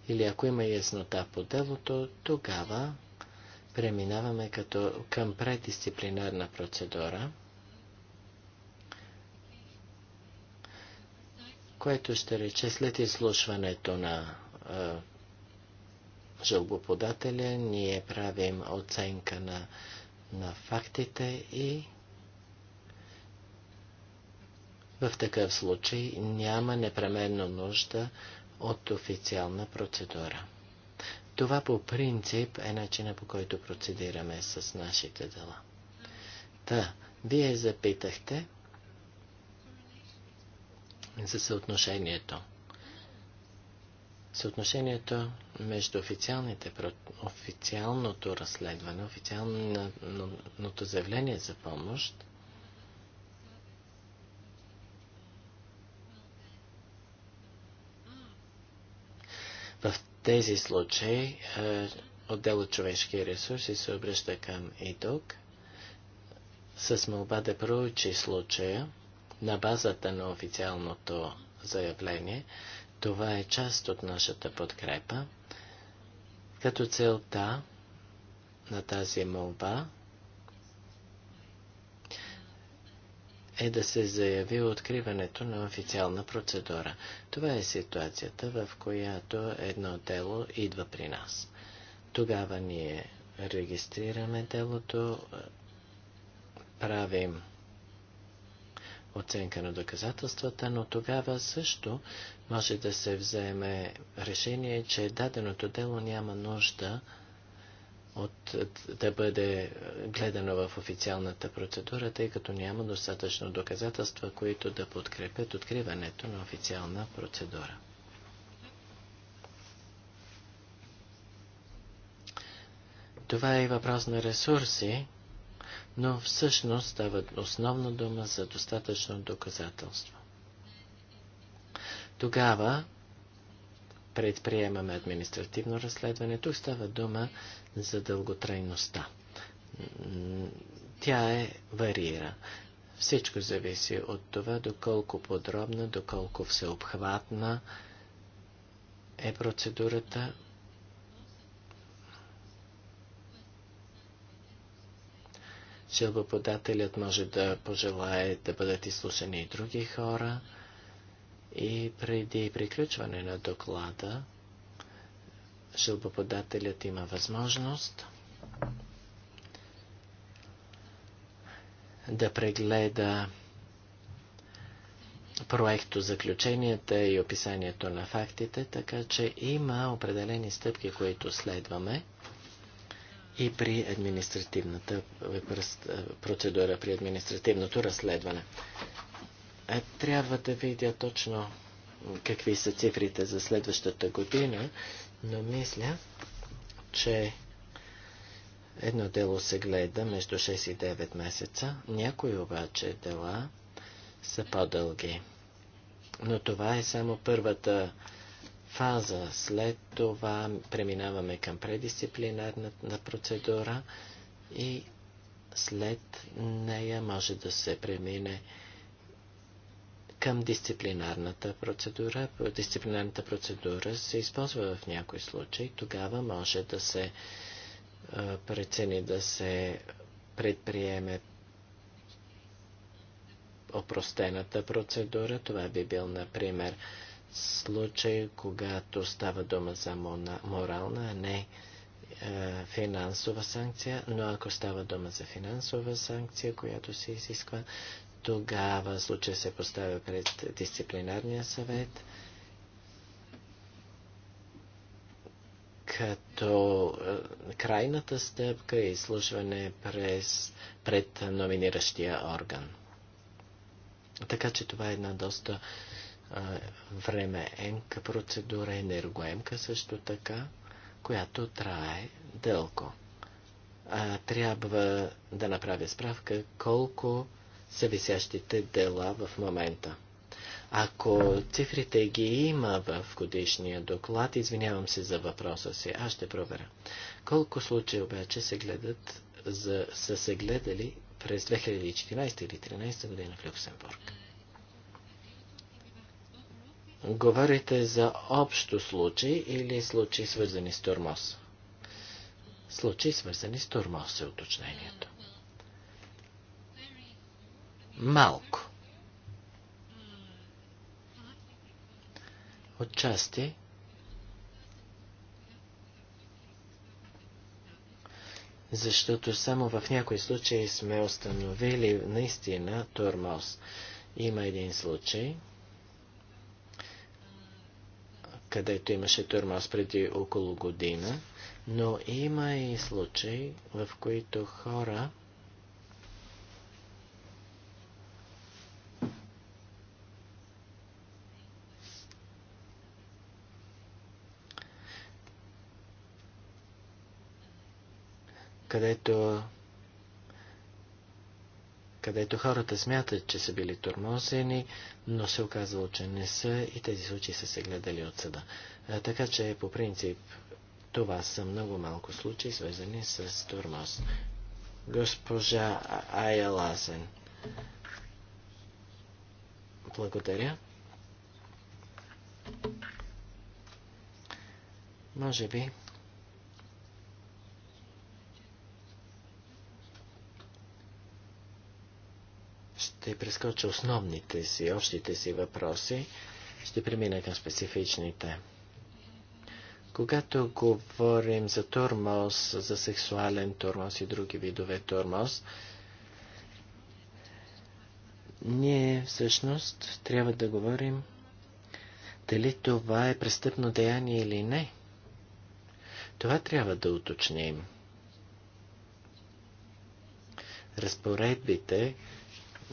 Или ако има яснота по делото, тогава преминаваме като към предисциплинарна процедура. което ще рече след изслушването на е, жалбоподателя, ние правим оценка на, на фактите и в такъв случай няма непременно нужда от официална процедура. Това по принцип е начина по който процедираме с нашите дела. Та, вие запитахте за съотношението. Съотношението между официалните, официалното разследване, официалното заявление за помощ в тези случаи е, отдел от човешки ресурси се обръща към ИДОК с молба да проучи случая на базата на официалното заявление. Това е част от нашата подкрепа, като целта на тази молба е да се заяви откриването на официална процедура. Това е ситуацията, в която едно дело идва при нас. Тогава ние регистрираме делото, правим оценка на доказателствата, но тогава също може да се вземе решение, че даденото дело няма нужда от, да бъде гледано в официалната процедура, тъй като няма достатъчно доказателства, които да подкрепят откриването на официална процедура. Това е въпрос на ресурси, но всъщност става основна дума за достатъчно доказателство. Тогава предприемаме административно разследване. Тук става дума за дълготрайността. Тя е варира. Всичко зависи от това, доколко подробна, доколко всеобхватна е процедурата Жалбоподателят може да пожелае да бъдат изслушани и други хора. И преди приключване на доклада, жалбоподателят има възможност да прегледа проекто заключенията и описанието на фактите, така че има определени стъпки, които следваме и при административната процедура, при административното разследване. Е, трябва да видя точно какви са цифрите за следващата година, но мисля, че едно дело се гледа между 6 и 9 месеца, някои обаче дела са по-дълги. Но това е само първата фаза. След това преминаваме към предисциплинарната процедура и след нея може да се премине към дисциплинарната процедура. Дисциплинарната процедура се използва в някой случай. Тогава може да се е, прецени да се предприеме опростената процедура. Това би бил, например, случай, когато става дума за морална, а не е, финансова санкция, но ако става дума за финансова санкция, която се изисква, тогава случай се поставя пред дисциплинарния съвет, като е, крайната стъпка е изслушване през, пред номиниращия орган. Така че това е една доста времеемка процедура, енергоемка също така, която трае дълго. А, трябва да направя справка колко са висящите дела в момента. Ако цифрите ги има в годишния доклад, извинявам се за въпроса си, аз ще проверя. Колко случаи обаче се гледат за, са се гледали през 2014 или 2013 година в Люксембург? Говорите за общо случай или случаи свързани с тормоз? Случаи свързани с тормоз е уточнението. Малко. Отчасти защото само в някои случаи сме установили наистина тормоз. Има един случай – където имаше тормоз преди около година, но има и случаи, в които хора където където хората смятат, че са били тормозени, но се оказвало, че не са и тези случаи са се гледали от съда. Така че, по принцип, това са много малко случаи, свързани с тормоз. Госпожа Айелазен. Благодаря. Може би ще прескоча основните си, общите си въпроси, ще премина към специфичните. Когато говорим за тормоз, за сексуален тормоз и други видове тормоз, ние всъщност трябва да говорим дали това е престъпно деяние или не. Това трябва да уточним. Разпоредбите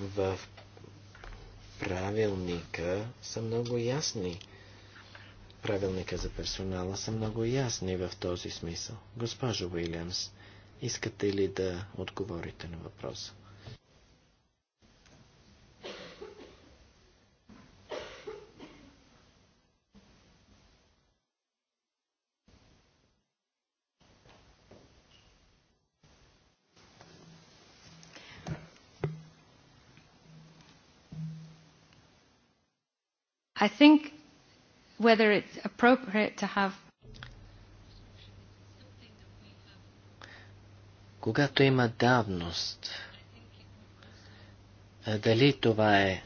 в правилника са много ясни. Правилника за персонала са много ясни в този смисъл. Госпожо Уилямс, искате ли да отговорите на въпроса? I think whether it's appropriate to have Когато има давност, дали това е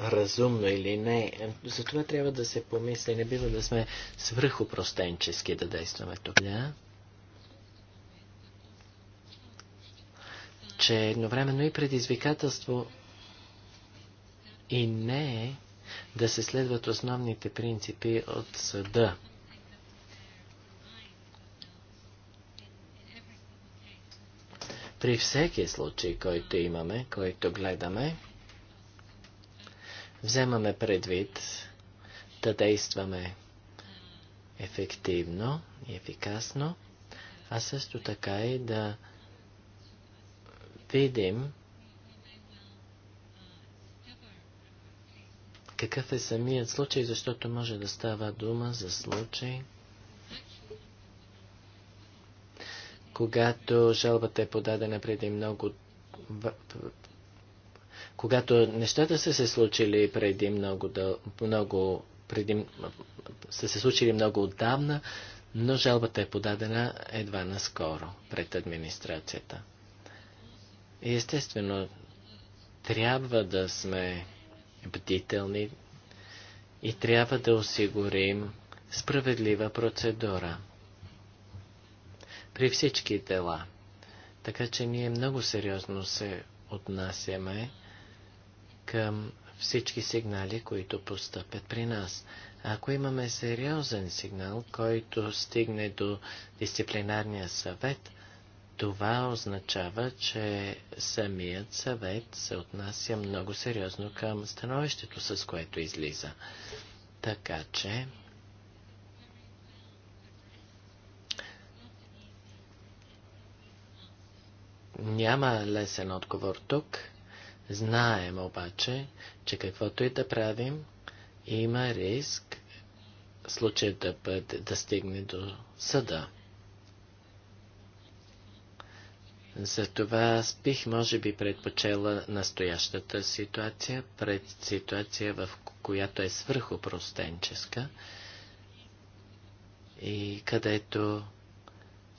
разумно или не, за това трябва да се помисли. Не бива да сме свръхопростенчески да действаме тук. Да? Че едновременно и предизвикателство и не е да се следват основните принципи от съда. При всеки случай, който имаме, който гледаме, вземаме предвид да действаме ефективно и ефикасно, а също така и да видим какъв е самият случай, защото може да става дума за случай, когато жалбата е подадена преди много когато нещата са се случили преди много, дъл... много преди... са се случили много отдавна, но жалбата е подадена едва наскоро пред администрацията. И естествено, трябва да сме бдителни и трябва да осигурим справедлива процедура при всички дела. Така че ние много сериозно се отнасяме към всички сигнали, които постъпят при нас. Ако имаме сериозен сигнал, който стигне до дисциплинарния съвет, това означава, че самият съвет се отнася много сериозно към становището, с което излиза. Така че няма лесен отговор тук. Знаем обаче, че каквото и да правим, има риск случай да, бъде, да стигне до съда. Затова аз бих, може би, предпочела настоящата ситуация пред ситуация, в която е свърхопростенческа и където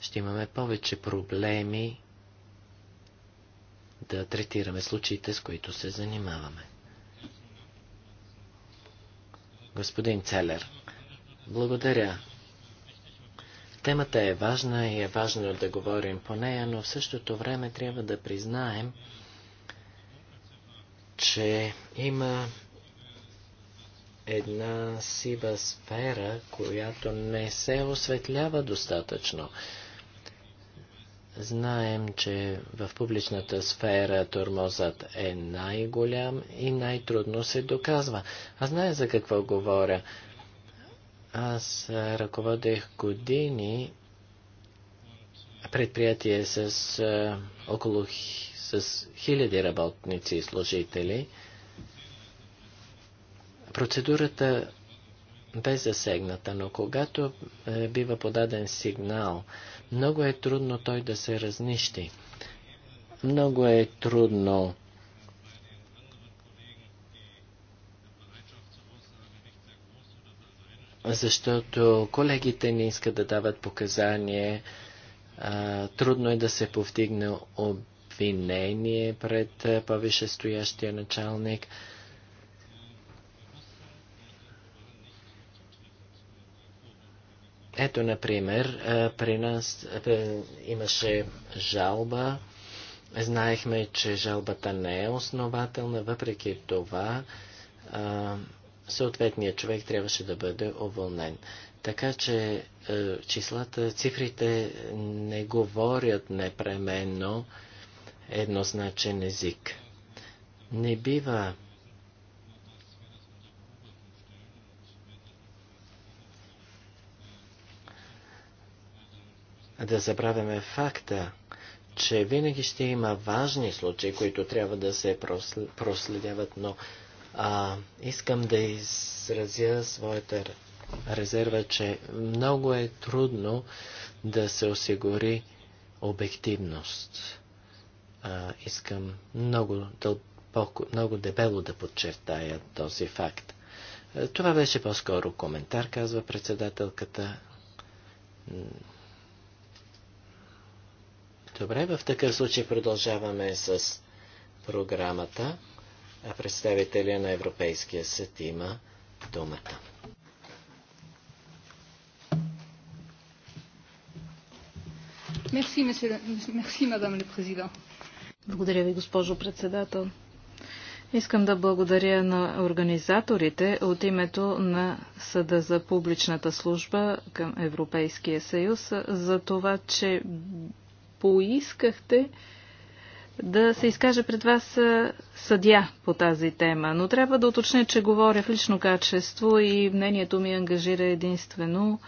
ще имаме повече проблеми да третираме случаите, с които се занимаваме. Господин Целер, благодаря. Темата е важна и е важно да говорим по нея, но в същото време трябва да признаем, че има една сива сфера, която не се осветлява достатъчно. Знаем, че в публичната сфера тормозът е най-голям и най-трудно се доказва. А знае за какво говоря. Аз ръководех години предприятие с около с хиляди работници и служители. Процедурата бе засегната, но когато а, бива подаден сигнал, много е трудно той да се разнищи. Много е трудно защото колегите не искат да дават показания. А, трудно е да се повдигне обвинение пред повишестоящия началник. Ето, например, при нас имаше жалба. Знаехме, че жалбата не е основателна, въпреки това съответният човек трябваше да бъде уволнен. Така че е, числата, цифрите не говорят непременно еднозначен език. Не бива да забравяме факта, че винаги ще има важни случаи, които трябва да се проследяват, но а, искам да изразя своята резерва, че много е трудно да се осигури обективност. А, искам много дълбоко, много дебело да подчертая този факт. Това беше по-скоро коментар, казва председателката. Добре, в такъв случай продължаваме с програмата. Е, представителя на Европейския съд има думата. Благодаря ви, госпожо председател. Искам да благодаря на организаторите от името на Съда за публичната служба към Европейския съюз за това, че поискахте да се изкаже пред вас съдя по тази тема, но трябва да уточня, че говоря в лично качество и мнението ми ангажира единствено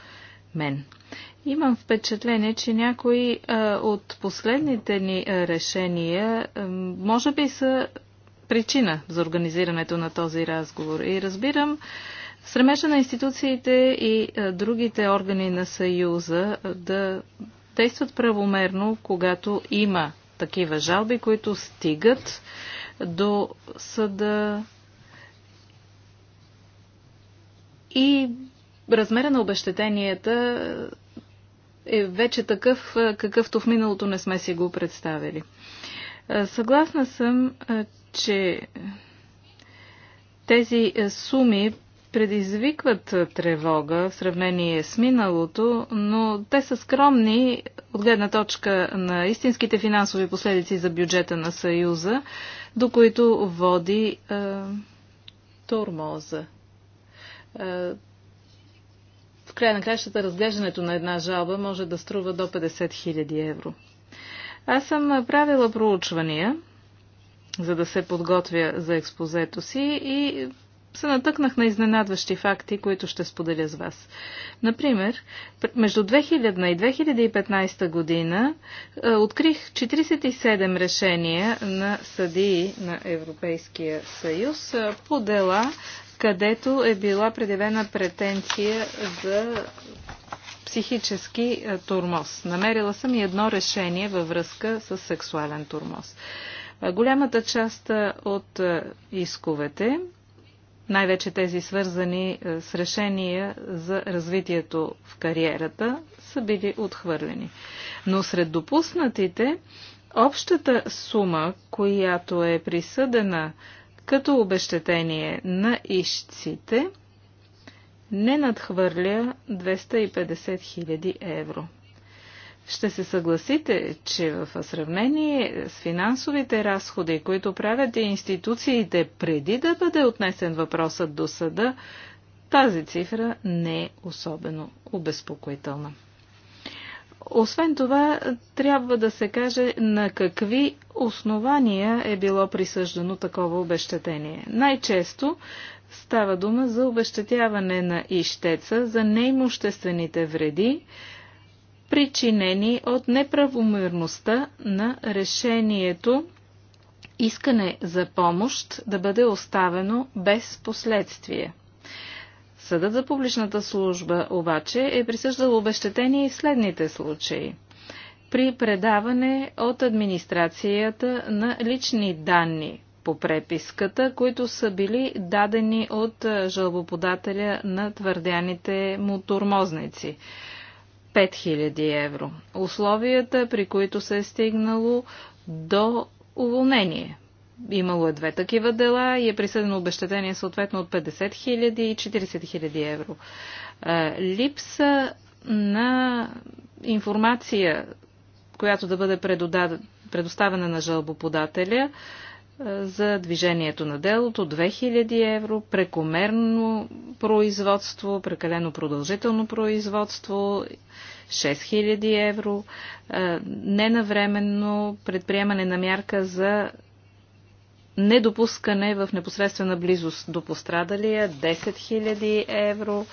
мен. Имам впечатление, че някои а, от последните ни а, решения а, може би са причина за организирането на този разговор. И разбирам стремежа на институциите и а, другите органи на Съюза а, да действат правомерно, когато има такива жалби, които стигат до съда и размера на обещетенията е вече такъв, какъвто в миналото не сме си го представили. Съгласна съм, че тези суми предизвикват тревога в сравнение с миналото, но те са скромни от гледна точка на истинските финансови последици за бюджета на Съюза, до които води е, тормоза. Е, в края на кращата разглеждането на една жалба може да струва до 50 000 евро. Аз съм правила проучвания за да се подготвя за експозето си и се натъкнах на изненадващи факти, които ще споделя с вас. Например, между 2000 и 2015 година е, открих 47 решения на съдии на Европейския съюз е, по дела, където е била предявена претенция за психически е, турмоз. Намерила съм и едно решение във връзка с сексуален турмоз. Голямата част от исковете най-вече тези свързани е, с решения за развитието в кариерата, са били отхвърлени. Но сред допуснатите, общата сума, която е присъдена като обещетение на ищците, не надхвърля 250 000 евро ще се съгласите, че в сравнение с финансовите разходи, които правят институциите преди да бъде отнесен въпросът до съда, тази цифра не е особено обезпокоителна. Освен това, трябва да се каже на какви основания е било присъждано такова обещетение. Най-често става дума за обещетяване на ищеца за неимуществените вреди, причинени от неправомерността на решението искане за помощ да бъде оставено без последствие. Съдът за публичната служба обаче е присъждал обещетение и в следните случаи. При предаване от администрацията на лични данни по преписката, които са били дадени от жалбоподателя на твърдяните му турмозници. 5000 евро. Условията, при които се е стигнало до уволнение. Имало е две такива дела и е присъдено обещатение съответно от 50 000 и 40 000 евро. Липса на информация, която да бъде предоставена на жалбоподателя, за движението на делото 2000 евро, прекомерно производство, прекалено продължително производство 6000 евро, ненавременно предприемане на мярка за недопускане в непосредствена близост до пострадалия 10 000 евро,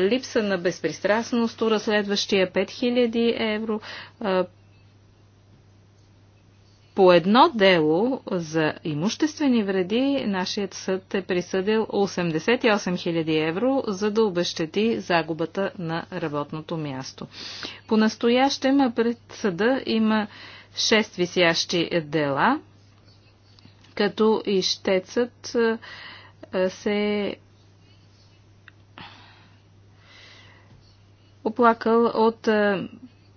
липса на безпристрастност у разследващия 5 000 евро, по едно дело за имуществени вреди нашият съд е присъдил 88 000 евро, за да обещати загубата на работното място. По настоящем пред съда има 6 висящи дела, като ищецът се оплакал от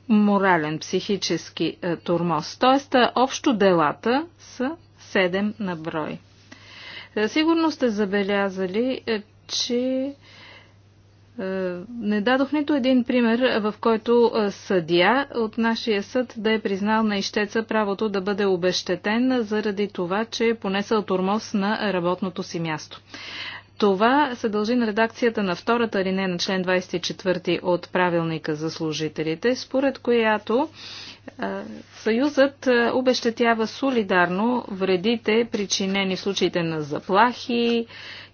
морален, психически е, турмоз. Тоест, е, общо делата са 7 на брой. Е, сигурно сте забелязали, че не дадох нито един пример, в който съдия от нашия съд да е признал на ищеца правото да бъде обещетен заради това, че е понесъл турмоз на работното си място. Това се дължи на редакцията на втората алинея на член 24 от правилника за служителите, според която Съюзът обещетява солидарно вредите, причинени в случаите на заплахи,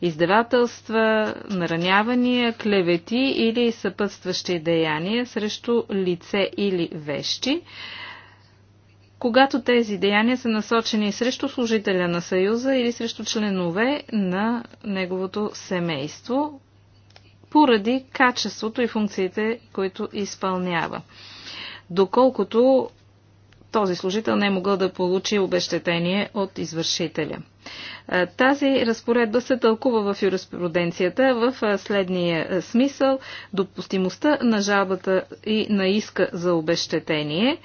издевателства, наранявания, клевети или съпътстващи деяния срещу лице или вещи, когато тези деяния са насочени срещу служителя на Съюза или срещу членове на неговото семейство, поради качеството и функциите, които изпълнява. Доколкото този служител не е могъл да получи обещетение от извършителя. Тази разпоредба се тълкува в юриспруденцията в следния смисъл. Допустимостта на жалбата и на иска за обещетение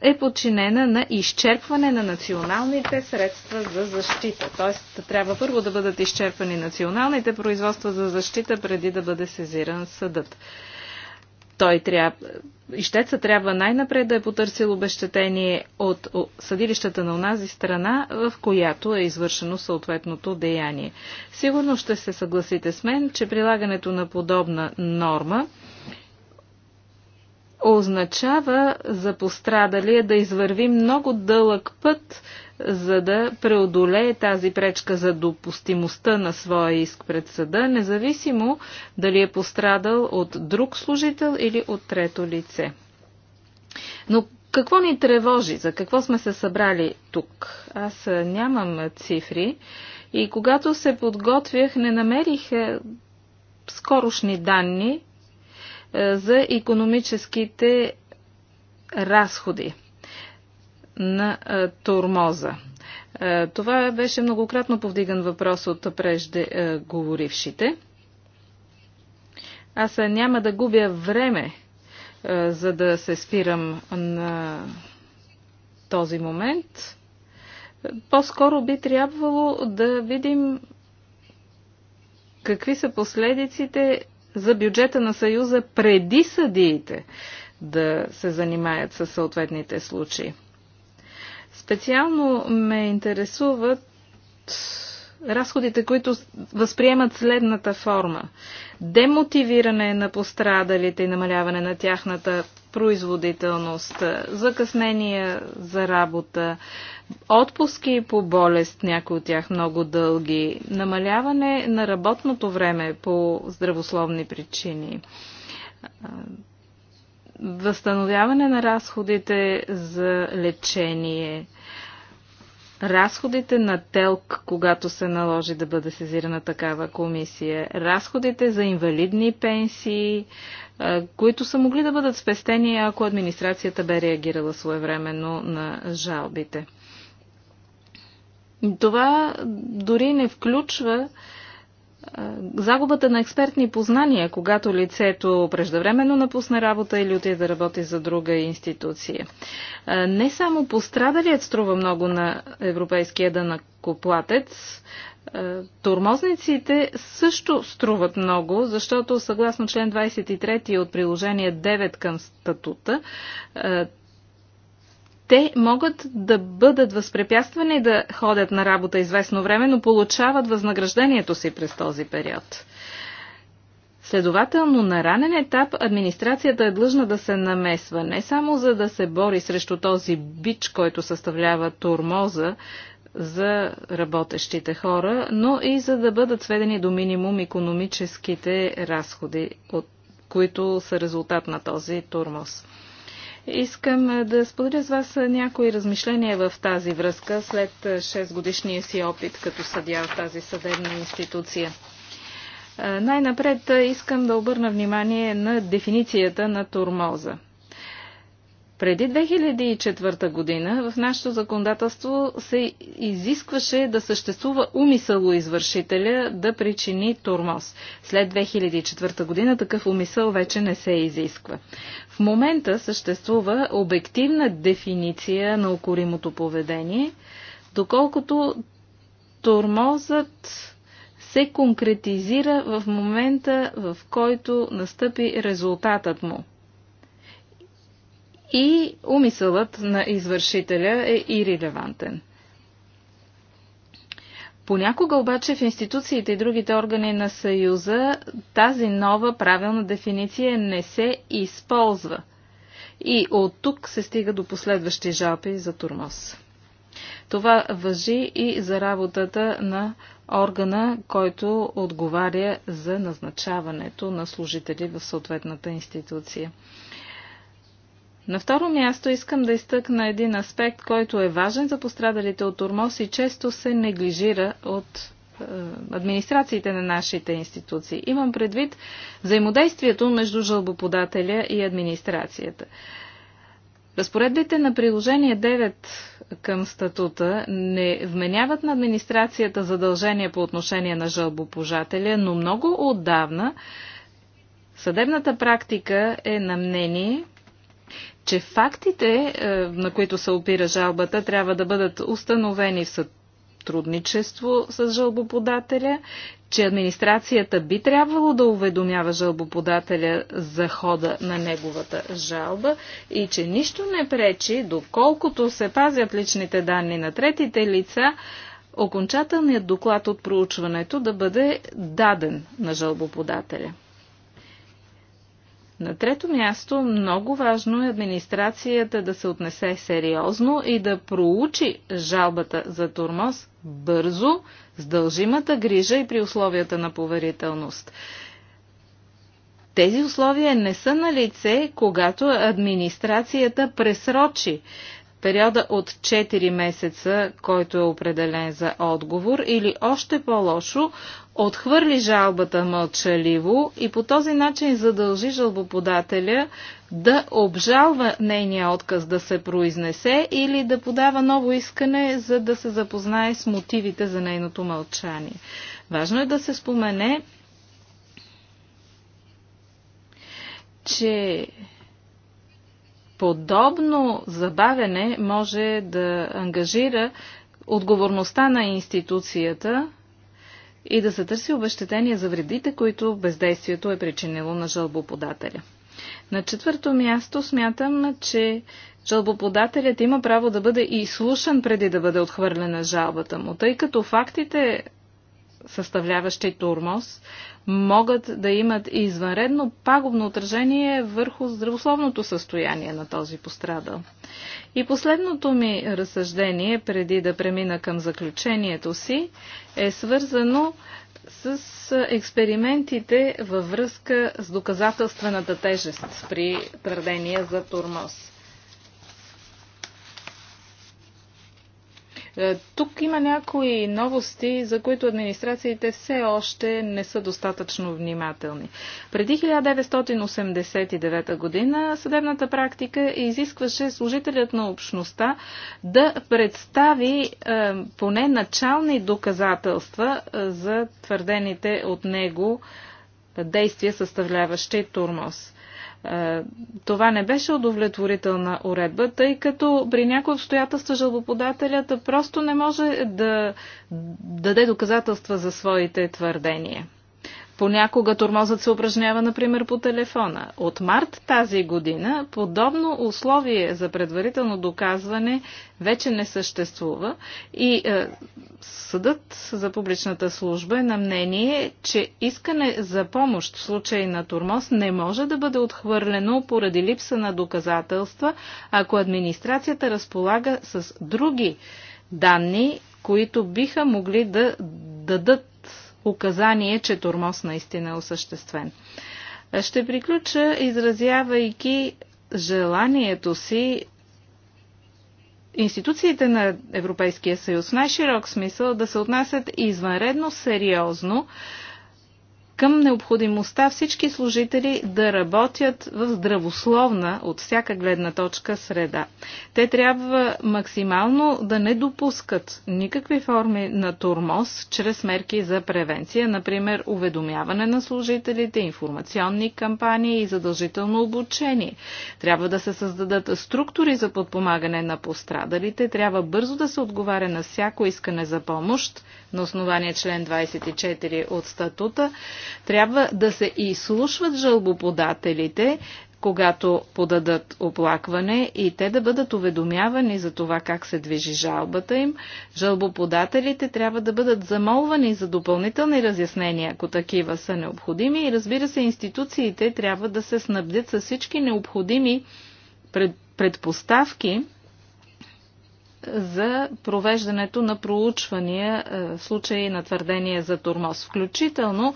е подчинена на изчерпване на националните средства за защита. Т.е. трябва първо да бъдат изчерпани националните производства за защита, преди да бъде сезиран съдът. Той трябва, ищеца трябва най-напред да е потърсил обещетение от съдилищата на онази страна, в която е извършено съответното деяние. Сигурно ще се съгласите с мен, че прилагането на подобна норма означава за пострадалия да извърви много дълъг път, за да преодолее тази пречка за допустимостта на своя иск пред съда, независимо дали е пострадал от друг служител или от трето лице. Но какво ни тревожи? За какво сме се събрали тук? Аз нямам цифри и когато се подготвях, не намерих скорошни данни е, за економическите разходи на е, тормоза. Е, това беше многократно повдиган въпрос от преждеговорившите. говорившите. Аз няма да губя време, за да се спирам на този момент. По-скоро би трябвало да видим какви са последиците за бюджета на Съюза преди съдиите да се занимаят с съответните случаи. Специално ме интересуват разходите, които възприемат следната форма. Демотивиране на пострадалите и намаляване на тяхната производителност, закъснения за работа, отпуски по болест, някои от тях много дълги, намаляване на работното време по здравословни причини, възстановяване на разходите за лечение – разходите на ТЕЛК, когато се наложи да бъде сезирана такава комисия, разходите за инвалидни пенсии, е, които са могли да бъдат спестени, ако администрацията бе реагирала своевременно на жалбите. Това дори не включва Загубата на експертни познания, когато лицето преждевременно напусне работа или отиде да работи за друга институция. Не само пострадалият струва много на европейския данакоплатец, Турмозниците също струват много, защото съгласно член 23 от приложение 9 към статута, те могат да бъдат възпрепятствани да ходят на работа известно време, но получават възнаграждението си през този период. Следователно, на ранен етап администрацията е длъжна да се намесва не само за да се бори срещу този бич, който съставлява турмоза за работещите хора, но и за да бъдат сведени до минимум економическите разходи, от които са резултат на този турмоз. Искам е, да споделя с вас е, някои размишления в тази връзка след 6 е, годишния си опит като съдя в тази съдебна институция. Най-напред искам да обърна внимание на дефиницията на турмоза. Преди 2004 година в нашето законодателство се изискваше да съществува умисъл у извършителя да причини турмоз. След 2004 година такъв умисъл вече не се изисква. В момента съществува обективна дефиниция на укоримото поведение, доколкото тормозът се конкретизира в момента, в който настъпи резултатът му. И умисълът на извършителя е ирелевантен. Понякога обаче в институциите и другите органи на Съюза тази нова правилна дефиниция не се използва. И от тук се стига до последващи жалби за турмоз. Това въжи и за работата на органа, който отговаря за назначаването на служители в съответната институция. На второ място искам да изтъкна един аспект, който е важен за пострадалите от турмоз и често се неглижира от е, администрациите на нашите институции. Имам предвид взаимодействието между жалбоподателя и администрацията. Разпоредбите на приложение 9 към статута не вменяват на администрацията задължения по отношение на жалбопожателя, но много отдавна съдебната практика е на мнение, че фактите, е, на които се опира жалбата, трябва да бъдат установени в сътрудничество с жалбоподателя, че администрацията би трябвало да уведомява жалбоподателя за хода на неговата жалба и че нищо не пречи, доколкото се пазят личните данни на третите лица, окончателният доклад от проучването да бъде даден на жалбоподателя. На трето място, много важно е администрацията да се отнесе сериозно и да проучи жалбата за турмоз бързо, с дължимата грижа и при условията на поверителност. Тези условия не са на лице, когато администрацията пресрочи периода от 4 месеца, който е определен за отговор, или още по-лошо, отхвърли жалбата мълчаливо и по този начин задължи жалбоподателя да обжалва нейния отказ да се произнесе или да подава ново искане, за да се запознае с мотивите за нейното мълчание. Важно е да се спомене, че подобно забавене може да ангажира отговорността на институцията и да се търси обещетение за вредите, които бездействието е причинило на жалбоподателя. На четвърто място смятам, че жалбоподателят има право да бъде изслушан преди да бъде отхвърлена жалбата му, тъй като фактите съставляващи турмоз, могат да имат извънредно пагубно отражение върху здравословното състояние на този пострадал. И последното ми разсъждение, преди да премина към заключението си, е свързано с експериментите във връзка с доказателствената тежест при твърдения за турмоз. Е, тук има някои новости, за които администрациите все още не са достатъчно внимателни. Преди 1989 година съдебната практика изискваше служителят на общността да представи е, поне начални доказателства е, за твърдените от него действия, съставляващи турмоз. Е, това не беше удовлетворителна уредба, тъй като при някои обстоятелства жалбоподателят просто не може да даде доказателства за своите твърдения. Понякога тормозът се упражнява, например, по телефона. От март тази година подобно условие за предварително доказване вече не съществува и е, съдът за публичната служба е на мнение, че искане за помощ в случай на тормоз не може да бъде отхвърлено поради липса на доказателства, ако администрацията разполага с други данни, които биха могли да дадат указание, че тормоз наистина е осъществен. Ще приключа, изразявайки желанието си институциите на Европейския съюз в най-широк смисъл да се отнасят извънредно сериозно към необходимостта всички служители да работят в здравословна от всяка гледна точка среда. Те трябва максимално да не допускат никакви форми на турмоз чрез мерки за превенция, например уведомяване на служителите, информационни кампании и задължително обучение. Трябва да се създадат структури за подпомагане на пострадалите, трябва бързо да се отговаря на всяко искане за помощ, на основание член 24 от статута, трябва да се изслушват жалбоподателите, когато подадат оплакване и те да бъдат уведомявани за това как се движи жалбата им. Жалбоподателите трябва да бъдат замолвани за допълнителни разяснения, ако такива са необходими и разбира се институциите трябва да се снабдят с всички необходими предпоставки, за провеждането на проучвания е, в случаи на твърдение за тормоз, включително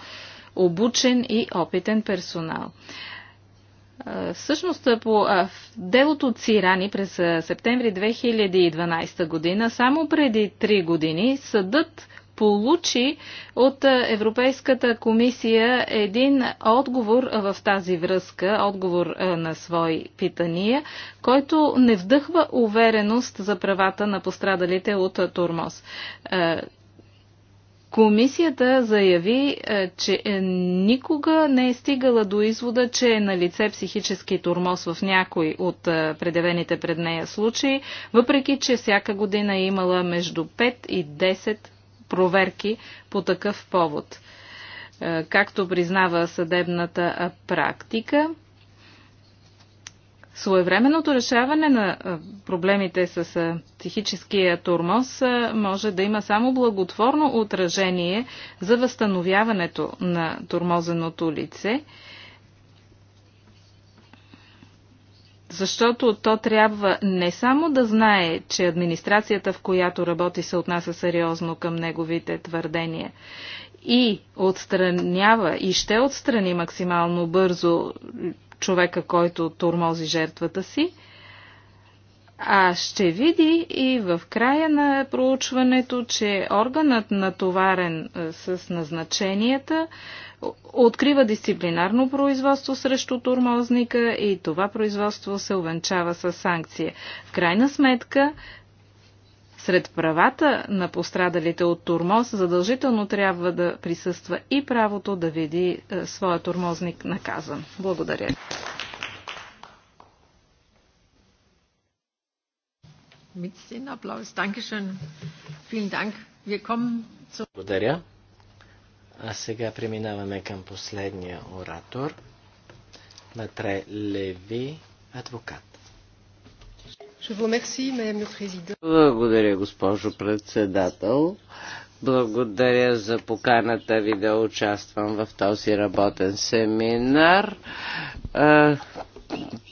обучен и опитен персонал. Е, всъщност по делото Цирани през септември 2012 година, само преди 3 години, съдът получи от Европейската комисия един отговор в тази връзка, отговор на свои питания, който не вдъхва увереност за правата на пострадалите от Турмоз. Комисията заяви, че е, никога не е стигала до извода, че е на лице психически турмоз в някой от предявените пред нея случаи, въпреки че всяка година е имала между 5 и 10 проверки по такъв повод. Е, както признава съдебната практика, Своевременното решаване на е, проблемите с е, психическия турмоз може да има само благотворно отражение за възстановяването на тормозеното лице Защото то трябва не само да знае, че администрацията, в която работи, се отнася сериозно към неговите твърдения и отстранява и ще отстрани максимално бързо човека, който тормози жертвата си, а ще види и в края на проучването, че органът натоварен е, с назначенията открива дисциплинарно производство срещу турмозника и това производство се увенчава с санкция. В крайна сметка, сред правата на пострадалите от турмоз задължително трябва да присъства и правото да види е, своя турмозник наказан. Благодаря. mit den Applaus. Dankeschön. Vielen Dank. Wir kommen zu... Благодаря. А сега преминаваме към последния оратор. Матре Леви, адвокат. Благодаря, госпожо председател. Благодаря за поканата ви да участвам в този работен семинар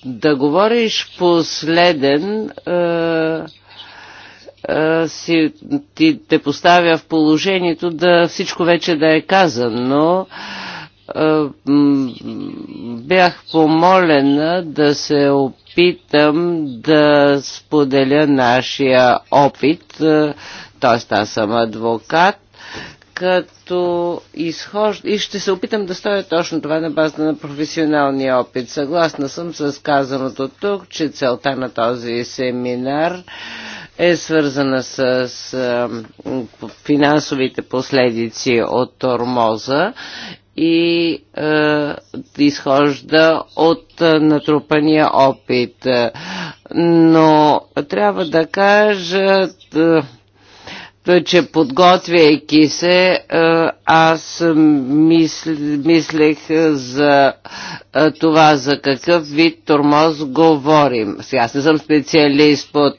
да говориш последен е, е, си, ти те поставя в положението да всичко вече да е казано. но е, Бях помолена да се опитам да споделя нашия опит, т.е. аз съм адвокат като изхожда и ще се опитам да стоя точно това на база на професионалния опит. Съгласна съм с казаното тук, че целта на този семинар е свързана с финансовите последици от тормоза и е, изхожда от е, натрупания опит. Е, но трябва да кажа, е, е, че подготвяйки се, е, аз мислех за е, това, за какъв вид тормоз говорим. Сега не съм специалист по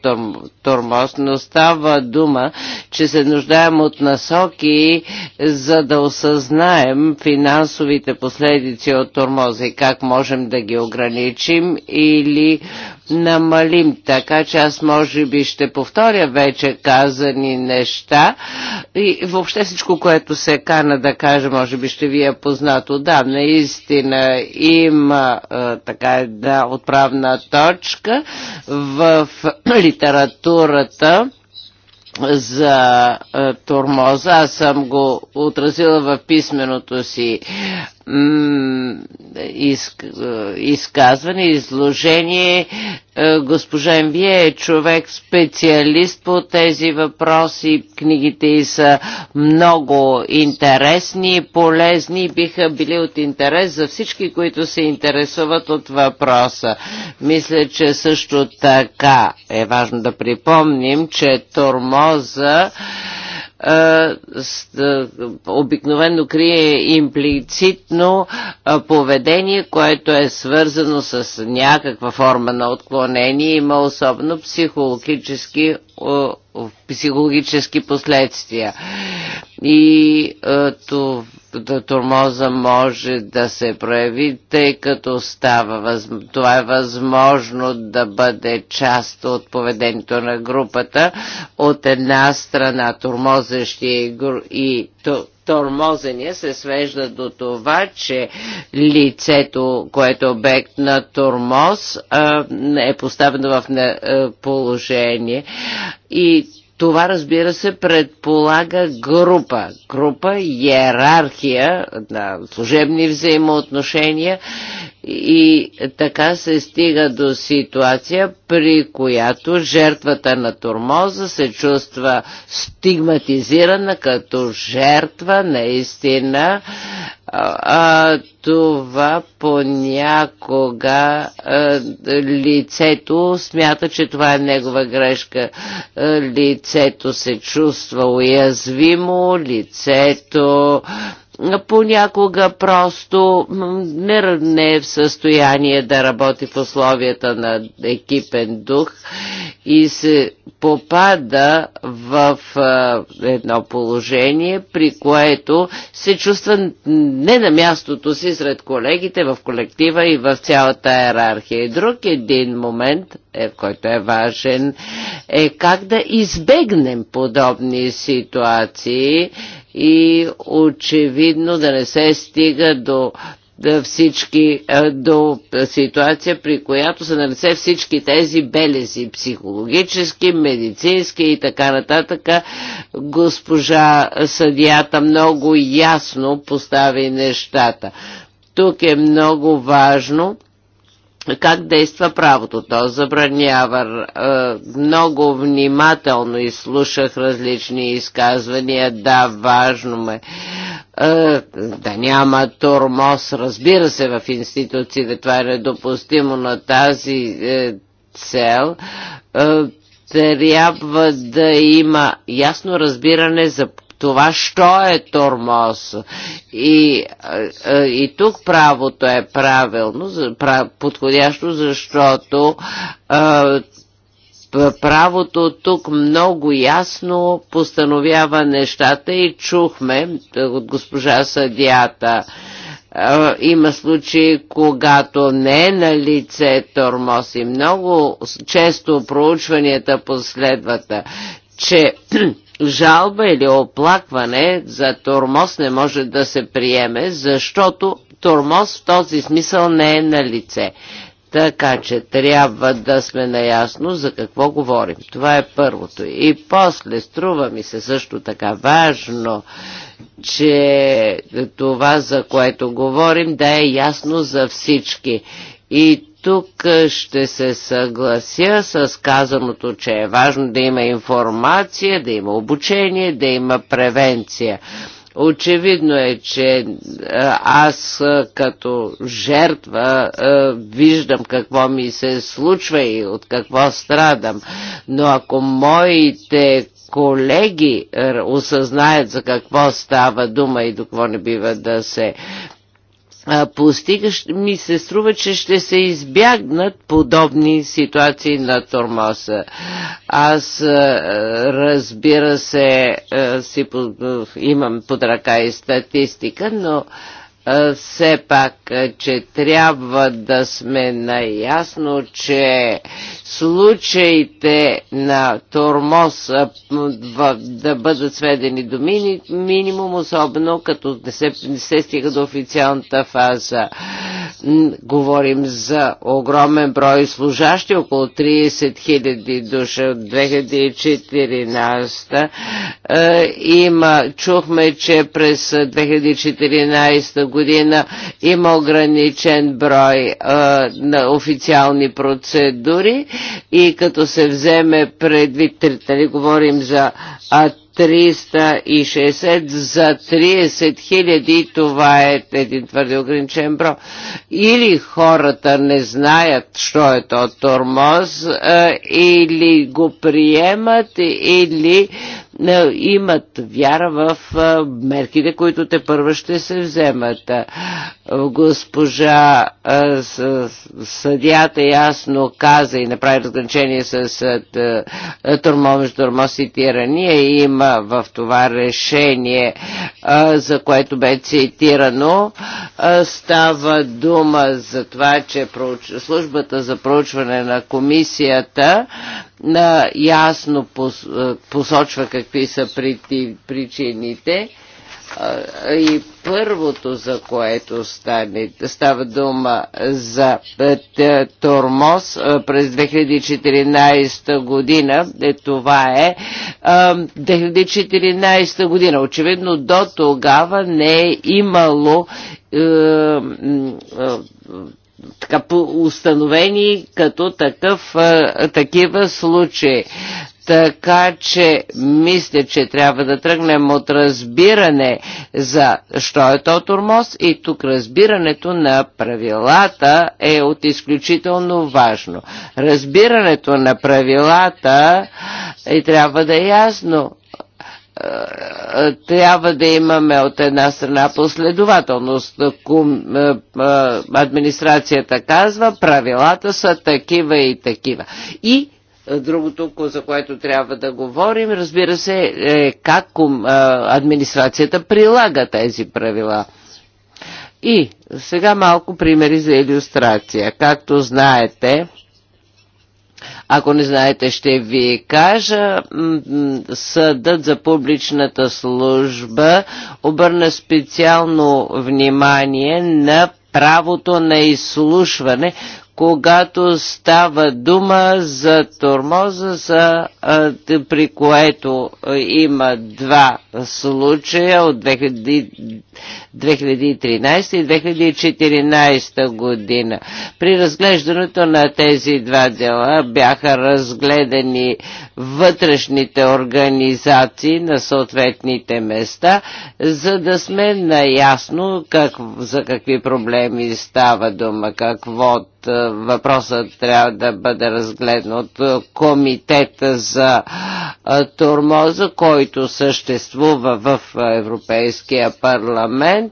тормоз, но става дума, че се нуждаем от насоки, за да осъзнаем финансовите последици от тормоза и как можем да ги ограничим или намалим. Така че аз може би ще повторя вече казани неща и въобще всичко, което се кана да кажа, може би ще ви е познато. Да, наистина има а, така една отправна точка в *clears throat* литературата за а, тормоза. Аз съм го отразила в писменото си. М из, е, изказване, изложение. Е, госпожа Емвие е човек специалист по тези въпроси. Книгите й са много интересни полезни и биха били от интерес за всички, които се интересуват от въпроса. Мисля, че също така е важно да припомним, че тормоза обикновено крие имплицитно поведение, което е свързано с някаква форма на отклонение, има особено психологически психологически последствия. И това турмоза може да се прояви, тъй като става, това е възможно да бъде част от поведението на групата. От една страна тормозещия и, и тормозения се свежда до това, че лицето, което е обект на тормоз, е поставено в положение и това, разбира се, предполага група. Група, иерархия на служебни взаимоотношения и така се стига до ситуация, при която жертвата на турмоза се чувства стигматизирана като жертва наистина а, това понякога а, лицето смята, че това е негова грешка. А, лицето се чувства уязвимо, лицето понякога просто не, не е в състояние да работи в условията на екипен дух и се попада в а, едно положение, при което се чувства не на мястото си сред колегите в колектива и в цялата иерархия. И друг един момент, е, който е важен, е как да избегнем подобни ситуации, и очевидно да не се стига до да всички, е, до ситуация, при която са налице всички тези белези, психологически, медицински и така нататък. Госпожа съдията много ясно постави нещата. Тук е много важно как действа правото. То забранява. Е, много внимателно изслушах различни изказвания. Да, важно ме е, да няма тормоз. Разбира се, в институциите това е недопустимо на тази е, цел трябва да има ясно разбиране за това що е тормоз. И, е, е, и тук правото е правилно, подходящо, защото е, правото тук много ясно постановява нещата и чухме от госпожа съдията. Има случаи, когато не е на лице тормоз и много често проучванията последвата, че жалба или оплакване за тормоз не може да се приеме, защото тормоз в този смисъл не е на лице. Така че трябва да сме наясно за какво говорим. Това е първото. И после струва ми се също така важно, че това, за което говорим, да е ясно за всички. И тук ще се съглася с казаното, че е важно да има информация, да има обучение, да има превенция. Очевидно е, че аз като жертва виждам какво ми се случва и от какво страдам. Но ако моите колеги осъзнаят за какво става дума и до какво не бива да се постигаш, ми се струва, че ще се избягнат подобни ситуации на тормоза. Аз разбира се, си имам под ръка и статистика, но все пак, че трябва да сме наясно, че случаите на тормоз да бъдат сведени до минимум, особено като не се, не се стига до официалната фаза. Говорим за огромен брой служащи, около 30 000 души от 2014. Има, чухме, че през 2014 година година има ограничен брой а, на официални процедури и като се вземе предвид, нали говорим за а, 360 за 30 хиляди, това е един твърде ограничен бро. Или хората не знаят, що е то тормоз, или го приемат, или имат вяра в мерките, които те първо ще се вземат. Госпожа съдята ясно каза и направи разграничение с Турмо между Турмо Тирания. Има в това решение, за което бе цитирано, става дума за това, че службата за проучване на комисията на ясно посочва какви са причините. И първото, за което стане, става дума за тормоз през 2014 година, е, това е 2014 година. Очевидно до тогава не е имало е, така, установени като такъв, такива случаи. Така че мисля, че трябва да тръгнем от разбиране за що е то турмоз и тук разбирането на правилата е от изключително важно. Разбирането на правилата и трябва да е ясно е, трябва да имаме от една страна последователност. Е, е, администрацията казва, правилата са такива и такива. И другото, за което трябва да говорим, разбира се, е как администрацията прилага тези правила. И сега малко примери за иллюстрация. Както знаете, ако не знаете, ще ви кажа, съдът за публичната служба обърна специално внимание на правото на изслушване, когато става дума за тормоза, за, а, при което има два случая от 2013 и 2014 година. При разглеждането на тези два дела бяха разгледани вътрешните организации на съответните места, за да сме наясно как, за какви проблеми става дума, какво въпросът трябва да бъде разгледан от комитета за тормоза, който съществува в Европейския парламент,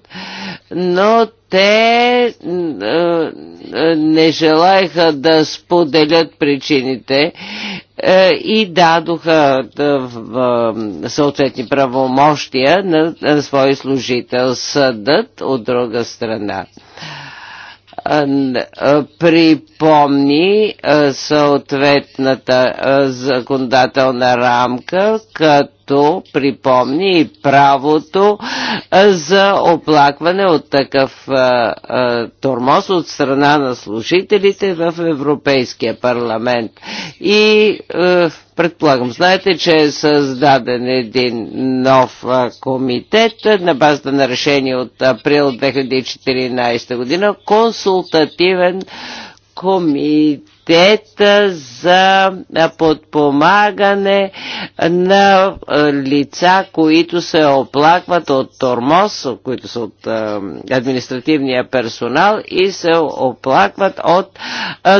но те не желаяха да споделят причините и дадоха съответни правомощия на свой служител съдът от друга страна припомни съответната законодателна рамка, като правото, припомни и правото за оплакване от такъв тормоз от страна на служителите в Европейския парламент. И Предполагам, знаете, че е създаден един нов комитет на базата на решение от април 2014 година, консултативен комитет комитета за подпомагане на лица, които се оплакват от тормоз, които са от административния персонал и се оплакват от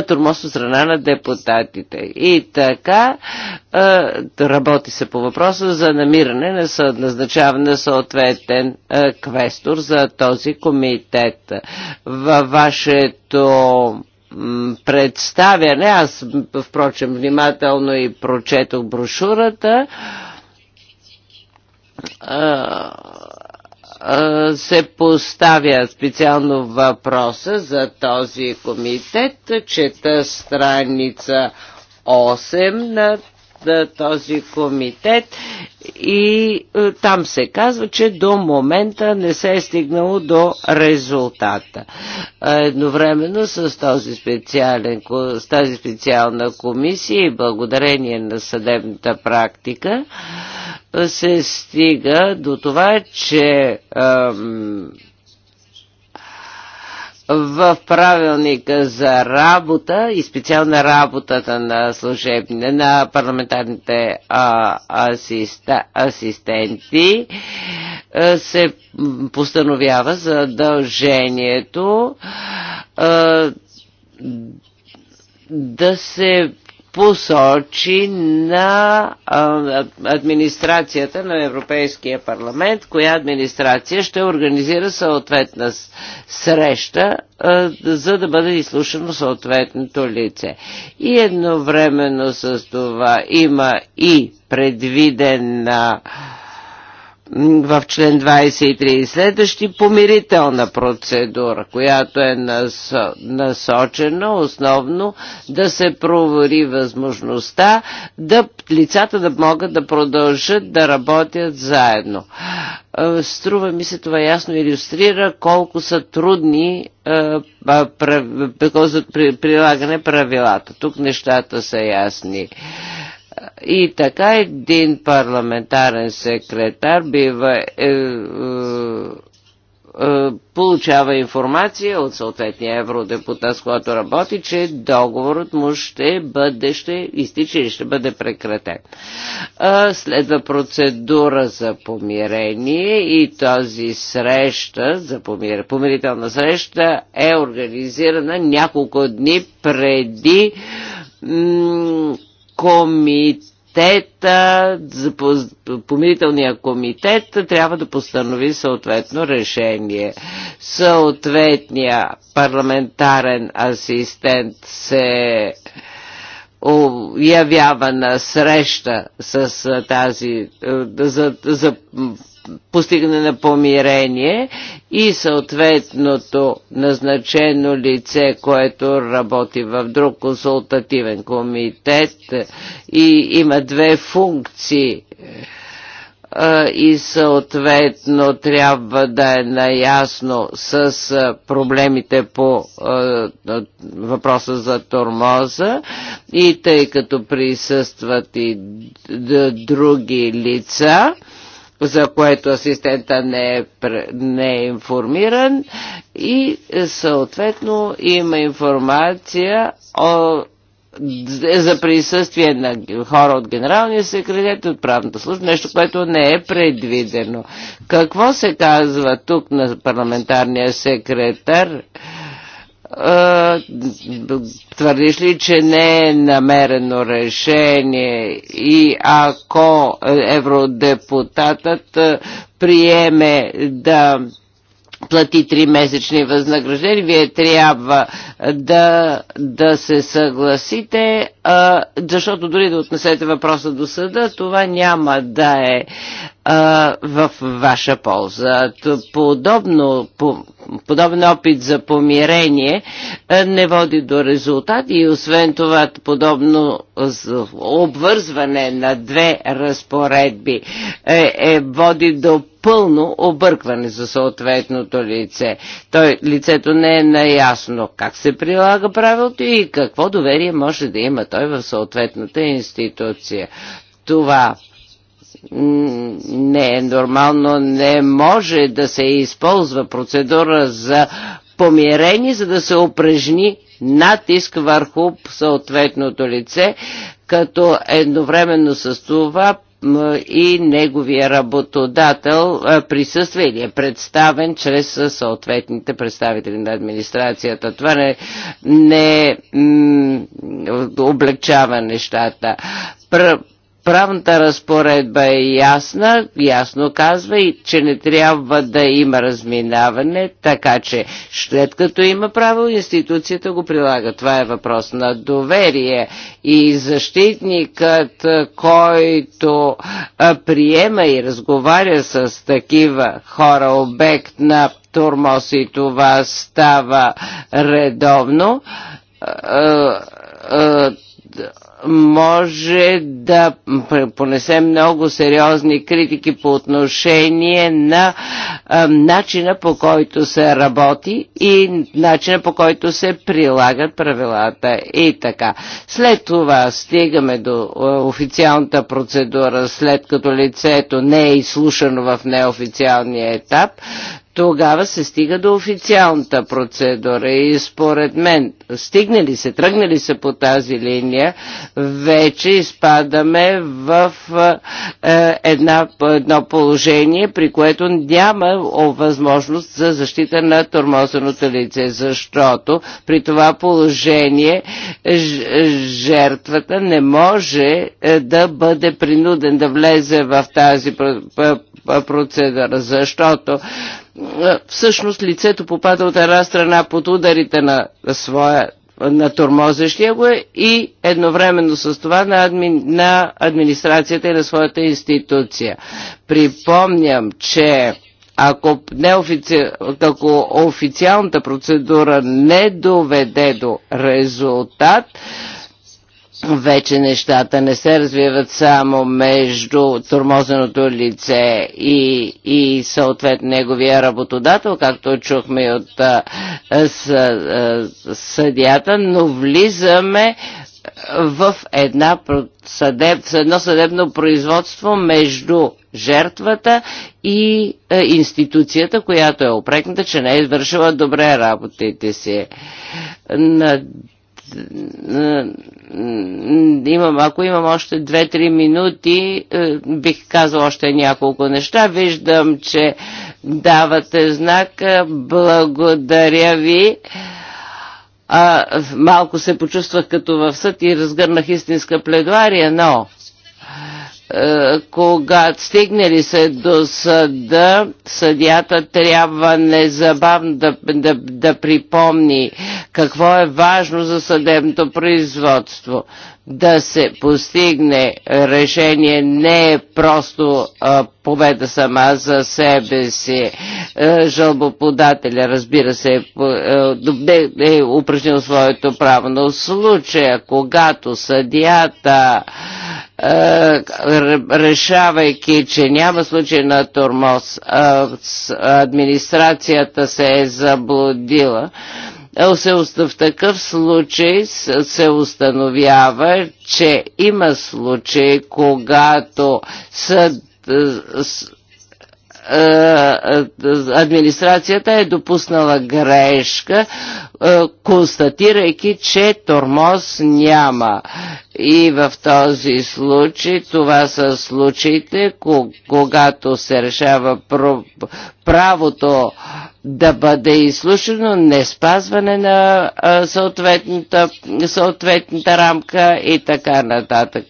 тормоз от страна на депутатите. И така работи се по въпроса за намиране на назначаване на съответен квестор за този комитет. Във вашето представяне. Аз, впрочем, внимателно и прочетох брошурата. Се поставя специално въпроса за този комитет. Чета страница 8 на този комитет и е, там се казва, че до момента не се е стигнало до резултата. Едновременно с този специален, с тази специална комисия и благодарение на съдебната практика е, се стига до това, че ам, в правилника за работа и специална работата на служебни, на парламентарните а, асиста, асистенти се постановява задължението а, да се посочи на администрацията на Европейския парламент, коя администрация ще организира съответна среща, за да бъде изслушано съответното лице. И едновременно с това има и предвидена на в член 23 и следващи помирителна процедура, която е насочена основно да се провери възможността да лицата да могат да продължат да работят заедно. Струва ми се това ясно иллюстрира колко са трудни прилагане правилата. Тук нещата са ясни и така един парламентарен секретар бива е, е, е, получава информация от съответния евродепутат, с който работи, че договорът му ще бъде, ще изтича и ще бъде прекратен. Следва процедура за помирение и тази среща, за помир... помирителна среща е организирана няколко дни преди Комитета за помирителния комитет трябва да постанови съответно решение. Съответния парламентарен асистент се явява на среща с тази за, за постигане на помирение и съответното назначено лице, което работи в друг консултативен комитет и има две функции и съответно трябва да е наясно с проблемите по въпроса за тормоза и тъй като присъстват и други лица, за което асистента не е, не е информиран и е, съответно има информация о, е, за присъствие на хора от генералния секретар и от правната служба, нещо, което не е предвидено. Какво се казва тук на парламентарния секретар? твърдиш ли, че не е намерено решение и ако евродепутатът приеме да плати три месечни възнаграждения, вие трябва да, да се съгласите, а, защото дори да отнесете въпроса до съда, това няма да е а, в ваша полза. Подобно, по, подобен опит за помирение а, не води до резултат и освен това подобно обвързване на две разпоредби е, е, води до пълно объркване за съответното лице. Той, лицето не е наясно как се прилага правилото и какво доверие може да има той в съответната институция. Това не е нормално, не може да се използва процедура за помирение, за да се упражни натиск върху съответното лице, като едновременно с това и неговия работодател присъства или е представен чрез съответните представители на администрацията. Това не, не облегчава нещата Правната разпоредба е ясна, ясно казва и че не трябва да има разминаване, така че след като има право, институцията го прилага. Това е въпрос на доверие и защитникът, който приема и разговаря с такива хора, обект на турмоз и това става редовно, може да понесе много сериозни критики по отношение на а, начина по който се работи и начина по който се прилагат правилата и така. След това стигаме до официалната процедура, след като лицето не е изслушано в неофициалния етап, тогава се стига до официалната процедура и според мен, стигнали се, тръгнали се по тази линия, вече изпадаме в е, една, едно положение, при което няма възможност за защита на тормозеното лице, защото при това положение жертвата не може е, да бъде принуден да влезе в тази процедура, защото всъщност лицето попада от една страна под ударите на своя на тормозещия го е и едновременно с това на, адми, на администрацията и на своята институция. Припомням, че ако, неофици... ако официалната процедура не доведе до резултат, вече нещата не се развиват само между тормозеното лице и, и съответно неговия работодател, както чухме от а, с, а, съдята, но влизаме в една съдеб, едно съдебно производство между жертвата и а, институцията, която е опрекната, че не е извършила добре работите си. На имам, ако имам още 2-3 минути, е, бих казал още няколко неща. Виждам, че давате знак. Благодаря ви. А, малко се почувствах като в съд и разгърнах истинска пледуария, но е, когато стигне ли се до съда, съдята трябва незабавно да, да, да припомни какво е важно за съдебното производство да се постигне решение не е просто а, победа сама за себе си. Жълбоподателя, жалбоподателя, разбира се, е, е, е упражнил своето право, но в случая, когато съдията е, решавайки, че няма случай на тормоз, администрацията се е заблудила, в такъв случай се установява, че има случаи, когато съд, е, е, е, администрацията е допуснала грешка, констатирайки, че тормоз няма. И в този случай, това са случаите, когато се решава правото да бъде изслушано не спазване на съответната, съответната рамка и така нататък.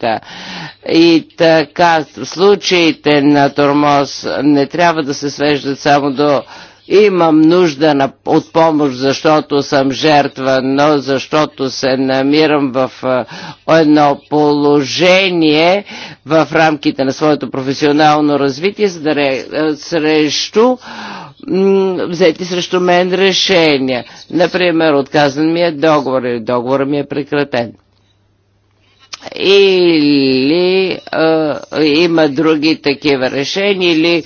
И така, случаите на тормоз не трябва да се свеждат само до имам нужда на, от помощ, защото съм жертва, но защото се намирам в едно положение в рамките на своето професионално развитие, за да срещу взети срещу мен решения. Например, отказан ми е договор или договор ми е прекратен. Или а, има други такива решения, или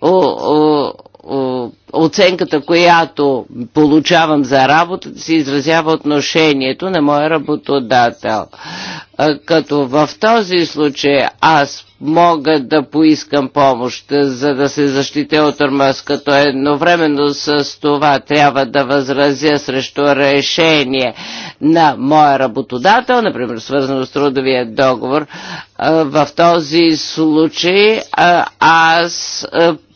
о, о, о, оценката, която получавам за работа, се изразява отношението на моя работодател. Като в този случай аз мога да поискам помощ, за да се защитя от тормоз, като едновременно с това трябва да възразя срещу решение на моя работодател, например свързано с трудовия договор. В този случай аз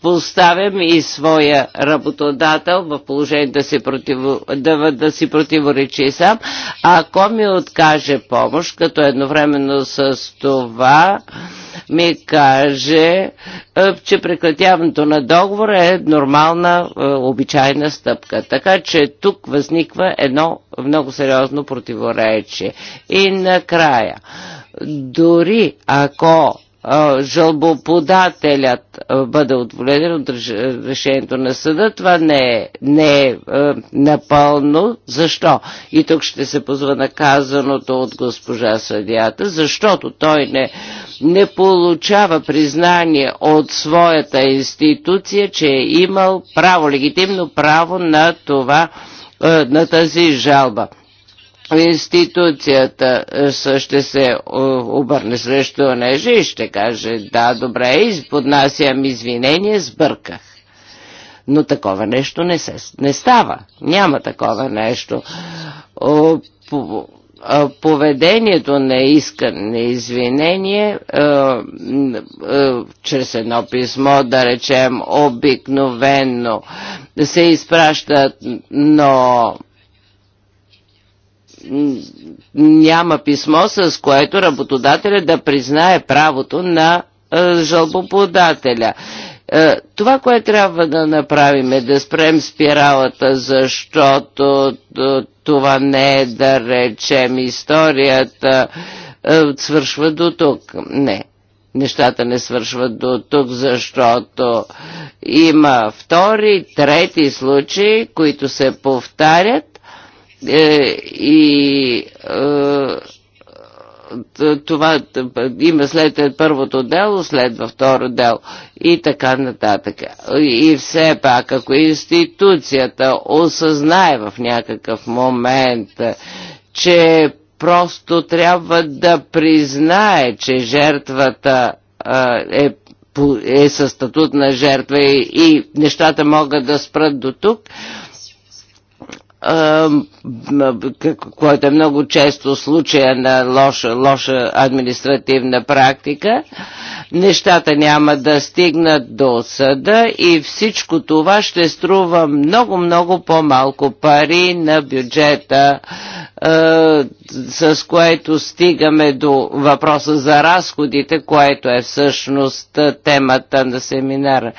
поставям и своя работодател в положение да си, против, да, да си противоречи сам, ако ми откаже помощ, като едновременно с това ми каже, е, че прекратяването на договора е нормална, е, обичайна стъпка. Така че тук възниква едно много сериозно противоречие. И накрая, дори ако жалбоподателят бъде отволен от решението на съда, това не е, не е напълно. Защо? И тук ще се позва на казаното от госпожа съдията, защото той не, не получава признание от своята институция, че е имал право, легитимно право на това, на тази жалба институцията ще се е, обърне срещу нежи и ще каже, да, добре, поднасям извинение, сбърках. Но такова нещо не, се, не става. Няма такова нещо. Поведението на искане извинение е, е, чрез едно писмо, да речем, обикновенно се изпращат, но няма писмо, с което работодателя да признае правото на жалбоподателя. Е, това, което трябва да направим е да спрем спиралата, защото това не е да речем историята е, свършва до тук. Не, нещата не свършват до тук, защото има втори, трети случаи, които се повтарят е, и е, това има след първото дело, следва второ дело и така нататък. И все пак, ако институцията осъзнае в някакъв момент, че просто трябва да признае, че жертвата е е със статут на жертва и, и нещата могат да спрат до тук, който е много често случая на лоша, лоша административна практика, нещата няма да стигнат до съда и всичко това ще струва много-много по-малко пари на бюджета, с което стигаме до въпроса за разходите, което е всъщност темата на семинара.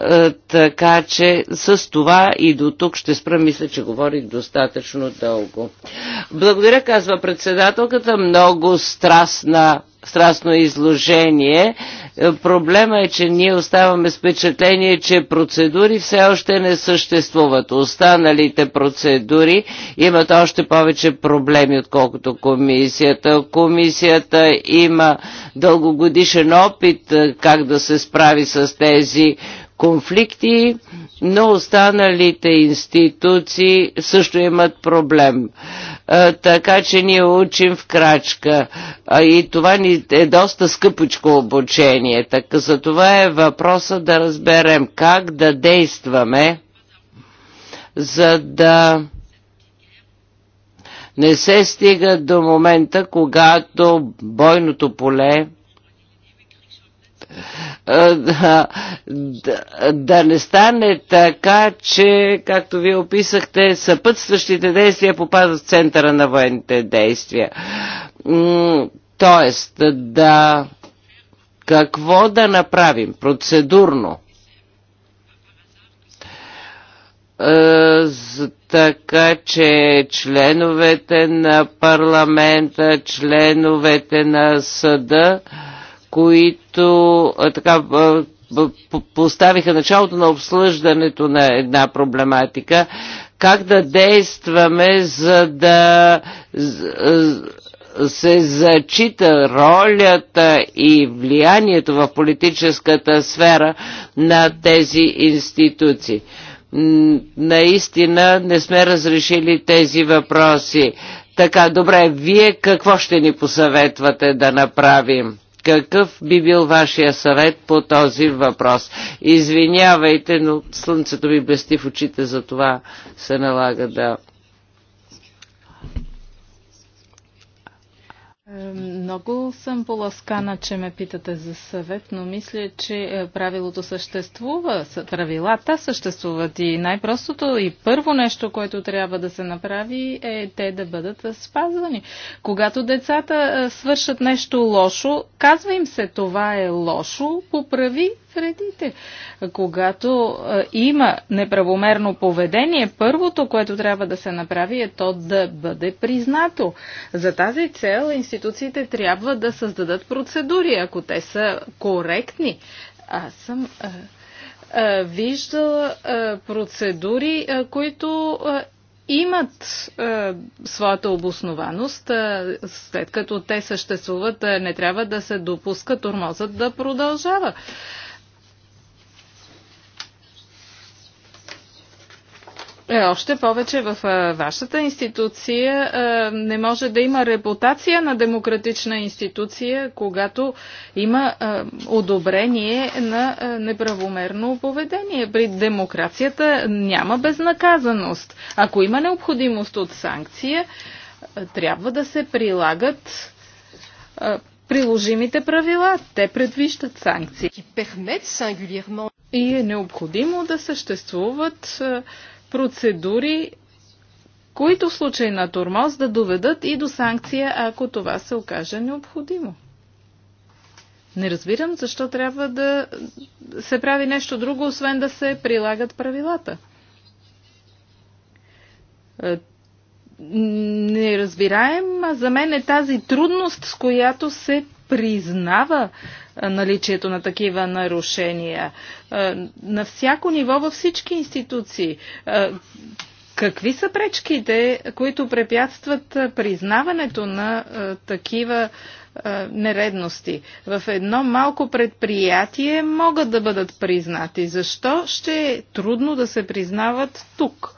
Е, така че с това и до тук ще спра. Мисля, че говорих достатъчно дълго. Благодаря, казва председателката. Много страстна страстно изложение. Е, проблема е, че ние оставаме с впечатление, че процедури все още не съществуват. Останалите процедури имат още повече проблеми, отколкото комисията. Комисията има дългогодишен опит е, как да се справи с тези конфликти, но останалите институции също имат проблем. Така че ние учим в крачка. И това ни е доста скъпочко обучение. Така за това е въпроса да разберем как да действаме, за да не се стига до момента, когато бойното поле да, е, да, да не стане така, че, както вие описахте, съпътстващите действия попадат в центъра на военните действия. Тоест, да. Какво да направим процедурно? Е, така че членовете на парламента, членовете на съда които така, поставиха началото на обсъждането на една проблематика, как да действаме, за да се зачита ролята и влиянието в политическата сфера на тези институции. Наистина не сме разрешили тези въпроси. Така, добре, вие какво ще ни посъветвате да направим? Какъв би бил вашия съвет по този въпрос? Извинявайте, но слънцето ми блести в очите, за това се налага да Много съм поласкана, че ме питате за съвет, но мисля, че е, правилото съществува. Правилата съществуват и най-простото и първо нещо, което трябва да се направи е те да бъдат спазвани. Когато децата е, свършат нещо лошо, казва им се това е лошо, поправи вредите. Когато е, има неправомерно поведение, първото, което трябва да се направи е то да бъде признато. За тази цел институциите трябва да създадат процедури, ако те са коректни. Аз съм е, е, виждала процедури, които имат е, своята обоснованост, е, след като те съществуват, е, не трябва да се допуска турмозът да продължава. Е, Е, още повече в е, вашата институция е, не може да има репутация на демократична институция, когато има одобрение на неправомерно поведение. При демокрацията няма безнаказаност. Ако има необходимост от санкция, трябва да се прилагат приложимите правила. Те предвиждат санкции. И е необходимо да съществуват процедури, които в случай на тормоз да доведат и до санкция, ако това се окаже необходимо. Не разбирам защо трябва да се прави нещо друго, освен да се прилагат правилата. Е, Неразбираем за мен е тази трудност, с която се признава наличието на такива нарушения на всяко ниво във всички институции. Какви са пречките, които препятстват признаването на такива нередности. В едно малко предприятие могат да бъдат признати. Защо ще е трудно да се признават тук?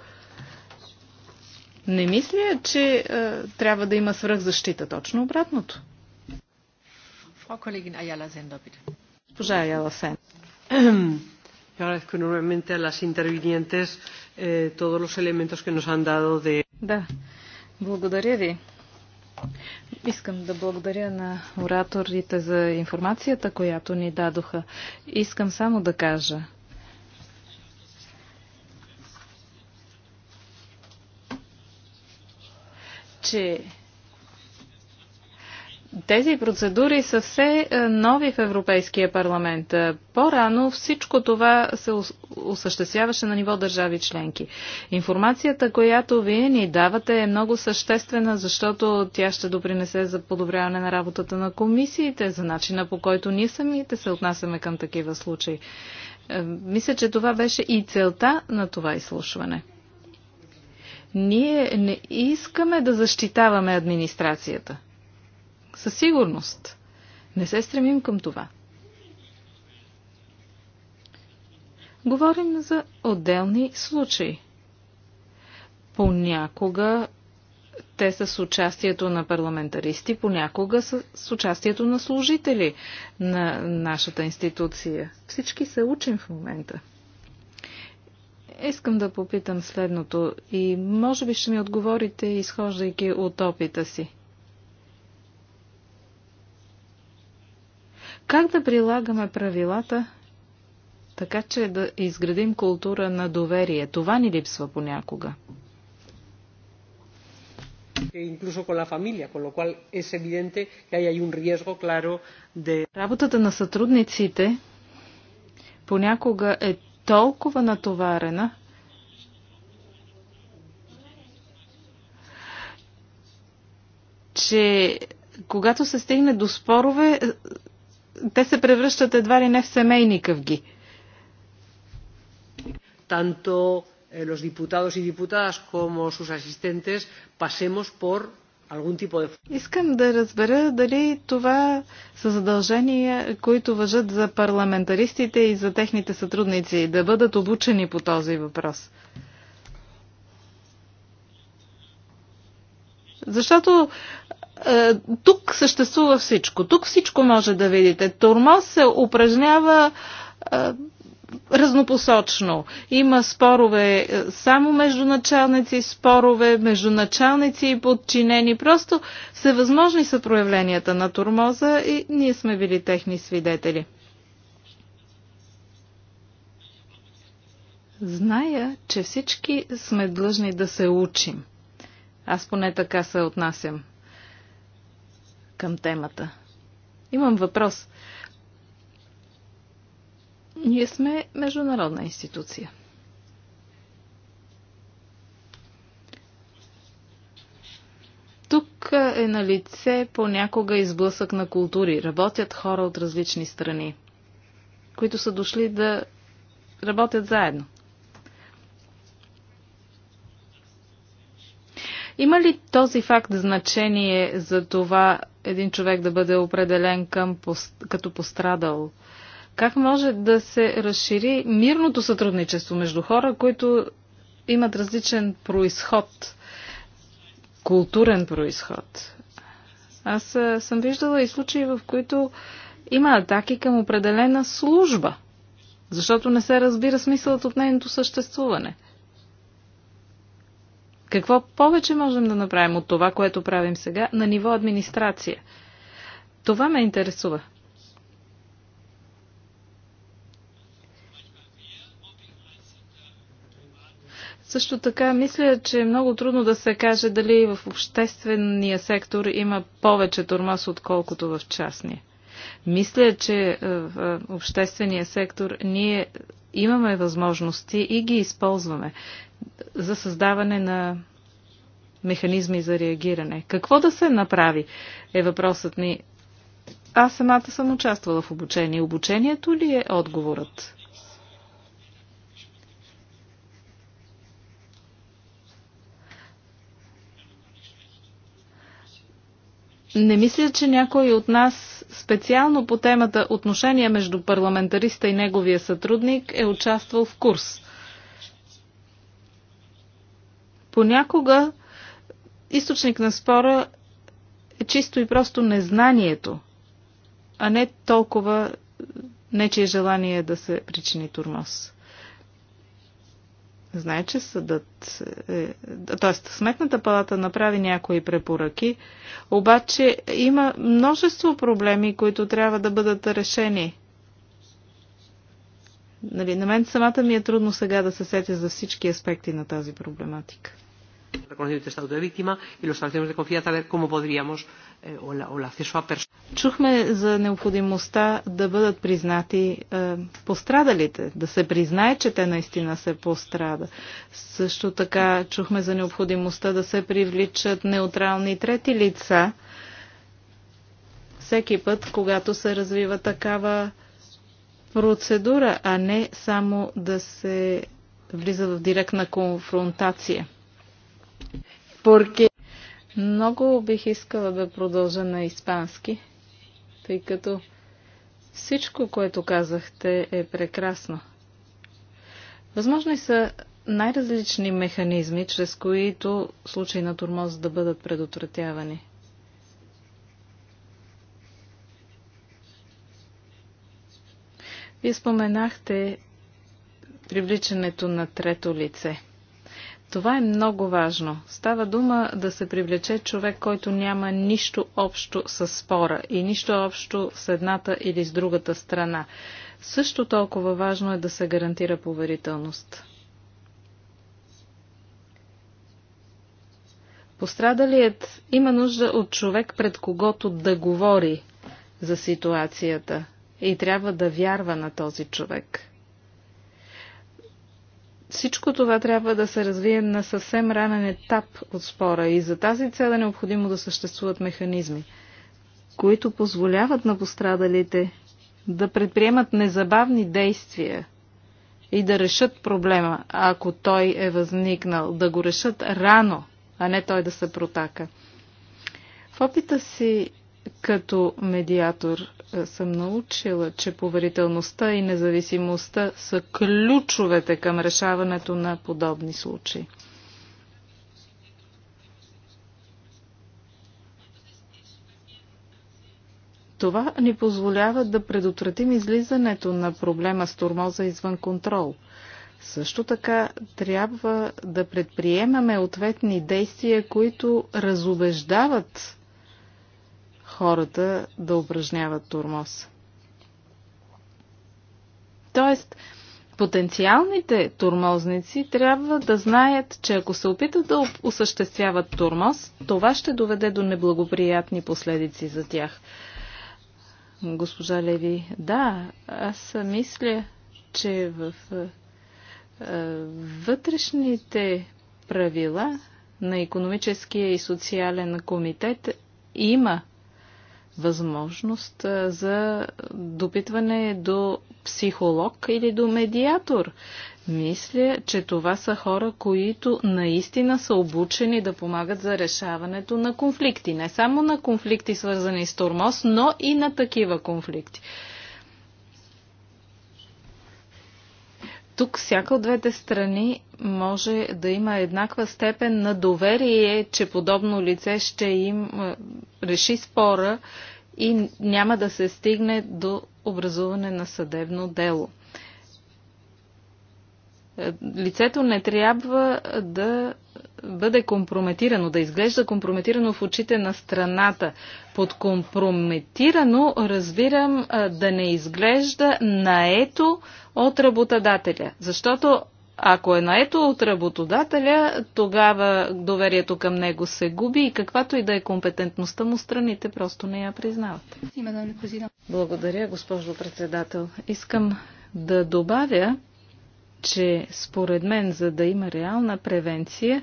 Не мисля, че е, трябва да има свръхзащита. Точно обратното. Госпожа Аяла Сен. Yo agradezco enormemente a las intervinientes eh, todos los elementos que nos han dado de. Да, благодаря ви. Искам да благодаря на ораторите за информацията, която ни дадоха. Искам само да кажа. че тези процедури са все е, нови в Европейския парламент. Е, по-рано всичко това се осъществяваше на ниво държави членки. Информацията, която вие ни давате е много съществена, защото тя ще допринесе за подобряване на работата на комисиите, за начина по който ние самите се отнасяме към такива случаи. Е, мисля, че това беше и целта на това изслушване. Ние не искаме да защитаваме администрацията – със сигурност. Не се стремим към това. Говорим за отделни случаи. Понякога те са с участието на парламентаристи, понякога са с участието на служители на нашата институция. Всички се учим в момента. Искам да попитам следното и може би ще ми отговорите, изхождайки от опита си. Как да прилагаме правилата, така че да изградим култура на доверие? Това ни липсва понякога. Е, Incluso con la familia, con lo cual es evidente que hay, un riesgo claro de... Работата на сътрудниците понякога е толкова натоварена, че когато се стигне до спорове, те се превръщат едва ли не в семейни къвги. Танто eh, los diputados y diputadas como sus asistentes pasemos por algún tipo de... Искам да разбера дали това са задължения, които въжат за парламентаристите и за техните сътрудници, да бъдат обучени по този въпрос. Защото е, тук съществува всичко. Тук всичко може да видите. Тормоз се упражнява е, разнопосочно. Има спорове е, само между началници, спорове между началници и подчинени. Просто всевъзможни са проявленията на тормоза и ние сме били техни свидетели. Зная, че всички сме длъжни да се учим. Аз поне така се отнасям към темата. Имам въпрос. Ние сме международна институция. Тук е на лице понякога изблъсък на култури. Работят хора от различни страни, които са дошли да работят заедно. Има ли този факт значение за това един човек да бъде определен към, като пострадал? Как може да се разшири мирното сътрудничество между хора, които имат различен происход, културен происход? Аз съм виждала и случаи, в които има атаки към определена служба, защото не се разбира смисълът от нейното съществуване – какво повече можем да направим от това, което правим сега на ниво администрация? Това ме интересува. Също така, мисля, че е много трудно да се каже дали в обществения сектор има повече тормоз, отколкото в частния. Мисля, че е, в е, обществения сектор ние имаме възможности и ги използваме за създаване на механизми за реагиране. Какво да се направи е въпросът ни. Аз самата съм участвала в обучение. Обучението ли е отговорът? Не мисля, че някой от нас специално по темата отношения между парламентариста и неговия сътрудник е участвал в курс. Понякога източник на спора е чисто и просто незнанието, а не толкова нечие е желание да се причини турмоз. Знае, че съдът, е, т.е. сметната палата направи някои препоръки, обаче има множество проблеми, които трябва да бъдат решени. Нали, на мен самата ми е трудно сега да се сетя за всички аспекти на тази проблематика. Eh, чухме за необходимостта да бъдат признати е, пострадалите, да се признае, че те наистина се пострада. Също така чухме за необходимостта да се привличат неутрални трети лица всеки път, когато се развива такава процедура, а не само да се влиза в директна конфронтация. Porque... Много бих искала да продължа на испански, тъй като всичко, което казахте, е прекрасно. Възможни са най-различни механизми, чрез които случаи на турмоз да бъдат предотвратявани. Вие споменахте привличането на трето лице. Това е много важно. Става дума да се привлече човек, който няма нищо общо с спора и нищо общо с едната или с другата страна. Също толкова важно е да се гарантира поверителност. Пострадалият има нужда от човек, пред когото да говори за ситуацията – и трябва да вярва на този човек. Всичко това трябва да се развие на съвсем ранен етап от спора и за тази цел е необходимо да съществуват механизми, които позволяват на пострадалите да предприемат незабавни действия и да решат проблема, ако той е възникнал, да го решат рано, а не той да се протака. В опита си като медиатор е, съм научила, че поверителността и независимостта са ключовете към решаването на подобни случаи. Това ни позволява да предотвратим излизането на проблема с турмоза извън контрол. Също така трябва да предприемаме ответни действия, които разубеждават хората да упражняват турмоз. Тоест, потенциалните турмозници трябва да знаят, че ако се опитат да осъществяват турмоз, това ще доведе до неблагоприятни последици за тях. Госпожа Леви, да, аз мисля, че в е, е, вътрешните правила на економическия и социален комитет има възможност за допитване до психолог или до медиатор. Мисля, че това са хора, които наистина са обучени да помагат за решаването на конфликти. Не само на конфликти, свързани с тормоз, но и на такива конфликти. Тук всяка от двете страни може да има еднаква степен на доверие, че подобно лице ще им е, реши спора и няма да се стигне до образуване на съдебно дело лицето не трябва да бъде компрометирано, да изглежда компрометирано в очите на страната. Под компрометирано разбирам да не изглежда наето от работодателя, защото ако е наето от работодателя, тогава доверието към него се губи и каквато и да е компетентността му, страните просто не я признават. Благодаря, госпожо председател. Искам да добавя, че според мен, за да има реална превенция,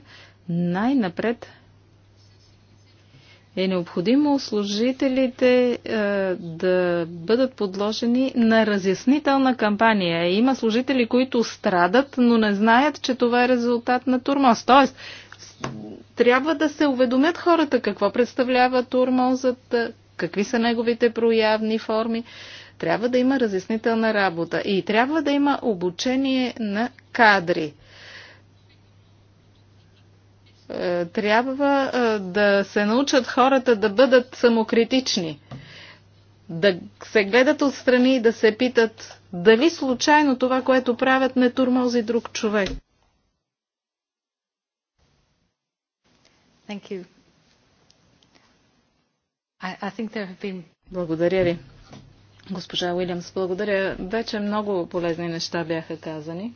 най-напред е необходимо служителите е, да бъдат подложени на разяснителна кампания. Има служители, които страдат, но не знаят, че това е резултат на турмоз. Тоест, трябва да се уведомят хората какво представлява турмозът, е, какви са неговите проявни форми. Трябва да има разяснителна работа и трябва да има обучение на кадри е, трябва е, да се научат хората да бъдат самокритични, да се гледат отстрани и да се питат дали случайно това, което правят, не турмози друг човек. Благодаря ви. Госпожа Уилямс, благодаря. Вече много полезни неща бяха казани.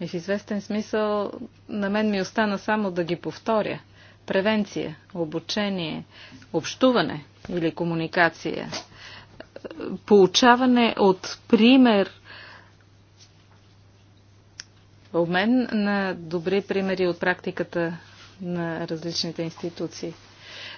И в известен смисъл на мен ми остана само да ги повторя. Превенция, обучение, общуване или комуникация, получаване от пример, обмен на добри примери от практиката на различните институции.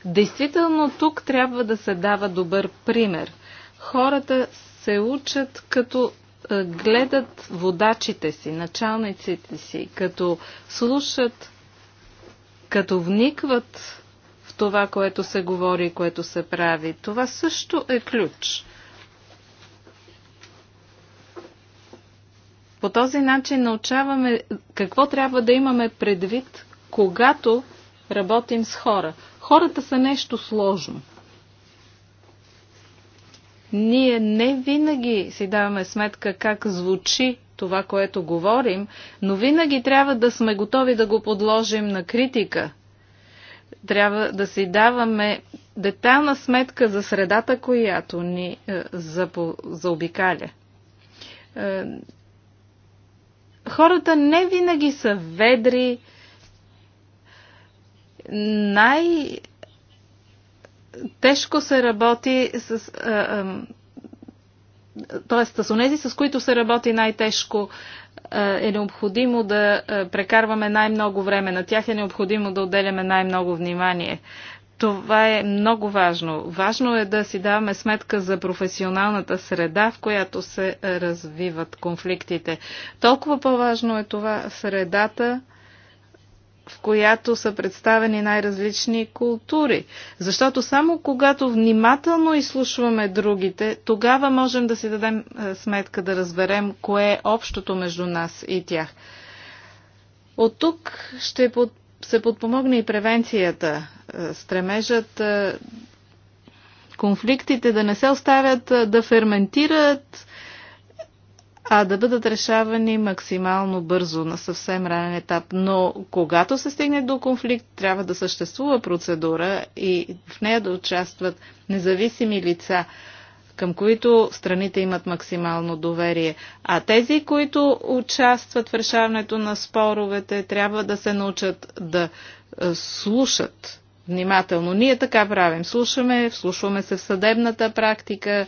Действително тук трябва да се дава добър пример – хората се учат като е, гледат водачите си, началниците си, като слушат, като вникват в това, което се говори и което се прави. Това също е ключ. По този начин научаваме какво трябва да имаме предвид, когато работим с хора. Хората са нещо сложно. Ние не винаги си даваме сметка как звучи това, което говорим, но винаги трябва да сме готови да го подложим на критика. Трябва да си даваме детална сметка за средата, която ни е, заобикаля. Е, хората не винаги са ведри. Най- тежко се работи с. т.е. с онези, с които се работи най-тежко, е необходимо да прекарваме най-много време. На тях е необходимо да отделяме най-много внимание. Това е много важно. Важно е да си даваме сметка за професионалната среда, в която се развиват конфликтите. Толкова по-важно е това средата в която са представени най-различни култури. Защото само когато внимателно изслушваме другите, тогава можем да си дадем е, сметка да разберем кое е общото между нас и тях. От тук ще се подпомогне и превенцията, е, стремежът е, конфликтите да не се оставят да ферментират а да бъдат решавани максимално бързо на съвсем ранен етап. Но когато се стигне до конфликт, трябва да съществува процедура и в нея да участват независими лица към които страните имат максимално доверие. А тези, които участват в решаването на споровете, трябва да се научат да е, слушат внимателно. Ние така правим. Слушаме, вслушваме се в съдебната практика,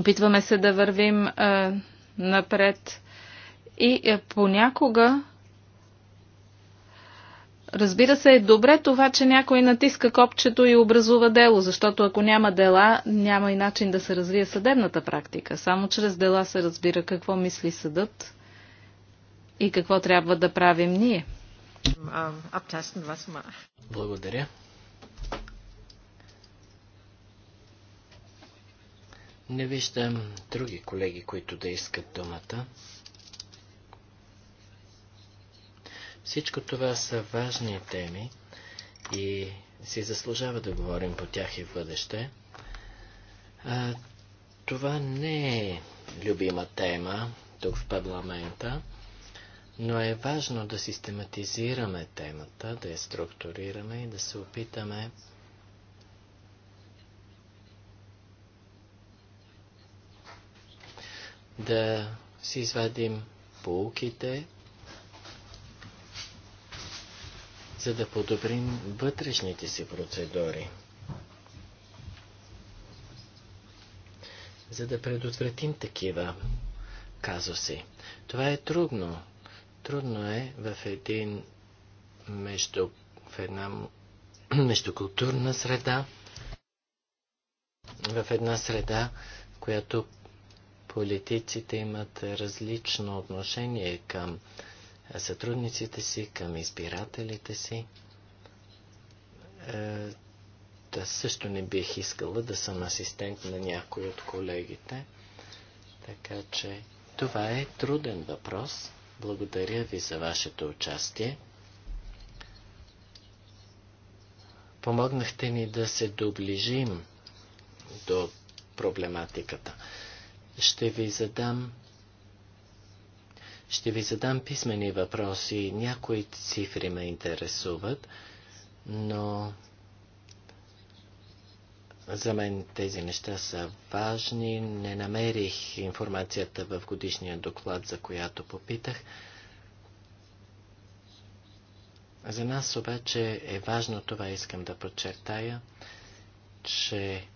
опитваме се да вървим е, напред. И е, понякога Разбира се, е добре това, че някой натиска копчето и образува дело, защото ако няма дела, няма и начин да се развие съдебната практика. Само чрез дела се разбира какво мисли съдът и какво трябва да правим ние. Благодаря. Не виждам други колеги, които да искат думата. Всичко това са важни теми и си заслужава да говорим по тях и в бъдеще. А, това не е любима тема тук в парламента, но е важно да систематизираме темата, да я структурираме и да се опитаме да си извадим полуките, за да подобрим вътрешните си процедури. За да предотвратим такива казуси. Това е трудно. Трудно е в един между, в една междукултурна среда, в една среда, която политиците имат различно отношение към сътрудниците си, към избирателите си. Е, да, също не бих искала да съм асистент на някой от колегите. Така че това е труден въпрос. Благодаря ви за вашето участие. Помогнахте ни да се доближим до проблематиката. Ще ви задам ще ви задам писмени въпроси. Някои цифри ме интересуват, но за мен тези неща са важни. Не намерих информацията в годишния доклад, за която попитах. За нас обаче е важно това, искам да подчертая, че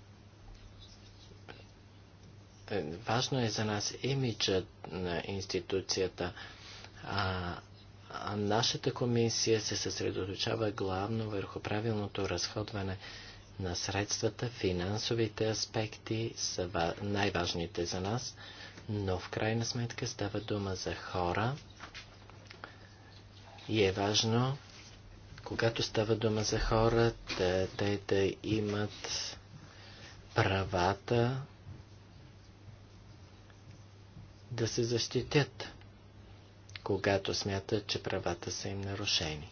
важно е за нас имиджът на институцията. А, а нашата комисия се съсредоточава главно върху правилното разходване на средствата, финансовите аспекти са най-важните за нас, но в крайна сметка става дума за хора и е важно, когато става дума за хора, те да, да, да имат правата, да се защитят, когато смятат, че правата са им нарушени.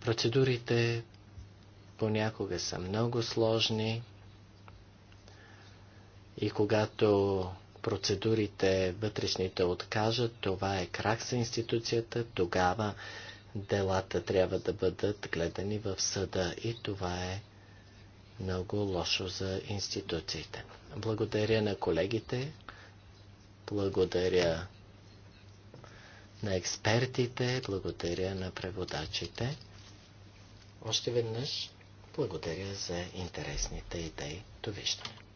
Процедурите понякога са много сложни и когато процедурите вътрешните откажат, това е крак за институцията, тогава делата трябва да бъдат гледани в съда и това е много лошо за институциите. Благодаря на колегите, благодаря на експертите, благодаря на преводачите. Още веднъж благодаря за интересните идеи. Довиждане.